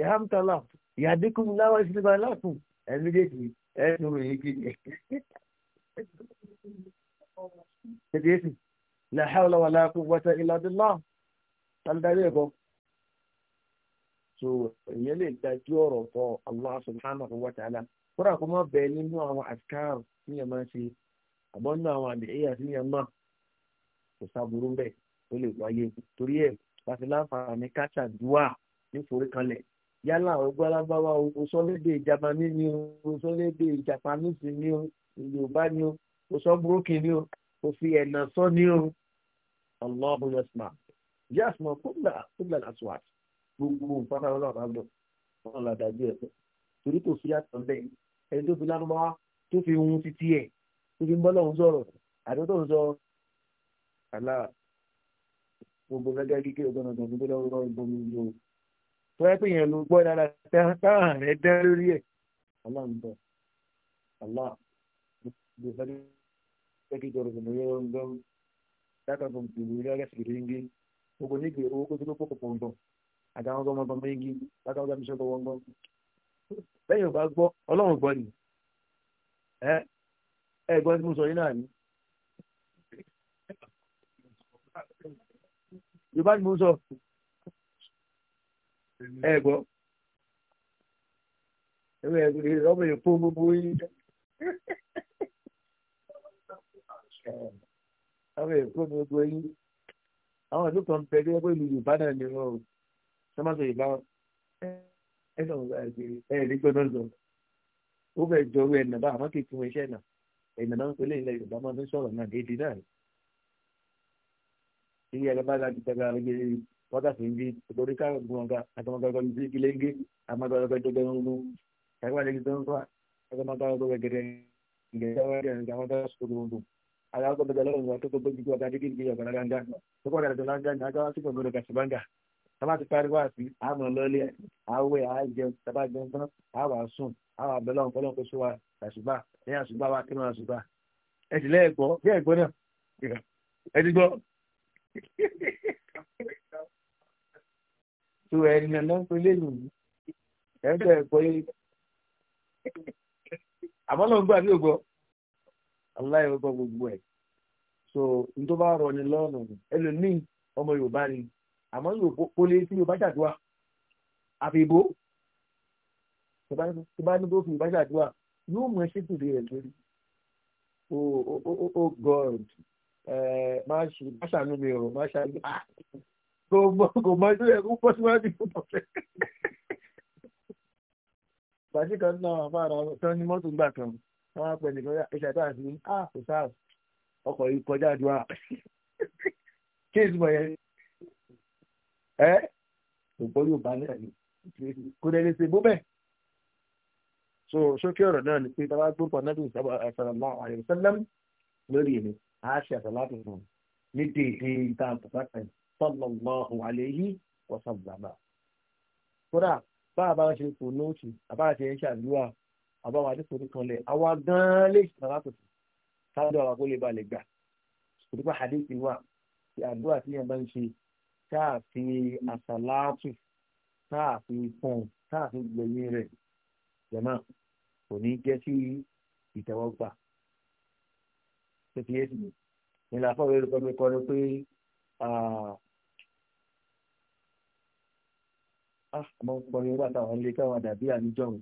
yarhamukallah ìyàdínkù láwọn ìṣẹ́lẹ̀ bá láàkùn ẹni méjèèjì ẹni tó ròyìn kejì la hawla wa la quwwata illa billah tàlídàrí ẹ̀kọ́ so ìyẹn lè dájú ọ̀rọ̀ fọ Allah subhanahu wa ta'ala kódà kó má bẹ nínú àwọn àtikáàr ní yẹn máa ṣe àbọ̀ nínú àwọn àdéhìyà sí yẹn máa kò sábúrú ń bẹ̀ ó lè wáyé torí ẹ̀ pàṣẹ láǹfààní káṣà dùwà ẹ̀nà sọ ni o Allahu yasma yasma kúbla kúbla aswat gbogbo nǹkan ọlọ́run àgbọ̀ wọn là dájú ẹ̀ torí kò sí àtọ̀ bẹ́ẹ̀ ẹni tó fi lárúbáwá tó fi ohun títí ẹ̀ tó fi ń bọ́lọ̀ ń sọ̀rọ̀ àdó tó ń sọ àlá gbogbo gẹ́gẹ́ kíkẹ́ ọgbọ́n ọgbọ́n tó lọ́wọ́ ìbomi yòó tó yẹ pé yẹn ló gbọ́ dára táwọn rẹ̀ dán lórí ẹ̀ ọlọ́run bọ̀ ọlọ́run gbèsè kíkẹ́ ọgbọ́n yàtọ̀ tó ń gbèrú ilé ọ̀rẹ́ fìrí ń gé gbogbo ní gbèrú owó kótó ló pọ̀ pọ̀ ńgbọ̀n àtàwọn ọmọ ọmọ ń gé látàwọn ọmọ ìṣẹ́ lọ́wọ́ ńgbọ̀n. lẹ́yìn ọba gbọ́ ọlọ́run gbọ́ ni ẹ ẹ gbọ́ tí mo sọ yín náà ni. yorùbá ni mo sọ ẹ gbọ́ ẹ̀rọ ẹ̀rọ ọmọ yẹn fún gbogbo yín àwọn èkó ni gbogbo yín àwọn ìlú kan bẹ gẹ́gẹ́ pé ìlú yorùbá náà ni wọn o sọmọtò yorùbá ẹ sọ ẹ ẹ nígbà náà sọ ó bẹ jọrú ẹ nàbà àwọn kìí tún iṣẹ́ náà ẹ nàbà ń pẹ̀lẹ́ ilẹ̀ yorùbá máa ń sọ̀rọ̀ náà déédéé náà ni ilé ẹlẹbàá láti tẹgbà ẹgbẹ́ wákàtí ń bí lórí káàkiri gbọmọgà àtọmọgàgbà ní sí kílẹńgé àmọgàgbà tó gbẹrún nù ẹgbẹ́ àdéhùn tó ń fà ẹgbẹ́ àmọgàgbà tó gbẹgẹdẹ ìgbẹjọ wáyé àwọn tó alaako daga lọ́rùn wọn tó kó gbójú ọ̀gá dé kéde ọ̀gá lágandá tó kọ́ dàdà lágandá ní agáwá sípò gbọdọ̀ kàṣíbáńgà tábà ti parí wá sí àmọ̀ lọ́lé àwẹ̀ àjẹ tábà jẹun tán àwà sùn àwà bẹ́lọ̀ ọ̀pọ̀lọ̀ kó sọ wa kàṣíbà lẹ́yìn àṣùbà wa kí náà àṣùbà ẹ sì lẹ́ẹ̀gbọ́ lẹ́ẹ̀gbọ́ náà ẹ ti gbọ́. tó ẹni ọ̀nà ń pelé nù ẹ bẹ́ẹ̀ gbọ́ yé àmọ́ lọ́ aláìwé kọ gbogbo ẹ̀ so n tó bá rọ ni lọ́nà ẹlòmíì ọmọ yorùbá ni àmọ́ yorùbá kò lè fi yorùbá ṣàdúrà àfìbò tó bá ní bó fi yorùbá ṣàdúrà yóò mọ ẹṣẹ́ tòde rẹ̀ lórí o o oh god má ṣe má ṣàánú mi o má ṣàánú ah! kò mọ kò mọ ẹjọ́ yẹ kó pọ̀ síwájú kó pọ̀ fẹ́. kan náà àbára ọ̀sán ni mọ́tò gbà kan wọn á pẹ nìkan ẹṣẹ àti àti ah kò sáà ọkọ̀ yìí kọjá àdúrà kéèsì mọ̀ yẹn ẹ ògbọ́n yóò bá nílẹ̀ ni kò dẹ̀ lè ṣe bó bẹ́ẹ̀ so sókè ọ̀rọ̀ náà ni pé tá a bá gbọ́ pọ̀ náà lórí èmi a ṣe àtàlátì fún un ní dèédé ìta àbùkátà sallallahu alaihi wasallam kódà bá a bá ṣe kò nóòtù àbá ṣe ń ṣàdúrà àbáwọn àdéhùn orí kan lẹ̀ àwa gan-an lè ṣe sàrà tuntun káàdọ̀ àwọn akólé ba lè gbà òdúpà àdéhùn wà tí àdúrà tí yẹn bá ń ṣe káàfin àsàlátù káàfin pọ̀n káàfin gbẹ̀yìn rẹ̀ jẹ̀mọ́ kò ní jẹ́ sí ìtẹ̀wọ́gbà pépé yéésì ní làfọwọ́ eré kọ́ni kọ́ni pé àmọ́ kọ́ni wọ́n bàtà wọn káwọn dàbí àníjọ́ wọn.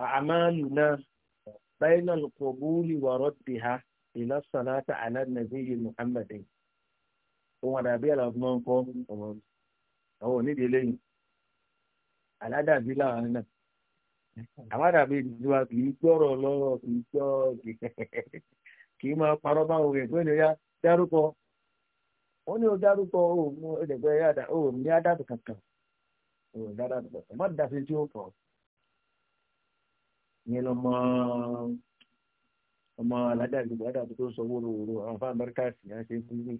أعمالنا بين القبول وردها إلى الصلاة على النبي محمد ومدابي الأضمانكم هو ندي لين على دابي لا أنا àwọn àdàbí ìdíwà kì í gbọ́rọ̀ kì í máa parọ́ báwọn rẹ̀ pé nìyá dárúkọ wọ́n ní o dárúkọ òun ẹ̀dẹ̀gbẹ́ yàda òun ní adáàtò kankan òun dáadáa kankan má dàsí tí ó kọ̀ yẹn lọ mọ ọmọ aládàbí aládàbí tó ń sọ wóró wóró àwọn fáwọn amẹ́ríkà sì á ṣe ń fún mi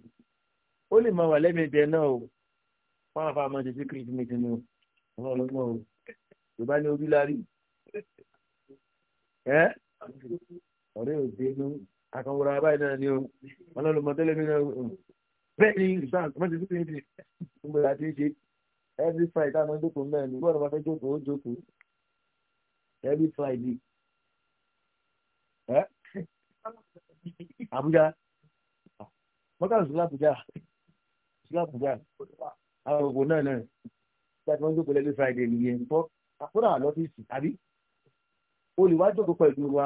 ó lè máa wà lẹ́mẹ̀ẹ́dẹ náà o fáwọn fáwọn máa ṣe sí kìrìsìmẹ́tì ni o àwọn ọlọ́gbọ́n o yorùbá ní orí lárí ẹ ọ̀rẹ́ òde náà àkànwòrán abáyé náà ni o wọn náà ló mọ tẹ́lẹ̀ mi náà bẹ́ẹ̀ ni ìbáǹk mọ́tò tó ti ń ṣe àti ṣe every friday àwọn ìjókòó náà ni bọ́ọ̀lù bá fẹ́ jókòó ó jókòó every friday ẹ́ àbújá mọ́tò sí làbújá sí làbújá àwọn náà náà ṣé àti wọ́n jókòó every friday nìyẹn fọ́ àkúrà lọ́fíìsì àbí olùwájókòó pẹ̀lú wa.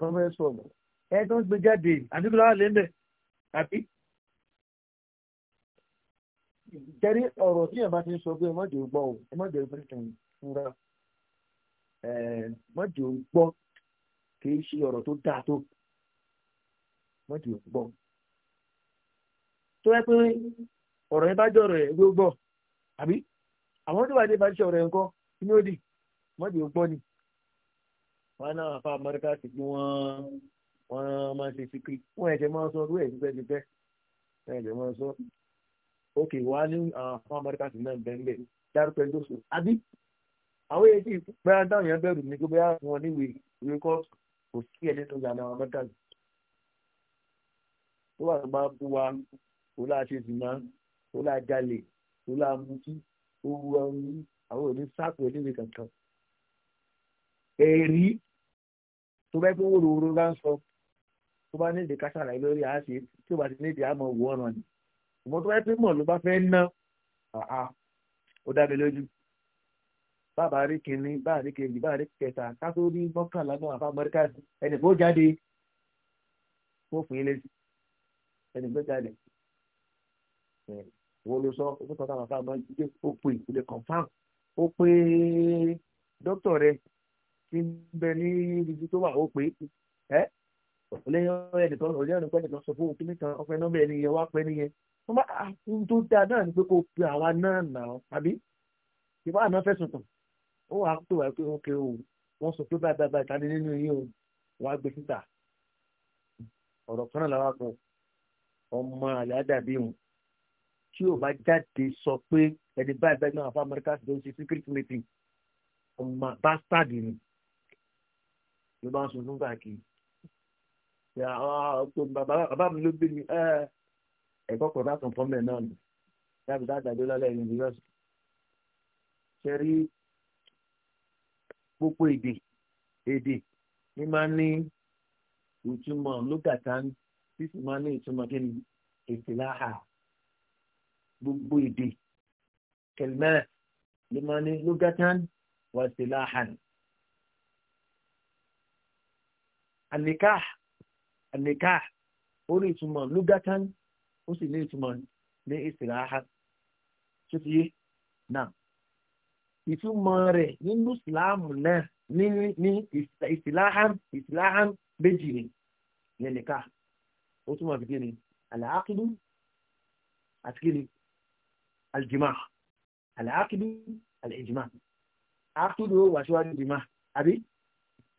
kọ́mẹ́sọ̀ ọ̀mọ̀ ẹ tó ń gbé jáde àdúgbò láwà lẹ́mẹ̀ àbí. tí yẹn bá ti ń sọ pé ẹ mọ̀jẹ̀ gbọ́ o ẹ mọ̀jẹ̀ gbọ́ kàn fúnra ẹ mọ̀jẹ̀ kì í ṣe ọ̀rọ̀ tó dáa tó mọ̀jẹ̀ wọn náà fa amẹ́ríkà sí pé wọ́n wọ́n máa ń ṣe síkírì wọ́n ẹ̀jẹ̀ máa ń sọ ọdún ẹ̀ fífẹ́ fífẹ́ ẹ̀jẹ̀ máa ń sọ òkè wá ní àwọn amẹ́ríkà sí náà bẹ́ẹ̀ dárúkọ ẹjọ́ sọ àbí àwọn èyí tí bẹ́ẹ̀ dáhùn yẹn bẹ̀rù ni pé bẹ́ẹ̀ wọn níwèé ìwé kọ́ọ̀tù kò sí ẹni tó yà ní àwọn amẹ́ríkà sí tó wà tó bá bú wa kó láà ṣe sì máa kó láà jalè kó láà mutí kó wu àwọn òní sáàpù oníwèé kankan. Èrí tó bá pé wòròwòrò bá ń sọ tó bá ní èdè kásàlàyé lórí àáṣe tí ó bá ti ní èdè àmọ́ wò ọ̀ràn ni ṣùgbọ́n tó bá pé mọ̀ ló bá fẹ́ ná àá ó dá mi lójú bàbá rí kìnní bàbá rí kejì bàbá rí kẹta kátó rí mọ́kànlá náà àfa amẹ́ríkà ẹnì kó jáde kó fún yín létí ẹnì kó jáde wo ló sọ ó sọ káwọn afáàmọ́ ó pè ó lè confam ó pè dókítà rẹ ti ń bẹ ní ibi tó wà ó pé ẹ ọlẹ́yìn ẹnìkan ọlẹ́yìn ẹnìkan ẹnìkan sọ fún òkú nìkan ọpẹ náà bẹ́ẹ̀ nìyẹn wá pẹ́ nìyẹn wọ́n bá àfihàn tó dáa náà ni pé kó pe àwa náà nà ọ́ àbí ìbá àná fẹ̀sùn kàn ó wàá tó wà pé ókè o wọ́n sọ pé báyìí báyìí báyìí tani nínú yín o wàá gbé síta ọ̀rọ̀ kan náà làwọn kan ọmọ àyà dàbí wọn tí o bá jáde sọ pé ẹni báyìí báyìí náà fún amẹ́ríkà ṣe ń ṣe secret meeting ọmọ bastard ni ló bá ń sunkún káàkiri ah, bàbá mi ló gbé mi eh, ẹ̀kọ́ pọ̀ bá kàn fọ́mẹ̀ náà nù láti dáadáa lọ́lẹ́ ẹ̀yìn ìlú ọ̀sùn ṣe rí gbogbo èdè èdè ní máa ní ìtumọ̀ lókàtà tí sì máa ní ìtumọ̀ kí ni ìtìláhà gbogbo èdè kẹlẹ́mẹ́rẹ̀ ló máa ní lókàtà wà ìtìláhà ni. anikah anikah ó ní ìtumọ̀ lugatan ó sì ní ìtumọ̀ ní ìsìláha tó ti yé náà ìtumọ̀ rẹ̀ nínú ìsìláàmù náà ní ní ìsìláha ìsìláha méjì ni yẹn nikah ó túmọ̀ sí kíni àlàákìlú àti kíni aljimá àlàákìlú àlẹ́jìmá àkìlú ó jìmá àbí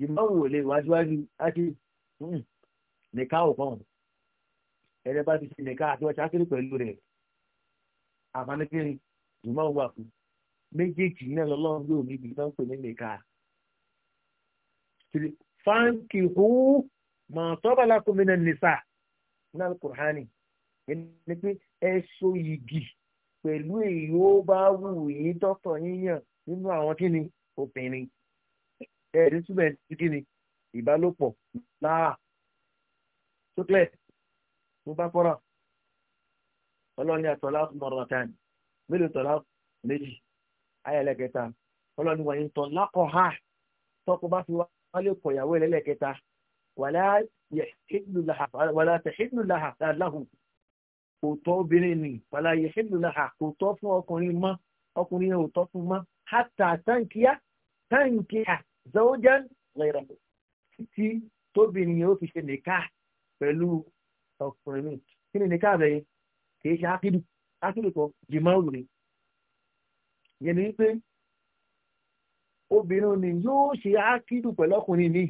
ìmọ̀wò lè wájúwájú ákí hmm, nìka òkan ẹ̀rẹ́ bá ti ṣe nìka àti ọ̀ṣà kiri pẹ̀lú rẹ̀ àbánikiri ìmọ̀wò wà fún méjèèjì náà lọ́lọ́run yóò níbi tó ń pè ní nìka. fáńkì hù mọ̀ tọ́bàlá kùmínà nìsa ní alukur'ani ẹni pé ẹ so igi pẹ̀lú èyí ó bá wù yín dọ́tọ̀ yín yàn nínú àwọn kíni obìnrin ẹ̀ẹ́dì túbẹ̀ ti kí ni ìbálòpọ̀ láà sókè tó bá fọ́ra ọlọ́ni àtọ́lá mọ̀rọ̀ tán mélòó tọ́lá méjì ayẹlẹ́kẹta ọlọ́ni wọ̀nyí tọ́ lákọ̀ ha tọ́kọ bá fi wálé kọ̀ ìyàwó ẹlẹ́lẹ́kẹta wàlá tẹ̀hínú làhà láhùn kò tọ́ obìnrin nì wàlá yẹ̀hínú làhà kò tọ́ fún ọkùnrin mọ́ ọkùnrin yẹn ò tọ́ fún mọ́ hátà táǹkìá táǹkìá zawjan ghayrahu títí tóbìnrin yóò fi ṣe nìka pẹ̀lú ọkùnrin mi kí ni nìka rẹ̀ kìí ṣe ákìdù ákìdù kan jìmáwù ni yẹn ni wípé obìnrin ni yóò ṣe ákìdù pẹ̀lú ọkùnrin mi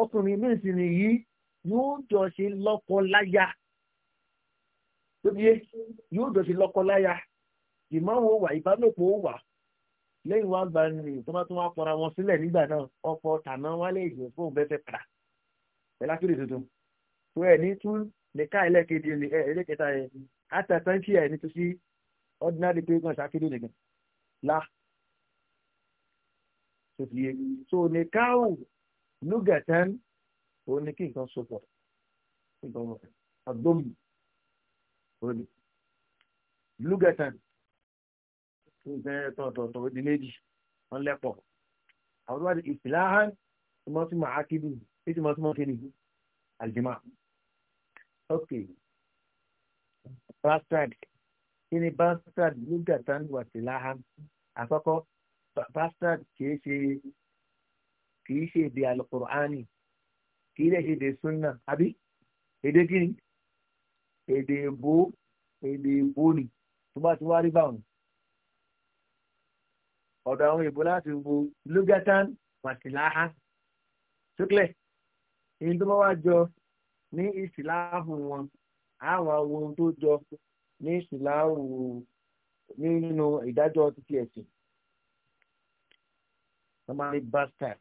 ọkùnrin mi sì ni yìí yóò jọ ṣe lọ́kọ-láya tóbi yóò jọ ṣe lọ́kọ-láya ìmáwò wà ìbálòpọ̀ wà lẹ́yìn wá gba ní tó bá tún wá pọra wọn sílẹ̀ nígbà náà ọkọ̀ tàná wálé ìgbẹ́ fóun bẹ́ẹ̀ fẹ́ padà pẹ̀lú akéde tuntun tó ẹ̀ ní tún nìka ẹlẹ́kẹ̀dẹ̀ ẹ̀ ẹlẹ́kẹta ẹ̀ àtàtàǹkì ẹ̀ nítorí sí ordinary payment akéde nìkan la tó fi yé so nìka ò lùgẹ̀tẹ́n òun ni kí nǹkan so pọ̀ nǹkan àdómi lùgẹ̀tẹ́n tó fẹ́ tọ̀tọ̀tọ̀ di méjì di ìfìláhán tó mọ́ sí mọ́ akídù tí tí mọ́ sí mọ́ kí ni àlìjìmá. ok bastard kí ni bastard nígbà tá ń wà ìfìláhán àkọ́kọ́ bastard kìí ṣe kìí ṣe èdè alukur'ani kìí lè ṣe èdè sunna àbí èdè kí èdè èbó èdè èbó ni tó bá ti wá rí báwọn ọ̀dọ̀ àwọn ìbò láti wo lugatan wàsíláhà sókè èyí tó bá wá jọ ní ìsìláhù wọn àwọn ohun tó jọ ní ìsìláhù nínú ìdájọ́ títí ẹ̀sìn wọ́n máa ní bastard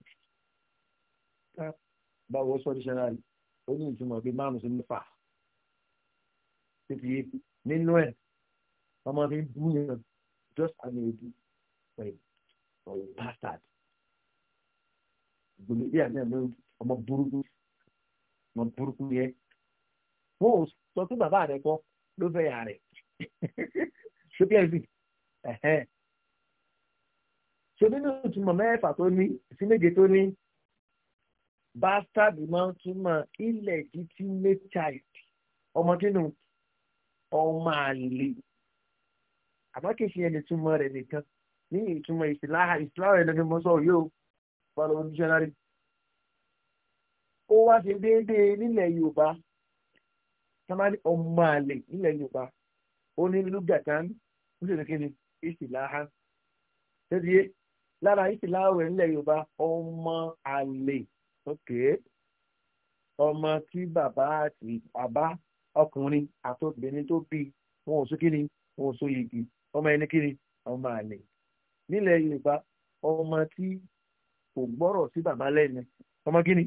báwo sọ dísẹ́nárì ó ní ìtumọ̀ bíi márùn sí mẹ́fà títí nínú ẹ̀ ọmọ bú yẹn just àmì èdè pẹ̀lú or a bastard. Gbèlè bí àná ọmọ burúkú ọmọ burúkú yẹ. Wọ́n ò sọ pé bàbá rẹ̀ kọ́ ló fẹ́ yà rẹ̀. Ṣé bí ẹ bì? Ṣé nínú ìtumọ̀ mẹ́fà tó ní sí méje tó ní? Bastard máa ń túmọ̀ illegitimate child. Ọmọ kínú ọmọ àlè. Àmọ́ kìí ṣe ẹni túmọ̀ nìkan ní ìtumọ̀ ìsìláhà ìsìláhà ẹ̀lẹ́gbẹ̀ mọ́sọ̀ yóò pàdé wọn díṣẹ́nárì ó wá ti déédéé nílẹ̀ yorùbá tamari ọmọ àlè nílẹ̀ yorùbá ó ní lúgàtán ó ni ìsìláhà tẹ́tí lára ìsìláhà rẹ̀ nílẹ̀ yorùbá ọmọ àlè ókè ọmọ tí bàbá àti bàbá ọkùnrin àtobìnrin tó bí wọn ò sókè ni wọn ò sóyè igi ọmọ ẹni kí ọmọ àlè nílẹ̀ yorùbá ọmọ tí kò gbọ́rọ̀ sí bàbá lẹ́nu ọmọ kíni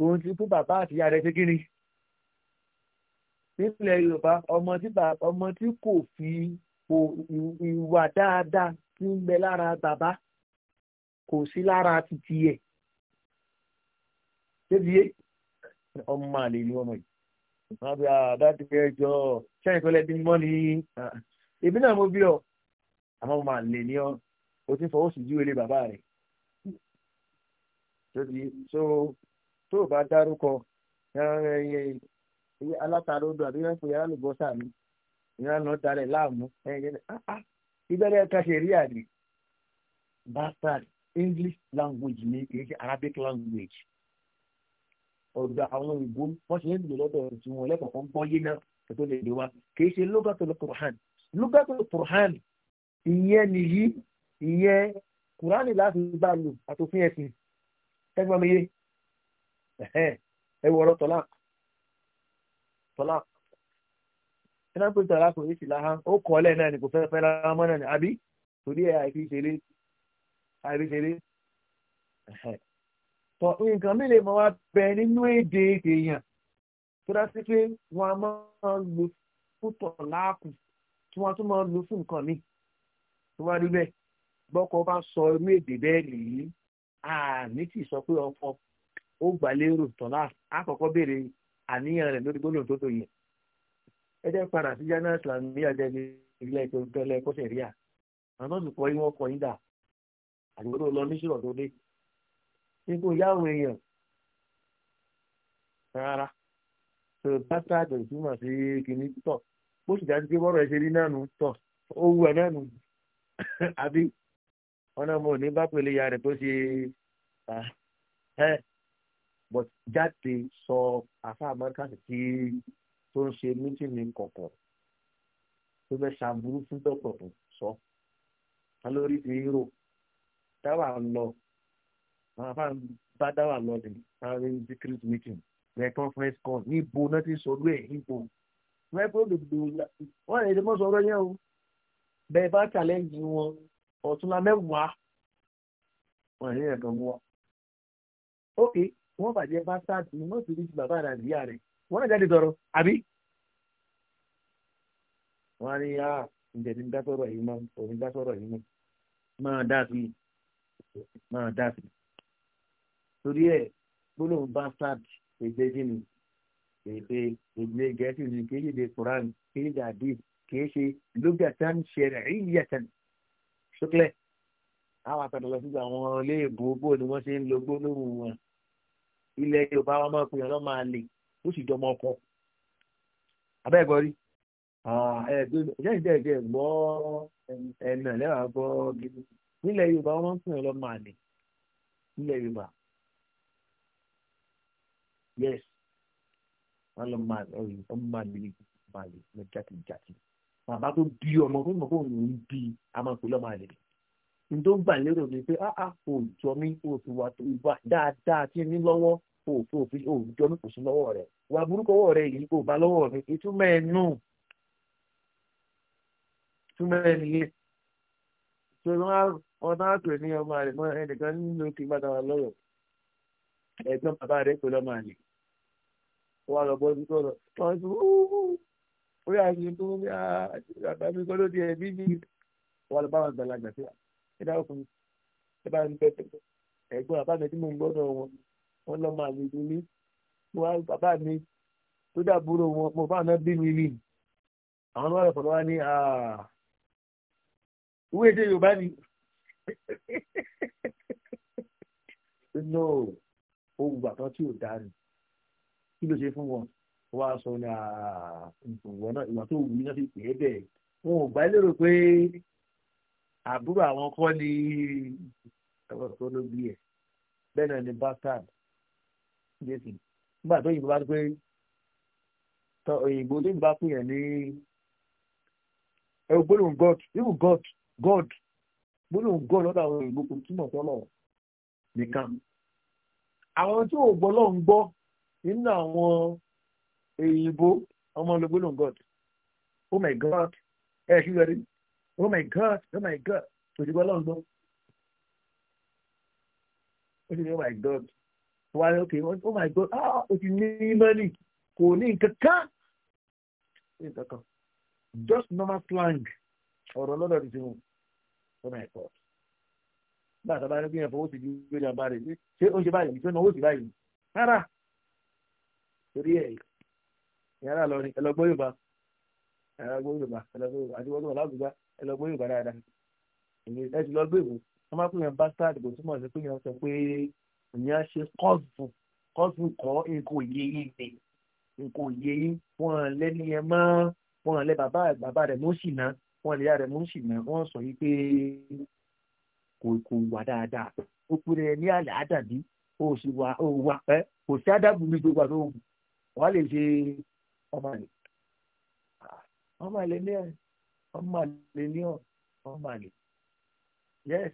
òun ti fún bàbá àti ìyá rẹ̀ ṣe kíni nílẹ̀ yorùbá ọmọ tí ọmọ tí kò fi ìwà dáadáa tí ń bẹ lára bàbá kò sí lára títí ẹ̀ débi yé ọmọ àlè ni ọmọ yìí wọn bí i ah, àdájọ́ ẹjọ́ ṣẹ́yìn pẹ́lẹ́ bí ni ah, èmi náà mo bí ọ àmọ́ mo máa lè ní ọ́ o ti fọwọ́ sí júwèé bàbá rẹ̀ so tó o bá dárúkọ alátaró do àbí wọ́n pe alùbọ́sà mi ìran náà darẹ̀ láàmú ah, ah, ìbẹ̀rẹ̀ kàṣẹ̀ríà ni bastard English language ni kì í ṣe Arabic language ọ̀dọ̀ àwọn òyìnbó wọ́n ṣe ń lò lọ́dọ̀ tí wọ́n lẹ́kọ̀ọ́ kan gbọ́ yé náà tó lè lè wa í ṣe lógàtò lọ́kùrọ̀hán lógàtò lọ́kùrọ̀hán ìyẹn nìyí ìyẹn kùránì láti bá lò àtòfin ẹ̀sìn ẹgbọ́n mi yé ẹ wọ ọ̀rọ̀ tọ́lá tọ́lá iná pé tọ́lá kò yéṣì ó kọ́ ọ́lẹ̀ náà ni kò fẹ́ fẹ́ lára mọ́ náà ni àbí torí ẹ̀ àìfi ṣeré àìfi ṣeré tọ nǹkan mi lè mọ wá bẹ nínú èdè èèyàn tó dá sí pé wọn a máa lo fún tọ̀lá kù tí wọn tún máa lo fún nǹkan míì. tó bá rí bọ́kọ bá sọ irú èdè bẹ́ẹ̀ nìyí a tí sọ pé ọkọ ó gbà lérò tọ́lá àkọ́kọ́ béèrè àníyàn rẹ̀ lórí gbólóhùn tó tó yẹ ẹ jẹ́ padà sí jánà islamiyà jẹ́ni ilé ètò ìtọ́lẹ̀ kó sẹ̀rí à ti kọ́ yín wọ́n kọ́ yín dà lọ ní tó dé àwọn èèyàn rárá tó ìtumọ̀ sí tọ̀ bó sì àbí wọn náà mo ní bá pèlè ya rẹ̀ tó ṣe ẹ but jáde sọ àfa amẹ́ríkà tí tó ń ṣe mítìnì kọ̀ọ̀kan tó fẹ́ ṣàbùrú fún tọ̀pọ̀tọ̀ sọ alórí ti rò dáwà lọ àwọn afáà bá dáwà lọ ní àwọn secret meeting rẹ conference call níbo náà ti sọ lóye níbo wọn pé olùdó wọn lè mọ sọ̀rọ̀ yẹn o bẹ́ẹ̀ bá challenge wọn ọ̀túnla mẹ́wàá wọn ní ẹ̀kan mú wa. ok wọ́n bàjẹ́ bá sáàtì wọ́n sì rí ti bàbá rẹ̀ àdìyà rẹ̀ wọ́n náà jáde tọrọ àbí. wọ́n á ní a ah, ǹjẹ́ ti ń dá sọ̀rọ̀ yìí mọ́ òun ń dá sọ̀rọ̀ yìí mọ́ máa dá sí máa dá sí. torí ẹ̀ gbólóhùn bá sáàtì èdè kí ni èdè èdè gẹ̀ẹ́sì ni kéjìdé koran kéjìdé kìí ṣe lógatan ṣẹ̀ríyatan ṣókẹ́lẹ̀ àwọn àtàdé lọ síbi àwọn iléèbó bó ni wọ́n ṣe ń lo gbólóhùn wọn ilẹ̀ yorùbá wọn máa pè yàn lọ́ máa lè ó sì jọmọ ọkọ abẹ́ ẹ̀gbọ́n rí ẹ̀ẹ́dẹ́gbẹ̀rún ẹ̀ẹ́dẹ́gbẹ̀rún gbọ́ ẹ̀nà lẹ́wà gbọ́ yes wọn lọ máa lè ọmọ máa lè máa lè lọ bàbá tó bí ọmọ tó mọ̀ kó òun bí a máa pè lọ́mọ àlè ní tó gbà lérò ni pé a ah, a ah, kò jọ mí kò fi wà tó ìwà dáadáa tí ní lọ́wọ́ kò tó fi kò jọ mí kò sí lọ́wọ́ rẹ̀ wà burúkú ọwọ́ rẹ̀ yìí kò bá lọ́wọ́ mi ìtumọ̀ ẹ̀ nù ìtumọ̀ ẹ̀ nìyẹn tó wọn á pè ní ọmọ àlè mọ ẹnìkan nínú kí n bá ta wà lọ́wọ́ ẹ̀gbọ́n bàbá rẹ̀ pè lọ́mọ àlè wọ́n á lọ bọ́ sí tọ́lọ̀ tọ́lọ̀ orí àyè tó bí àtàbí gbọ́dọ̀ di ẹbí yìí wà lọ bá wọn gbàlagbà sí ẹ̀dá ọkùnrin ẹ bá ń bẹ ẹ̀gbọ́n bàbá mi tí mò ń gbọ́dọ̀ wọn wọn lọ máa yìí ní wọn bàbá mi tó dàbúrò wọn mo bá wọn bí mi ní àwọn ọlọ́rọ̀ fọlọ wá ní ìwé èdè Yorùbá ni no ohun gbàtàn tí ò dá ni kí ló ṣe fún wọn wá sọ ní ìwọ náà ìwà tó wù mí náà fi pè é bẹ́ẹ̀ wọn ò gbà á lérò pé àbúrò àwọn kọ́ ni ọ̀rọ̀ tó ló bí ẹ̀ bẹ́ẹ̀ náà ni bastard jésì nígbà tó yìnbọn bá pé òyìnbó tó yìnbọn bá pè yẹn ní ẹ gbólóhùn god irú god god gbólóhùn god lọ́dọ̀ àwọn òyìnbó kò túmọ̀ sọ́lọ̀ nìkan àwọn tí ò gbọ́ lọ́hùn gbọ́ nínú àwọn èyìnbó ọmọ ológbólóhùn god oh my god ẹ kí lóri oh my god oh my god òṣìgbọ́ ọlọ́run gbọ́ ó sì ní oh my god wà ní òkè oh my god ah ó ti ní mọ́nì kò ní nǹkan kan ní nǹkan kan just normal slang ọ̀rọ̀ lọ́dọ̀ ti ti hù oh my god bàtà bá ní kí n sí ju gbé ní abá ṣé ó ń ṣe báyìí ṣé ó náwó sí báyìí rárá torí ẹ̀ ìyára lọ rí ẹlọgbọ́ yorùbá ẹlọgbọ́ yorùbá ẹlọgbọ́ yorùbá àti wọ́n lábùjá ẹlọgbọ́ yorùbá dáadáa èmi ẹ ti lọ gbé ìwò wọ́n máa pè yàn bastard kò túmọ̀ sí pé yàn sọ pé ìyẹn ṣe kọ́ọ̀sù kọ́ọ̀sù kọ́ nǹkan òye yìí ni nǹkan òye yìí wọ́n lẹ́ni yẹn mọ́ wọ́n lẹ bàbá bàbá rẹ̀ mú sì ná wọ́n lè yá rẹ̀ mú sì ná wọ́n sọ yìí pé kò kò wà dáadáa ó pèrè ní àlẹ́ àdàbí ó sì wà ó wà pẹ́ kò sí àdàbù mi gbogbo àdó wà lè ṣe ọmọ àlè ọmọ àlè ní ẹ ọmọ àlè ní ọ ọmọ àlè yes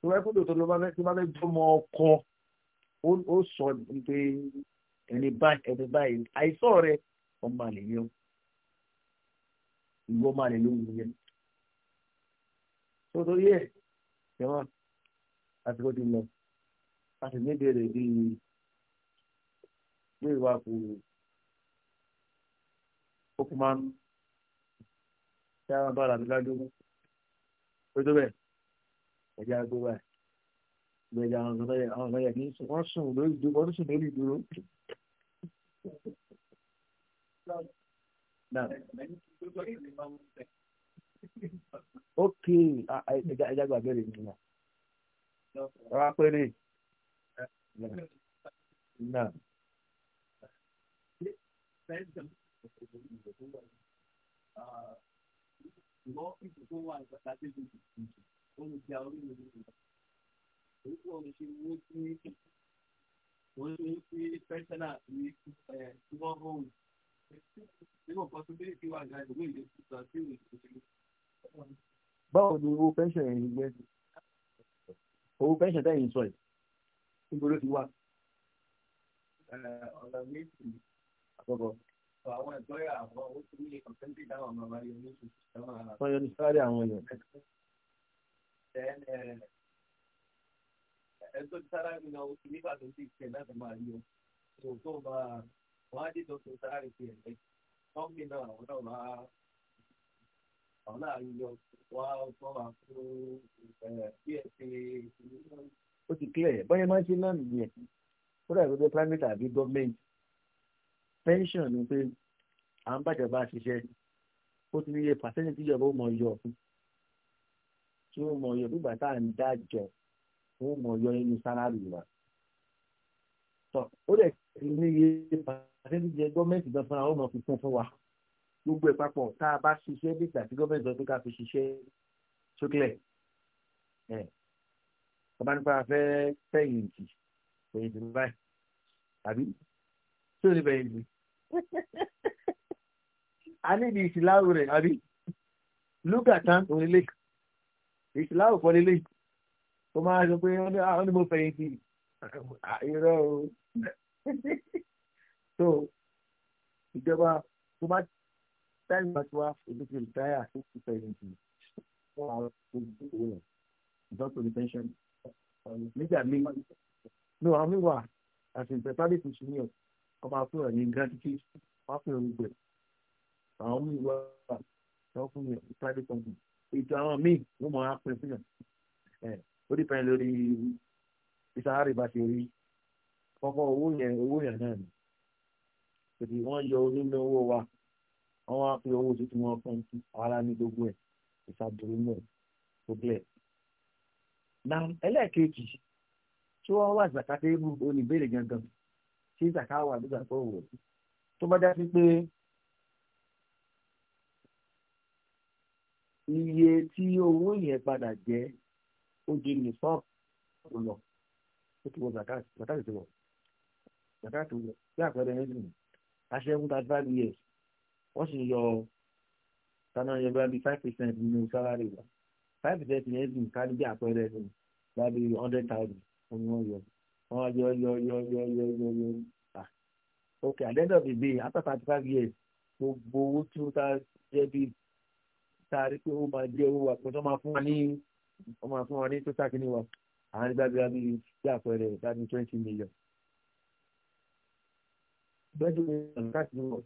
tó wáyé kódò tó ló bá fẹ́ tó bá fẹ́ jọmọ ọkọ ó sọ pé ẹni báyìí ẹni báyìí àìsàn rẹ ọmọ àlè ní ọ ìwọ ọmọ àlè ló wù yẹn tó tó yẹ jẹmọ àsìkò ti lọ a sì ní bíi bí ìwà ó kú márùn ṣé àwọn bá làbí ládùúgbò ó tó bẹ́ẹ̀ ẹ̀jẹ̀ àgbo báyìí lẹ́yìn àwọn ọ̀nà àwọn ọ̀nà yẹn kì í sùn wọ́n sùn lórí ìdúró wọ́n sùn lórí ìdúró. ok ẹja gba abẹ́rẹ́ mi náà ọ̀rọ̀ apẹ́rẹ́ náà ṣùgbọ́n ìpò tó wà nípa tí ó báwo ni owó pẹ́sẹ̀ yẹn ń owó pẹ́sẹ̀ tẹ̀yìn sọ ẹ̀ níbo ló ti wà. ọ̀nà méjì àkọ́kọ́ àwọn ìgbọ́yà àwọn ó ti ní kọ̀ǹtẹ́ńtì dáhùn ọmọ wa yóò ní oṣù tó máa rà. wọ́n yọ ní sáré àwọn èèyàn. Eh, ẹ tó ti sára mi náà ó ti nígbà tó ti tẹ̀ láti máa yọ tó tó máa wọ́n á dìjọ tó sára rẹ̀ tiẹ̀ lẹ́yìn kọ́ńtì náà àwọn náà máa àwọn náà yọ wá wọ́n máa fún eh, bsc. ó ti kílẹ̀ bọ́yá máa ń ṣe pension ni pé à ń bàjọba ṣiṣẹ́ ó ti ní iye pàṣẹ́yìn tí ìjọba ó mọ yọ tí ó mọ yọ nígbà tá à ń dájọ ó mọ yọ nínú sálárì wa tọ ó dẹ̀ ti ní iye pàṣẹ́yìn tí gọ́ọ̀mẹ̀ntì gan fúnra ó mọ fi kún fún wa gbogbo ẹ̀ papọ̀ tá a bá ṣiṣẹ́ nígbà tí gọ́ọ̀mẹ̀ntì sọ pé ká fi ṣiṣẹ́ sókè ẹ̀ ọba nípa fẹ́ fẹ̀yìntì fẹ̀yìntì báyìí àbí tí ó lè fẹ̀yìntì a ní ìdí ìsìláwò rẹ̀ àbí lúgà tán onílé ìsìláwò fọlélé ó máa sọ pé ó ah, ní mo fẹ̀yìn tì irọ́ o so ìjọba tó bá táyì bá ti wá olùkí rìtáyà tó ti fẹ̀yìn tì fún àwọn olùkí òun ìjọba tó ní pension nígbà míì ní àwọn míì wà àti ìpẹ̀tàlẹ̀ tó ṣe ní ọ̀sán ọba fún ẹ̀yìn gratitude wá fún ẹ̀rù gbẹ̀ àwọn míì wá lọ fún yẹn private company ètò àwọn míì ló mọ̀ á pín fún yẹn ẹ̀ ó dì pẹ́ẹ́n lórí ìsáárì bá ṣe rí kọ́kọ́ owó yẹn owó yẹn náà ni tètè wọ́n yọ onínú owó wa wọ́n wá pé owó tuntun wọn fún ara ní gbogbo ẹ̀ ìsàdúró náà gbogbo ẹ̀. na ẹlẹ́ẹ̀kejì tí wọ́n wá ìgbà káté ibú oníbèrè gangan sí zaka wà nígbà tó wò tó bá dá sí pé iye tí owó yẹn padà jẹ́ ó di nìfọ́ọ̀kù lọ ó ti wọ zaka zaka ti wọ zaka ti wọ bí àpẹẹrẹ yẹn sùn aṣẹ́ ń ta five years wọ́n sì yọ tánà yọ bá bí five percent nínú sálárì wa five percent yẹn sùn ká ní bí àpẹẹrẹ yẹn sùn bá hundred thousand ó ní wọ́n yọ wọ́n yọ yọ yọ yọ yọ yọ yọ ok at the end of the day after thirty five years gbogbo owó tí ó ta jẹ́ bí tá a rí pé ó máa jẹ́ owó wa pé wọ́n máa fún wa ní wọ́n máa fún wa ní tó sákìní wa àwọn gbàgbé àbí bí àpẹẹrẹ dábí twenty million twenty million káàkiri wọn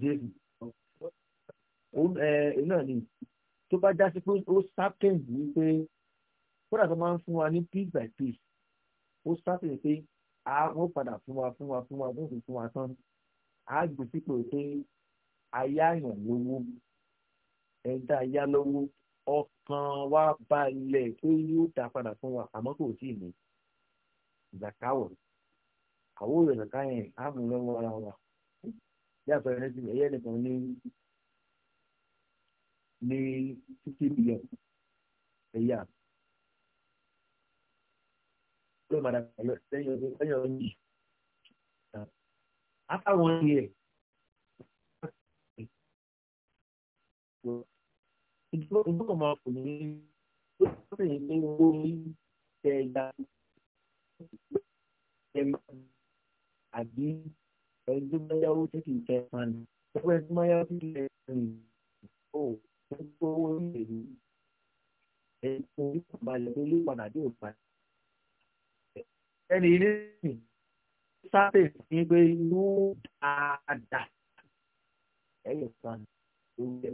jésù náà ni tó bá já sí pé ó sákìní wípé kódà tó máa ń fún wa ní piece by piece ó ṣàfihàn pé a wọ́n padà fún wa fún wa fún wa wọ́n sì fún wa tán a gbé sípò pé ayáyàn lówó ẹ̀dá ayá lówó ọkàn wa balẹ̀ pé yóò dá padà fún wa àmọ́ kò tí ì ní ìgbàkáwọ̀ àwọn òrìṣà káyẹn àmì lọ́wọ́ ara wa bí àpẹẹrẹ ti ẹ̀yẹ́ nìkan ní ní fifty million ẹ̀yà ló padà lọ lẹ́yìn ọdún lẹ́yìn ọdún yìí. after one year ìdúró máa kù ní ó sì ń pé owó ní ṣe ẹja àbí ẹgbẹ́ mọ́yáwó tí kìí fẹ́ fan ẹgbẹ́ ẹgbẹ́ mọ́yáwó ẹni ilé ìsìn sáté ní pé inú dáadáa ẹyọ kan lórí ẹ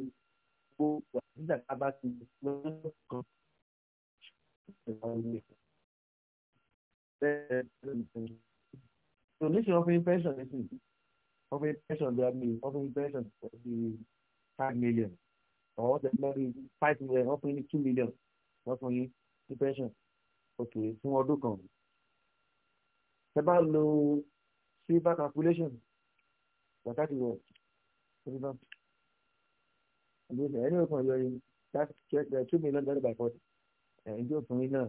gbogbo àtúntà tá a bá ti lọ́wọ́ kan so nísìnyí wọ́n fi ń pension nísìnyí wọ́n fi ń pension bí abúlé wọ́n fi ń pension bí five million or wọ́n fi ń five million wọ́n fi ń two million wọ́n fi ń pension ok fún ọdún kan tẹ bá lo silver calculation wákàtí wọ silver ẹni ìfẹ́ ẹni òkun ọ̀yọ́ yìí that's two million dollar by forty ẹ̀yìn tí òkùnrin náà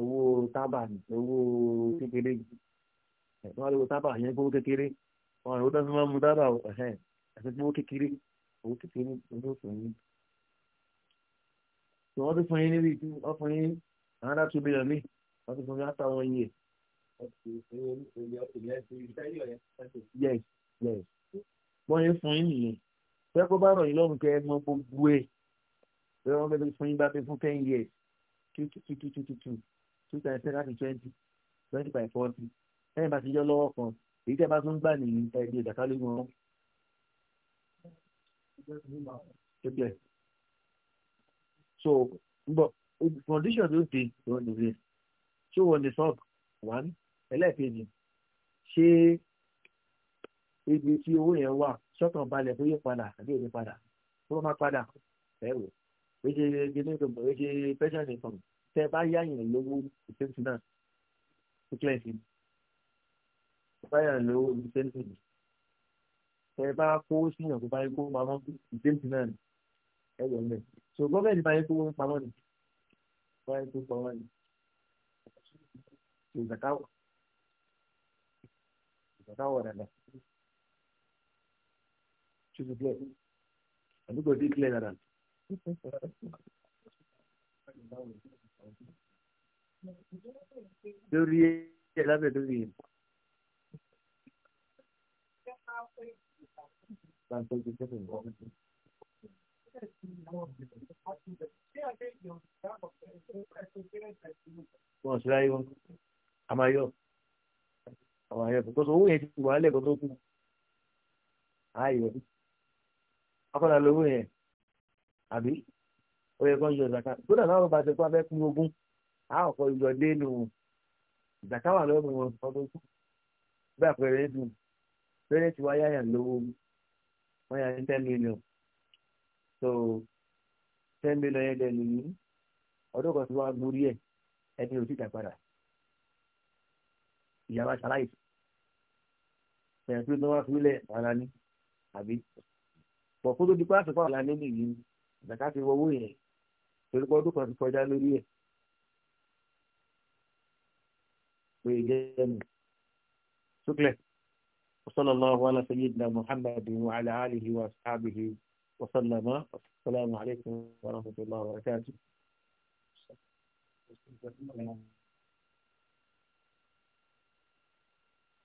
owó tábà ní owó kékeré ẹ̀fọ́n àlọ́ tábà yẹn kó kékeré wọn àwọn ọ̀dọ́ tó máa ń mu tábà ẹ̀hẹ́n àti owó kékeré owó kékeré owó òkùnrin tí wọ́n tún fún yín níbi tí wọ́n fún yín another two million ní wọ́n tún fún yín after one year yes yes wọ́n yẹ fún yín nìyẹn fẹ́ kó bá rọ̀ yín lọ́rùn kẹ́ ẹ mọ gbogbo ẹ̀ fẹ́ wọ́n bẹ́ẹ̀ fún yín bá fẹ́ fún ten years two two two two two two two times ten láti twenty twenty by forty ẹ̀yìn bá ti yọ lọ́wọ́ kan èyí tẹ́ bá tún gbà ní ẹ̀ẹ́dì ìdàkà lórí wọn. so but condition ló dé ló ń so wọ́n lè sọ one ẹlẹ́ẹ̀kejì ṣé ibi tí owó yẹn wà sọ́kàn balẹ̀ bóyá padà àbí èmi padà tó bá má padà ẹ wò wéṣe gíní gbogbo wéṣe pẹ́ṣẹ̀ nìkan tẹ bá yáyàn lówó ìṣẹ́ntì náà tó kílẹ̀ sí báyàn lówó ìṣẹ́ntì náà tẹ bá kó síyàn tó bá yẹ kó pamọ́ ìṣẹ́ntì náà ẹ wọ̀ mẹ́ so gọ́ọ̀mẹ̀ntì bá yẹ kó pamọ́ ni bá yẹ kó pamọ́ ni so ìzàkáwọ̀ wada da shi su clear a duk wasu clear na da lórí ẹ lábẹ́ lórí ẹ. Wọ́n àwọn àyẹ̀ kò tó owó yẹn ti wà lẹ́kọ̀ọ́ tó kù ayọ̀ akọ́nà lówó yẹn àbí ó yẹ kán yọ ìzàká kódà náà wọn bá ṣe kó abẹ́ kún ogún á ọ̀kọ́ ìjọ dé nù ìzàká wà lọ́wọ́ wọn ọdún kù bí àpẹẹrẹ dùn pẹ́rẹ́ ti wáyà yàn lówó wọ́n yà ní ten million so ten million yẹn dẹ̀ nìyí ọdún kan tí wọ́n á gborí ẹ̀ ẹni ò sì dà padà ìyàwó aṣáláyè ẹ̀yàn pé wọ́n fi lẹ̀ ara ní àbí pọ̀ kó tó di pàṣẹ fún àlàní nìyí ìdàkà ti wọ owó yẹn torí pé ọdún kan ti kọjá lórí ẹ̀ pé ìjẹ́ ẹnu sókè وصلى الله على سيدنا محمد وعلى آله وأصحابه وسلم السلام عليكم ورحمة الله وبركاته